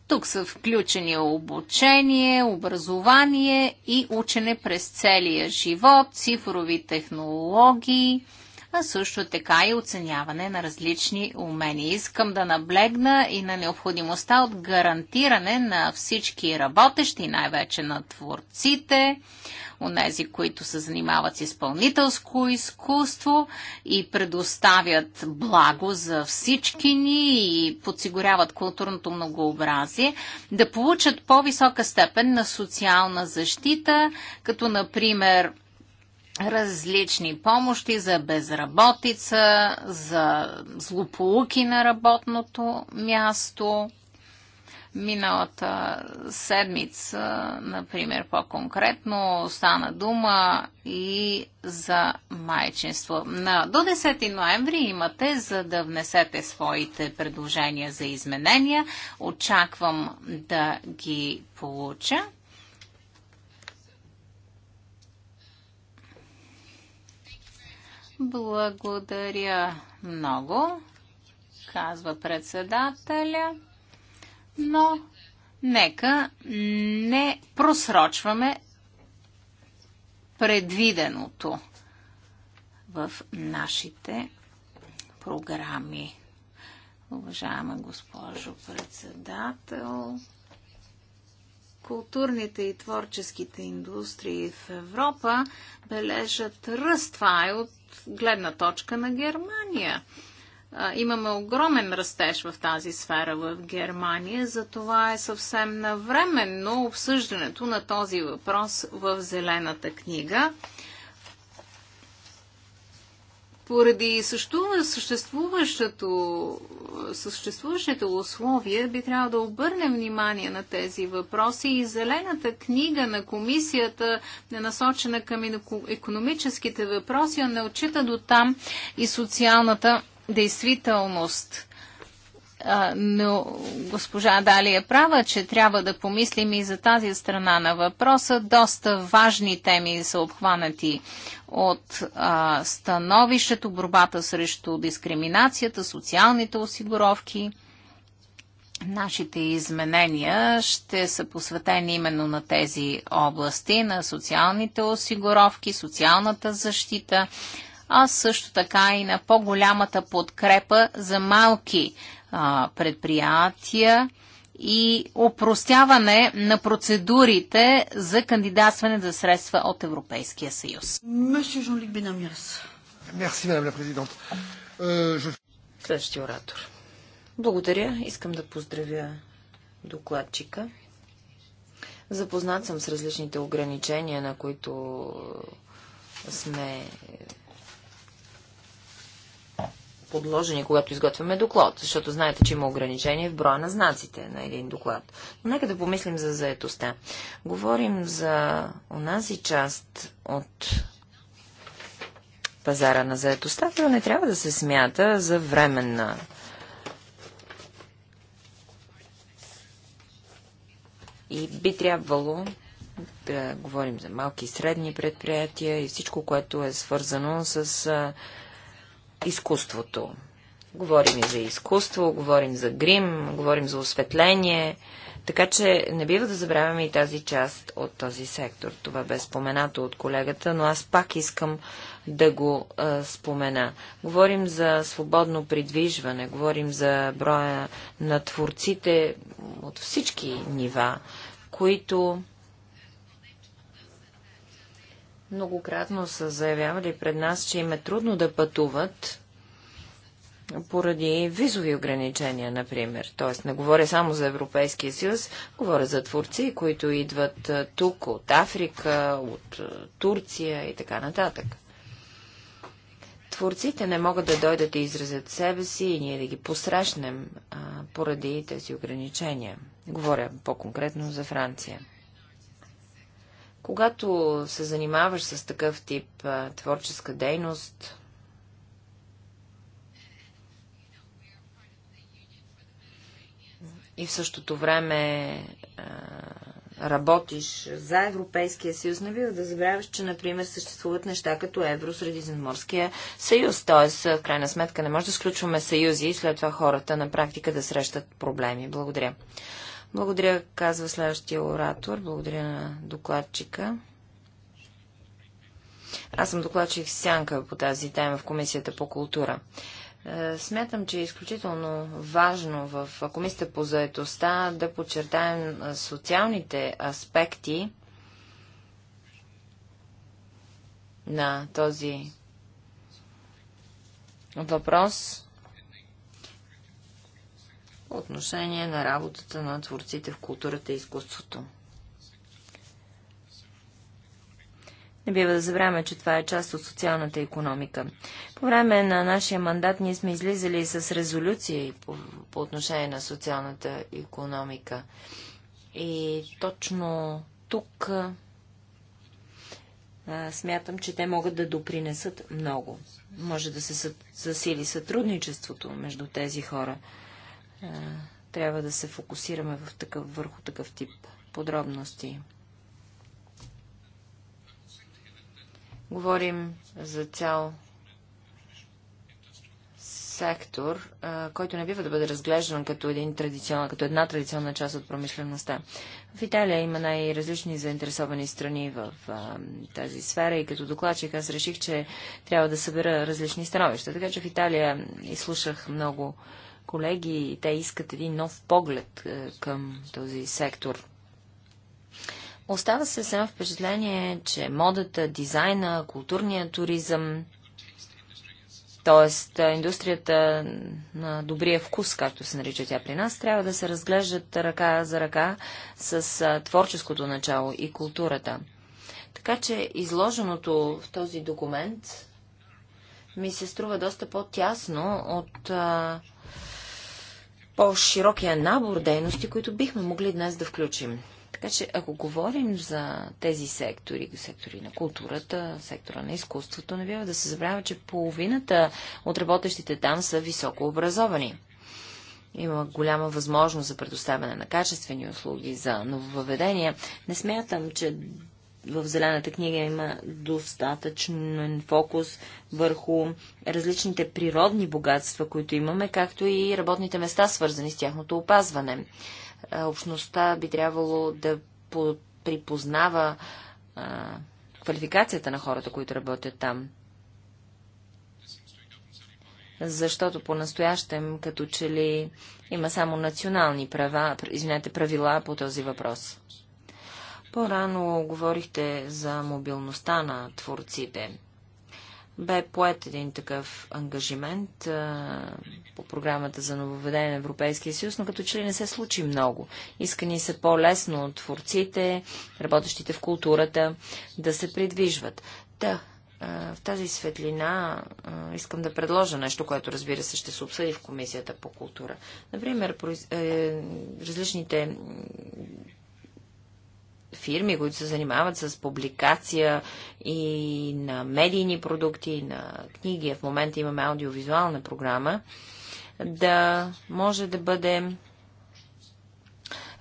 [SPEAKER 1] Тук са включени обучение, образование и учене през целия живот, цифрови технологии – а също така и оценяване на различни умения. Искам да наблегна и на необходимостта от гарантиране на всички работещи, най-вече на творците, онези, които се занимават с изпълнителско изкуство и предоставят благо за всички ни и подсигуряват културното многообразие, да получат по-висока степен на социална защита, като например различни помощи за безработица, за злополуки на работното място. Миналата седмица, например, по-конкретно, стана дума и за майчинство. На, до 10 ноември имате, за да внесете своите предложения за изменения. Очаквам да ги получа. Благодаря много, казва председателя, но нека не просрочваме предвиденото в нашите програми. Уважаема госпожо председател, културните и творческите индустрии в Европа бележат ръст. Това е от гледна точка на Германия. Имаме огромен растеж в тази сфера в Германия, затова е съвсем навременно обсъждането на този въпрос в Зелената книга. Поради съществуващото, съществуващите условия би трябвало да обърнем внимание на тези въпроси и зелената книга на комисията е насочена към економическите въпроси, а не отчита до там и социалната действителност но госпожа Дали е права, че трябва да помислим и за тази страна на въпроса. Доста важни теми са обхванати от а, становището, борбата срещу дискриминацията, социалните осигуровки. Нашите изменения ще са посветени именно на тези области, на социалните осигуровки, социалната защита, а също така и на по-голямата подкрепа за малки предприятия и опростяване на процедурите за кандидатстване за средства от Европейския съюз. Euh,
[SPEAKER 2] Следващия оратор. Благодаря. Искам да поздравя докладчика. Запознат съм с различните ограничения, на които сме подложени, когато изготвяме доклад, защото знаете, че има ограничение в броя на знаците на един доклад. Но нека да помислим за заетостта. Говорим за онази част от пазара на заетостта, която не трябва да се смята за временна. И би трябвало да говорим за малки и средни предприятия и всичко, което е свързано с изкуството. Говорим и за изкуство, говорим за грим, говорим за осветление, така че не бива да забравяме и тази част от този сектор. Това бе споменато от колегата, но аз пак искам да го а, спомена. Говорим за свободно придвижване, говорим за броя на творците от всички нива, които многократно са заявявали пред нас, че им е трудно да пътуват поради визови ограничения, например. Тоест, не говоря само за Европейския съюз, говоря за творци, които идват тук от Африка, от Турция и така нататък. Творците не могат да дойдат и изразят себе си и ние да ги посрещнем а, поради тези ограничения. Говоря по-конкретно за Франция. Когато се занимаваш с такъв тип а, творческа дейност, и в същото време а, работиш за Европейския съюз, не бива да забравяш, че, например, съществуват неща като Евросредиземноморския съюз. Тоест, в крайна сметка, не може да сключваме съюзи и след това хората на практика да срещат проблеми. Благодаря. Благодаря, казва следващия оратор. Благодаря на докладчика. Аз съм докладчик Сянка по тази тема в Комисията по култура. Е, смятам, че е изключително важно в Комисията по заедостта да подчертаем е, социалните аспекти на този въпрос по отношение на работата на творците в културата и изкуството. Не бива да забравяме, че това е част от социалната економика. По време на нашия мандат ние сме излизали с резолюции по, по отношение на социалната економика. И точно тук а, смятам, че те могат да допринесат много. Може да се засили сътрудничеството между тези хора трябва да се фокусираме в такъв, върху такъв тип подробности. Говорим за цял сектор, който не бива да бъде разглеждан като, един традиционна, като една традиционна част от промишлеността. В Италия има най-различни заинтересовани страни в тази сфера и като докладчик аз реших, че трябва да събера различни становища. Така че в Италия изслушах много колеги, те искат един нов поглед е, към този сектор. Остава се само впечатление, че модата, дизайна, културния туризъм, т.е. индустрията на добрия вкус, както се нарича тя при нас, трябва да се разглеждат ръка за ръка с е, творческото начало и културата. Така че изложеното в този документ ми се струва доста по-тясно от а, е, по-широкия набор дейности, които бихме могли днес да включим. Така че, ако говорим за тези сектори, сектори на културата, сектора на изкуството, не бива да се забравя, че половината от работещите там са високо образовани. Има голяма възможност за предоставяне на качествени услуги, за нововъведения. Не смятам, че в Зелената книга има достатъчен фокус върху различните природни богатства, които имаме, както и работните места, свързани с тяхното опазване. Общността би трябвало да припознава а, квалификацията на хората, които работят там. Защото по-настоящем, като че ли има само национални права, извинете, правила по този въпрос. По-рано говорихте за мобилността на творците. Бе поет един такъв ангажимент а, по програмата за нововведение на Европейския съюз, но като че ли не се случи много. Искани се по-лесно от творците, работещите в културата, да се придвижват. Да, в тази светлина искам да предложа нещо, което разбира се ще се обсъди в Комисията по култура. Например, е, различните фирми, които се занимават с публикация и на медийни продукти, и на книги. В момента имаме аудиовизуална програма. Да може да бъде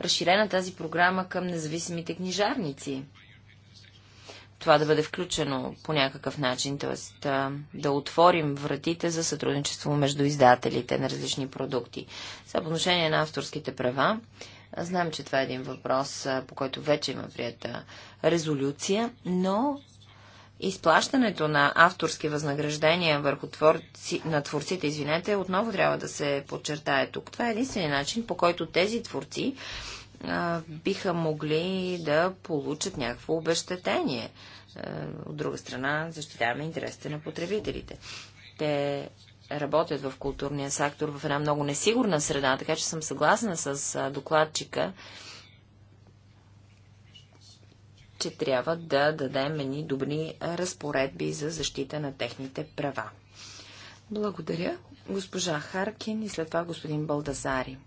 [SPEAKER 2] разширена тази програма към независимите книжарници. Това да бъде включено по някакъв начин, т.е. да отворим вратите за сътрудничество между издателите на различни продукти. За е отношение на авторските права, Знам, че това е един въпрос, по който вече има прията резолюция, но изплащането на авторски възнаграждения върху творци, на творците, извинете, отново трябва да се подчертае тук. Това е единствения начин, по който тези творци а, биха могли да получат някакво обещетение. А, от друга страна, защитаваме интересите на потребителите. Те работят в културния сектор в една много несигурна среда, така че съм съгласна с докладчика, че трябва да дадем едни добри разпоредби за защита на техните права. Благодаря, госпожа Харкин и след това господин Балдазари.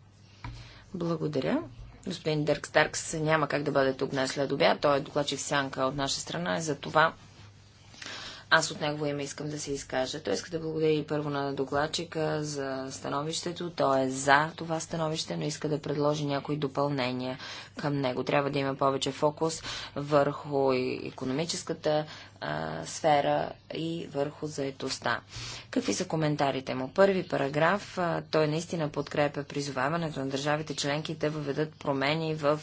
[SPEAKER 2] Благодаря. Господин Дърк Старкс няма как да бъде тук днес след обяд. Той е докладчик сянка от наша страна и за това аз от негово име искам да се изкажа. Той иска да благодари първо на докладчика за становището. Той е за това становище, но иска да предложи някои допълнения към него. Трябва да има повече фокус върху економическата а, сфера и върху заетостта. Какви са коментарите му? Първи параграф, а, той наистина подкрепя призоваването на държавите членки да въведат промени в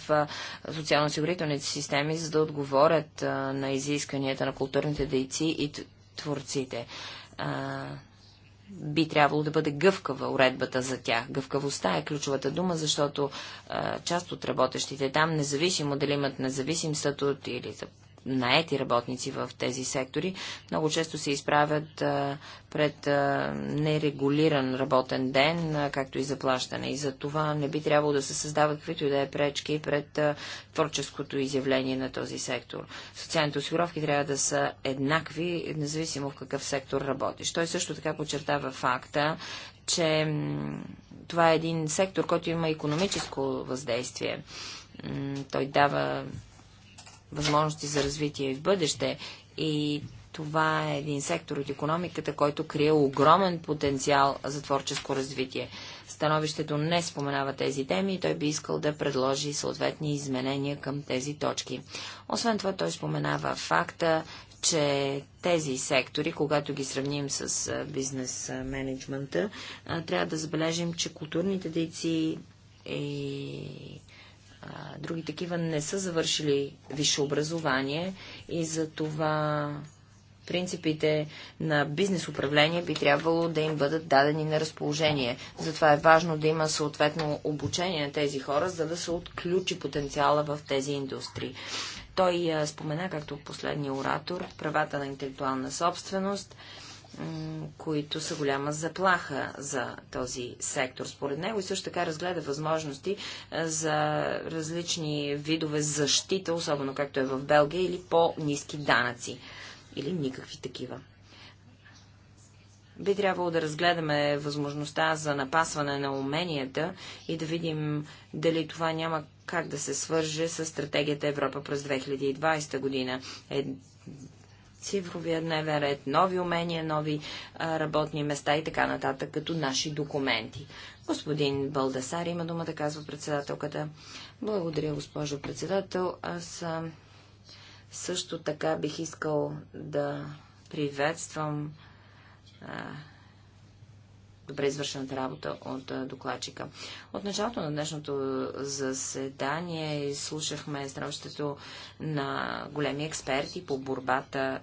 [SPEAKER 2] социално-осигурителните системи, за да отговорят а, на изискванията на културните дейци и творците. А, би трябвало да бъде гъвкава уредбата за тях. Гъвкавостта е ключовата дума, защото а, част от работещите там, независимо дали имат независим статут или са наети работници в тези сектори, много често се изправят пред нерегулиран работен ден, както и заплащане. И за това не би трябвало да се създават каквито и да е пречки пред творческото изявление на този сектор. Социалните осигуровки трябва да са еднакви, независимо в какъв сектор работиш. Той също така подчертава факта, че това е един сектор, който има економическо въздействие. Той дава възможности за развитие и в бъдеще. И това е един сектор от економиката, който крие огромен потенциал за творческо развитие. Становището не споменава тези теми и той би искал да предложи съответни изменения към тези точки. Освен това, той споменава факта, че тези сектори, когато ги сравним с бизнес менеджмента, трябва да забележим, че културните дейци и други такива не са завършили висше образование и за това принципите на бизнес управление би трябвало да им бъдат дадени на разположение. Затова е важно да има съответно обучение на тези хора, за да се отключи потенциала в тези индустрии. Той спомена, както последния оратор, правата на интелектуална собственост – които са голяма заплаха за този сектор. Според него и също така разгледа възможности е, за различни видове защита, особено както е в Белгия, или по-низки данъци, или никакви такива. Би трябвало да разгледаме възможността за напасване на уменията и да видим дали това няма как да се свърже с стратегията Европа през 2020 година. Е цифровия дневен ред, нови умения, нови а, работни места и така нататък, като наши документи. Господин Балдасар има думата, да казва председателката. Благодаря, госпожо председател. Аз а, също така бих искал да приветствам а, добре извършената работа от докладчика. От началото на днешното заседание слушахме становището на големи експерти по борбата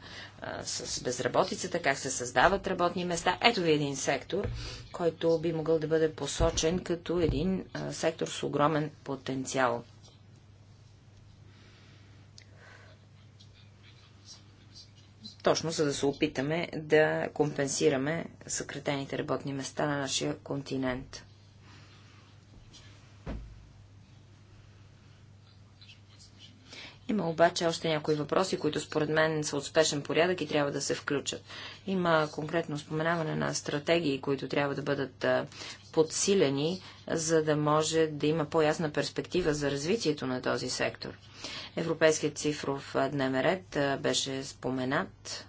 [SPEAKER 2] с безработицата, как се създават работни места. Ето ви един сектор, който би могъл да бъде посочен като един сектор с огромен потенциал. точно за да се опитаме да компенсираме съкратените работни места на нашия континент. Има обаче още някои въпроси, които според мен са от спешен порядък и трябва да се включат. Има конкретно споменаване на стратегии, които трябва да бъдат подсилени, за да може да има по-ясна перспектива за развитието на този сектор. Европейският цифров дневен ред беше споменат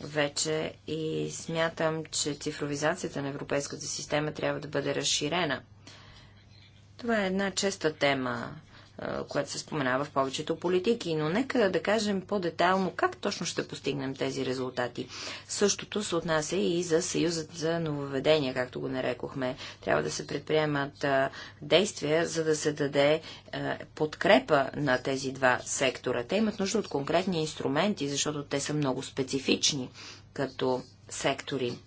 [SPEAKER 2] вече и смятам, че цифровизацията на европейската система трябва да бъде разширена. Това е една честа тема което се споменава в повечето политики. Но нека да кажем по-детайлно как точно ще постигнем тези резултати. Същото се отнася и за Съюзът за нововведения, както го нарекохме. Трябва да се предприемат действия, за да се даде подкрепа на тези два сектора. Те имат нужда от конкретни инструменти, защото те са много специфични като сектори.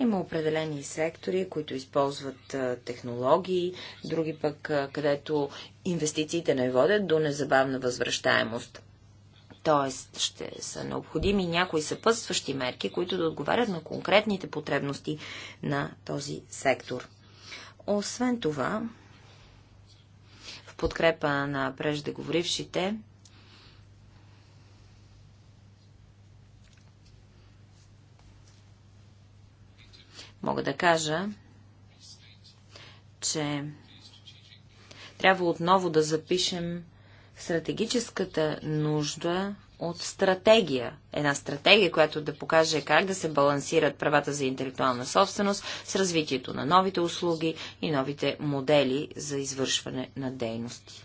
[SPEAKER 2] Има определени сектори, които използват технологии, други пък, където инвестициите не водят до незабавна възвръщаемост. Тоест, ще са необходими някои съпътстващи мерки, които да отговарят на конкретните потребности на този сектор. Освен това, в подкрепа на преждеговорившите, мога да кажа, че трябва отново да запишем стратегическата нужда от стратегия. Една стратегия, която да покаже как да се балансират правата за интелектуална собственост с развитието на новите услуги и новите модели за извършване на дейности.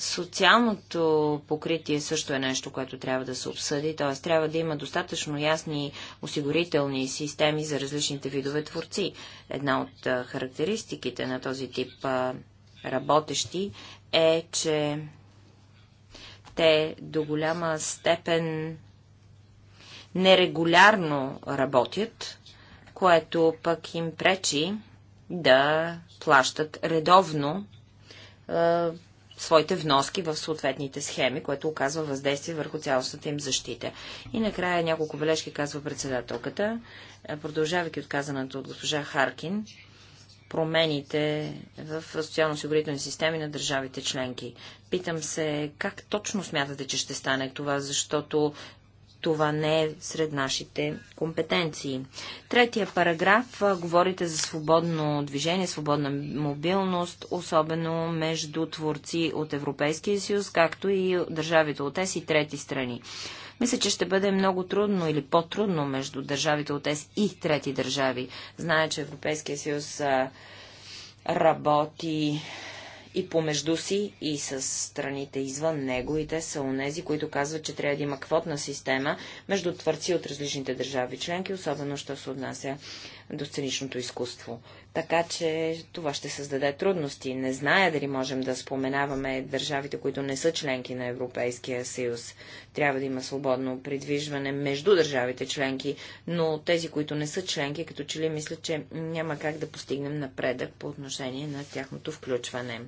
[SPEAKER 2] Социалното покритие също е нещо, което трябва да се обсъди, т.е. трябва да има достатъчно ясни осигурителни системи за различните видове творци. Една от характеристиките на този тип работещи е, че те до голяма степен нерегулярно работят, което пък им пречи да плащат редовно своите вноски в съответните схеми, което оказва въздействие върху цялостната им защита. И накрая няколко бележки казва председателката, е, продължавайки отказаната от госпожа Харкин, промените в социално-осигурителни системи на държавите членки. Питам се как точно смятате, че ще стане това, защото това не е сред нашите компетенции. Третия параграф говорите за свободно движение, свободна мобилност, особено между творци от Европейския съюз, както и държавите от ЕС и трети страни. Мисля, че ще бъде много трудно или по-трудно между държавите от ЕС и трети държави. Зная, че Европейския съюз работи и помежду си, и с страните извън него, и те са онези, които казват, че трябва да има квотна система между твърци от различните държави членки, особено що се отнася до сценичното изкуство. Така че това ще създаде трудности. Не зная дали можем да споменаваме държавите, които не са членки на Европейския съюз. Трябва да има свободно придвижване между държавите членки, но тези, които не са членки, като че ли мисля, че няма как да постигнем напредък по отношение на тяхното включване.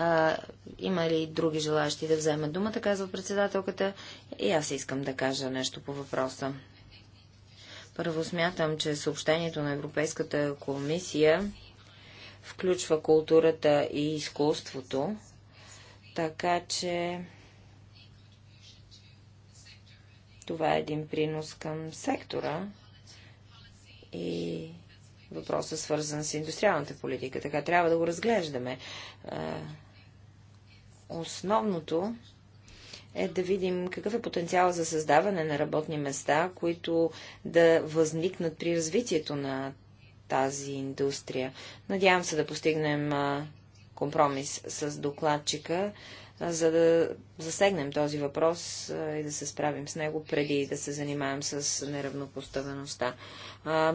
[SPEAKER 2] А, има ли други желаящи да вземат думата, казва председателката. И аз искам да кажа нещо по въпроса. Първо смятам, че съобщението на Европейската комисия включва културата и изкуството, така че това е един принос към сектора и въпроса е свързан с индустриалната политика. Така трябва да го разглеждаме. Е, основното е да видим какъв е потенциал за създаване на работни места, които да възникнат при развитието на тази индустрия. Надявам се да постигнем компромис с докладчика, за да засегнем този въпрос и да се справим с него преди да се занимаем с неравнопоставеността.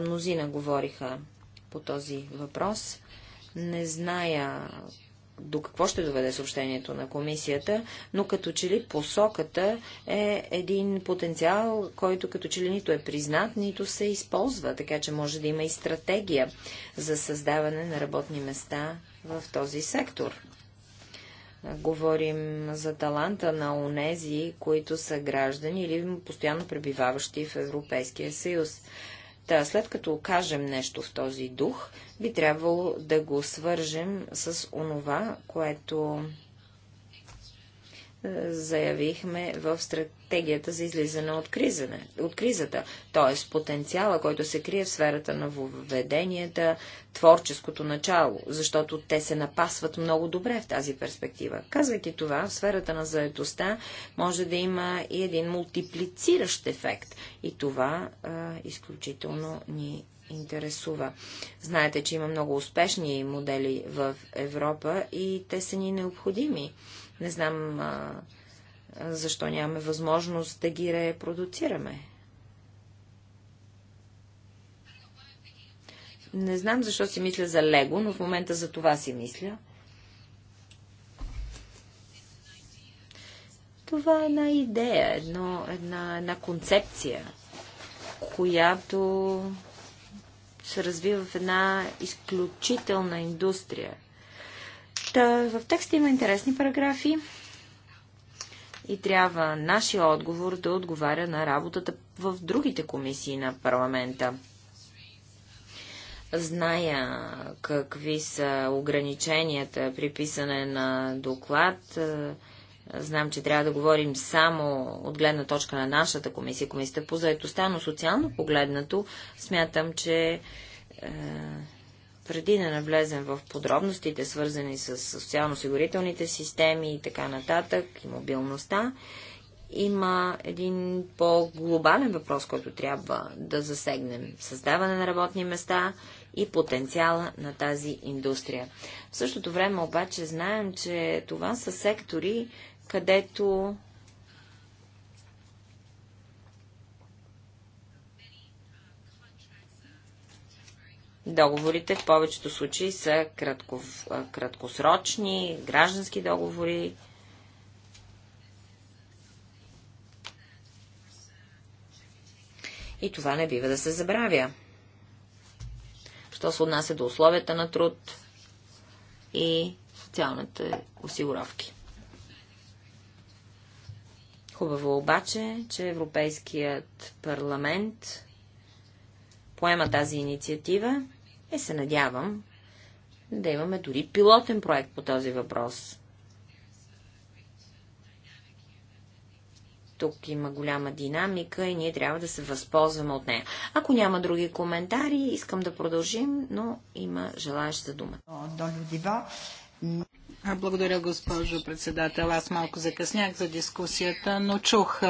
[SPEAKER 2] Мнозина говориха по този въпрос. Не зная до какво ще доведе съобщението на комисията, но като че ли посоката е един потенциал, който като че ли нито е признат, нито се използва, така че може да има и стратегия за създаване на работни места в този сектор. Говорим за таланта на онези, които са граждани или постоянно пребиваващи в Европейския съюз. Та, след като кажем нещо в този дух, би трябвало да го свържем с онова, което е, заявихме в стратегията за излизане от, кризане, от кризата, т.е. потенциала, който се крие в сферата на въведенията, творческото начало, защото те се напасват много добре в тази перспектива. Казвайки това, в сферата на заедостта може да има и един мултиплициращ ефект и това а, изключително ни интересува. Знаете, че има много успешни модели в Европа и те са ни необходими. Не знам а, защо нямаме възможност да ги репродуцираме. Не знам защо си мисля за Лего, но в момента за това си мисля. Това е една идея, едно, една, една концепция, която се развива в една изключителна индустрия текста. в текста има интересни параграфи и трябва нашия отговор да отговаря на работата в другите комисии на парламента. Зная какви са ограниченията при писане на доклад. Знам, че трябва да говорим само от гледна точка на нашата комисия, комисията по заедостта, но социално погледнато смятам, че е, преди да навлезем в подробностите, свързани с социално-осигурителните системи и така нататък, и мобилността, има един по-глобален въпрос, който трябва да засегнем. Създаване на работни места и потенциала на тази индустрия. В същото време обаче знаем, че това са сектори, където Договорите в повечето случаи са кратко, краткосрочни, граждански договори. И това не бива да се забравя. Що се отнася до условията на труд и социалните осигуровки. Хубаво обаче, че Европейският парламент поема тази инициатива и е, се надявам да имаме дори пилотен проект по този въпрос. Тук има голяма динамика и ние трябва да се възползваме от нея. Ако няма други коментари, искам да продължим, но има желаящ за дума.
[SPEAKER 3] Благодаря, госпожо председател. Аз малко закъснях за дискусията, но чух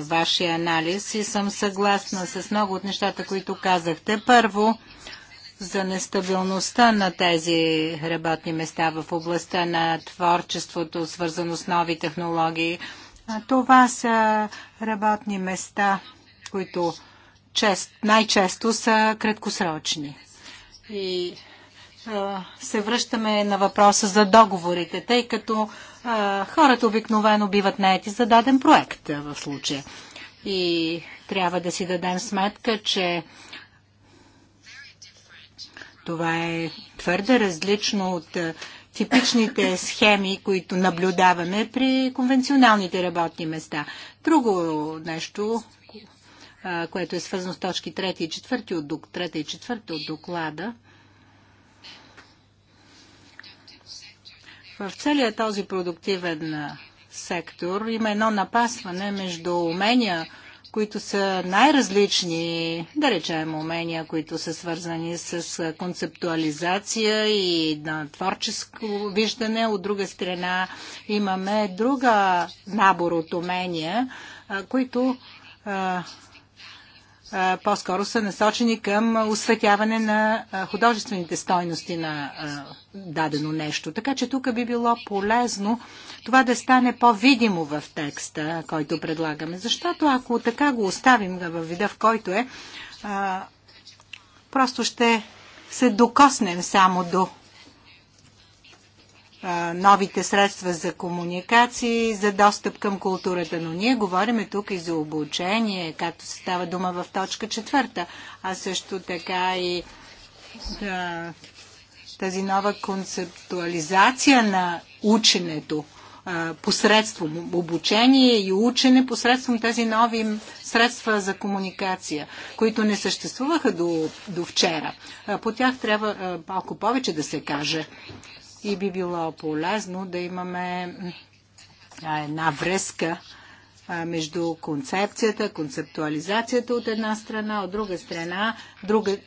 [SPEAKER 3] вашия анализ и съм съгласна с много от нещата, които казахте. Първо, за нестабилността на тези работни места в областта на творчеството, свързано с нови технологии. това са работни места, които най-често са краткосрочни. И се връщаме на въпроса за договорите, тъй като хората обикновено биват наети за даден проект в случая. И трябва да си дадем сметка, че това е твърде различно от типичните схеми, които наблюдаваме при конвенционалните работни места. Друго нещо, което е свързано с точки 3 и 4 от, 3 и 4 от доклада, В целият този продуктивен сектор има едно напасване между умения, които са най-различни, да речем умения, които са свързани с концептуализация и на творческо виждане. От друга страна имаме друга набор от умения, които по-скоро са насочени към осветяване на художествените стойности на дадено нещо. Така че тук би било полезно това да стане по-видимо в текста, който предлагаме. Защото ако така го оставим в вида, в който е, просто ще се докоснем само до новите средства за комуникации, за достъп към културата. Но ние говориме тук и за обучение, както се става дума в точка четвърта, а също така и да, тази нова концептуализация на ученето посредством обучение и учене, посредством тези нови средства за комуникация, които не съществуваха до, до вчера. По тях трябва малко повече да се каже и би било полезно да имаме една връзка между концепцията, концептуализацията от една страна, от друга страна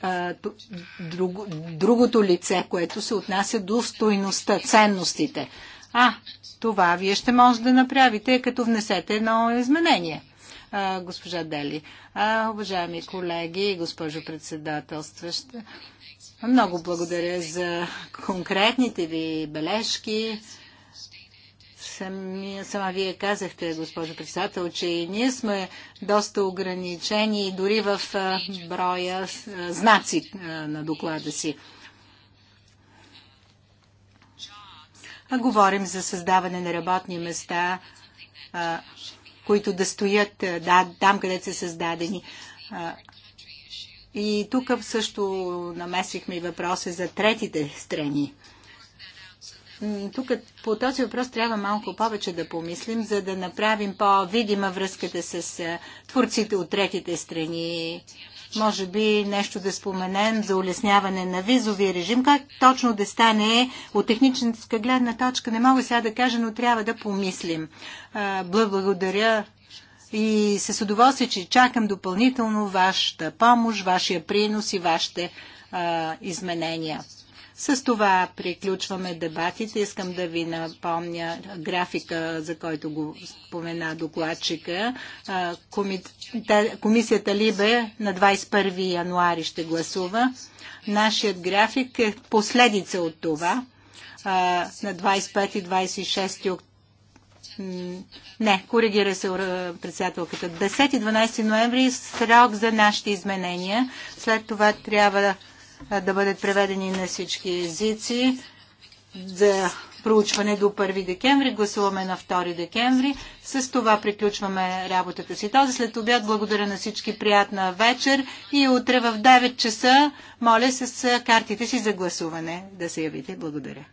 [SPEAKER 3] а, друг, другото лице, което се отнася до стойността, ценностите. А, това вие ще може да направите, като внесете едно изменение. А, госпожа Дели. А, уважаеми колеги, госпожо председателстваща, много благодаря за конкретните ви бележки. Самия, сама вие казахте, госпожо председател, че и ние сме доста ограничени дори в броя знаци на доклада си. А говорим за създаване на работни места, които да стоят да, там, където са създадени. И тук също намесихме и въпроса за третите страни. Тук по този въпрос трябва малко повече да помислим, за да направим по-видима връзката с творците от третите страни. Може би нещо да споменем за улесняване на визовия режим. Как точно да стане от техническа гледна точка, не мога сега да кажа, но трябва да помислим. Благодаря и с удоволствие, че чакам допълнително вашата помощ, вашия принос и вашите а, изменения. С това приключваме дебатите. Искам да ви напомня графика, за който го спомена докладчика. Комисията Либе на 21 януари ще гласува. Нашият график е последица от това. На 25 и 26 не, коригира се е, председателката. 10 и 12 ноември е срок за нашите изменения. След това трябва е, да бъдат преведени на всички езици за проучване до 1 декември. Гласуваме на 2 декември. С това приключваме работата си този след обяд. Благодаря на всички. Приятна вечер и утре в 9 часа моля с картите си за гласуване да се явите. Благодаря.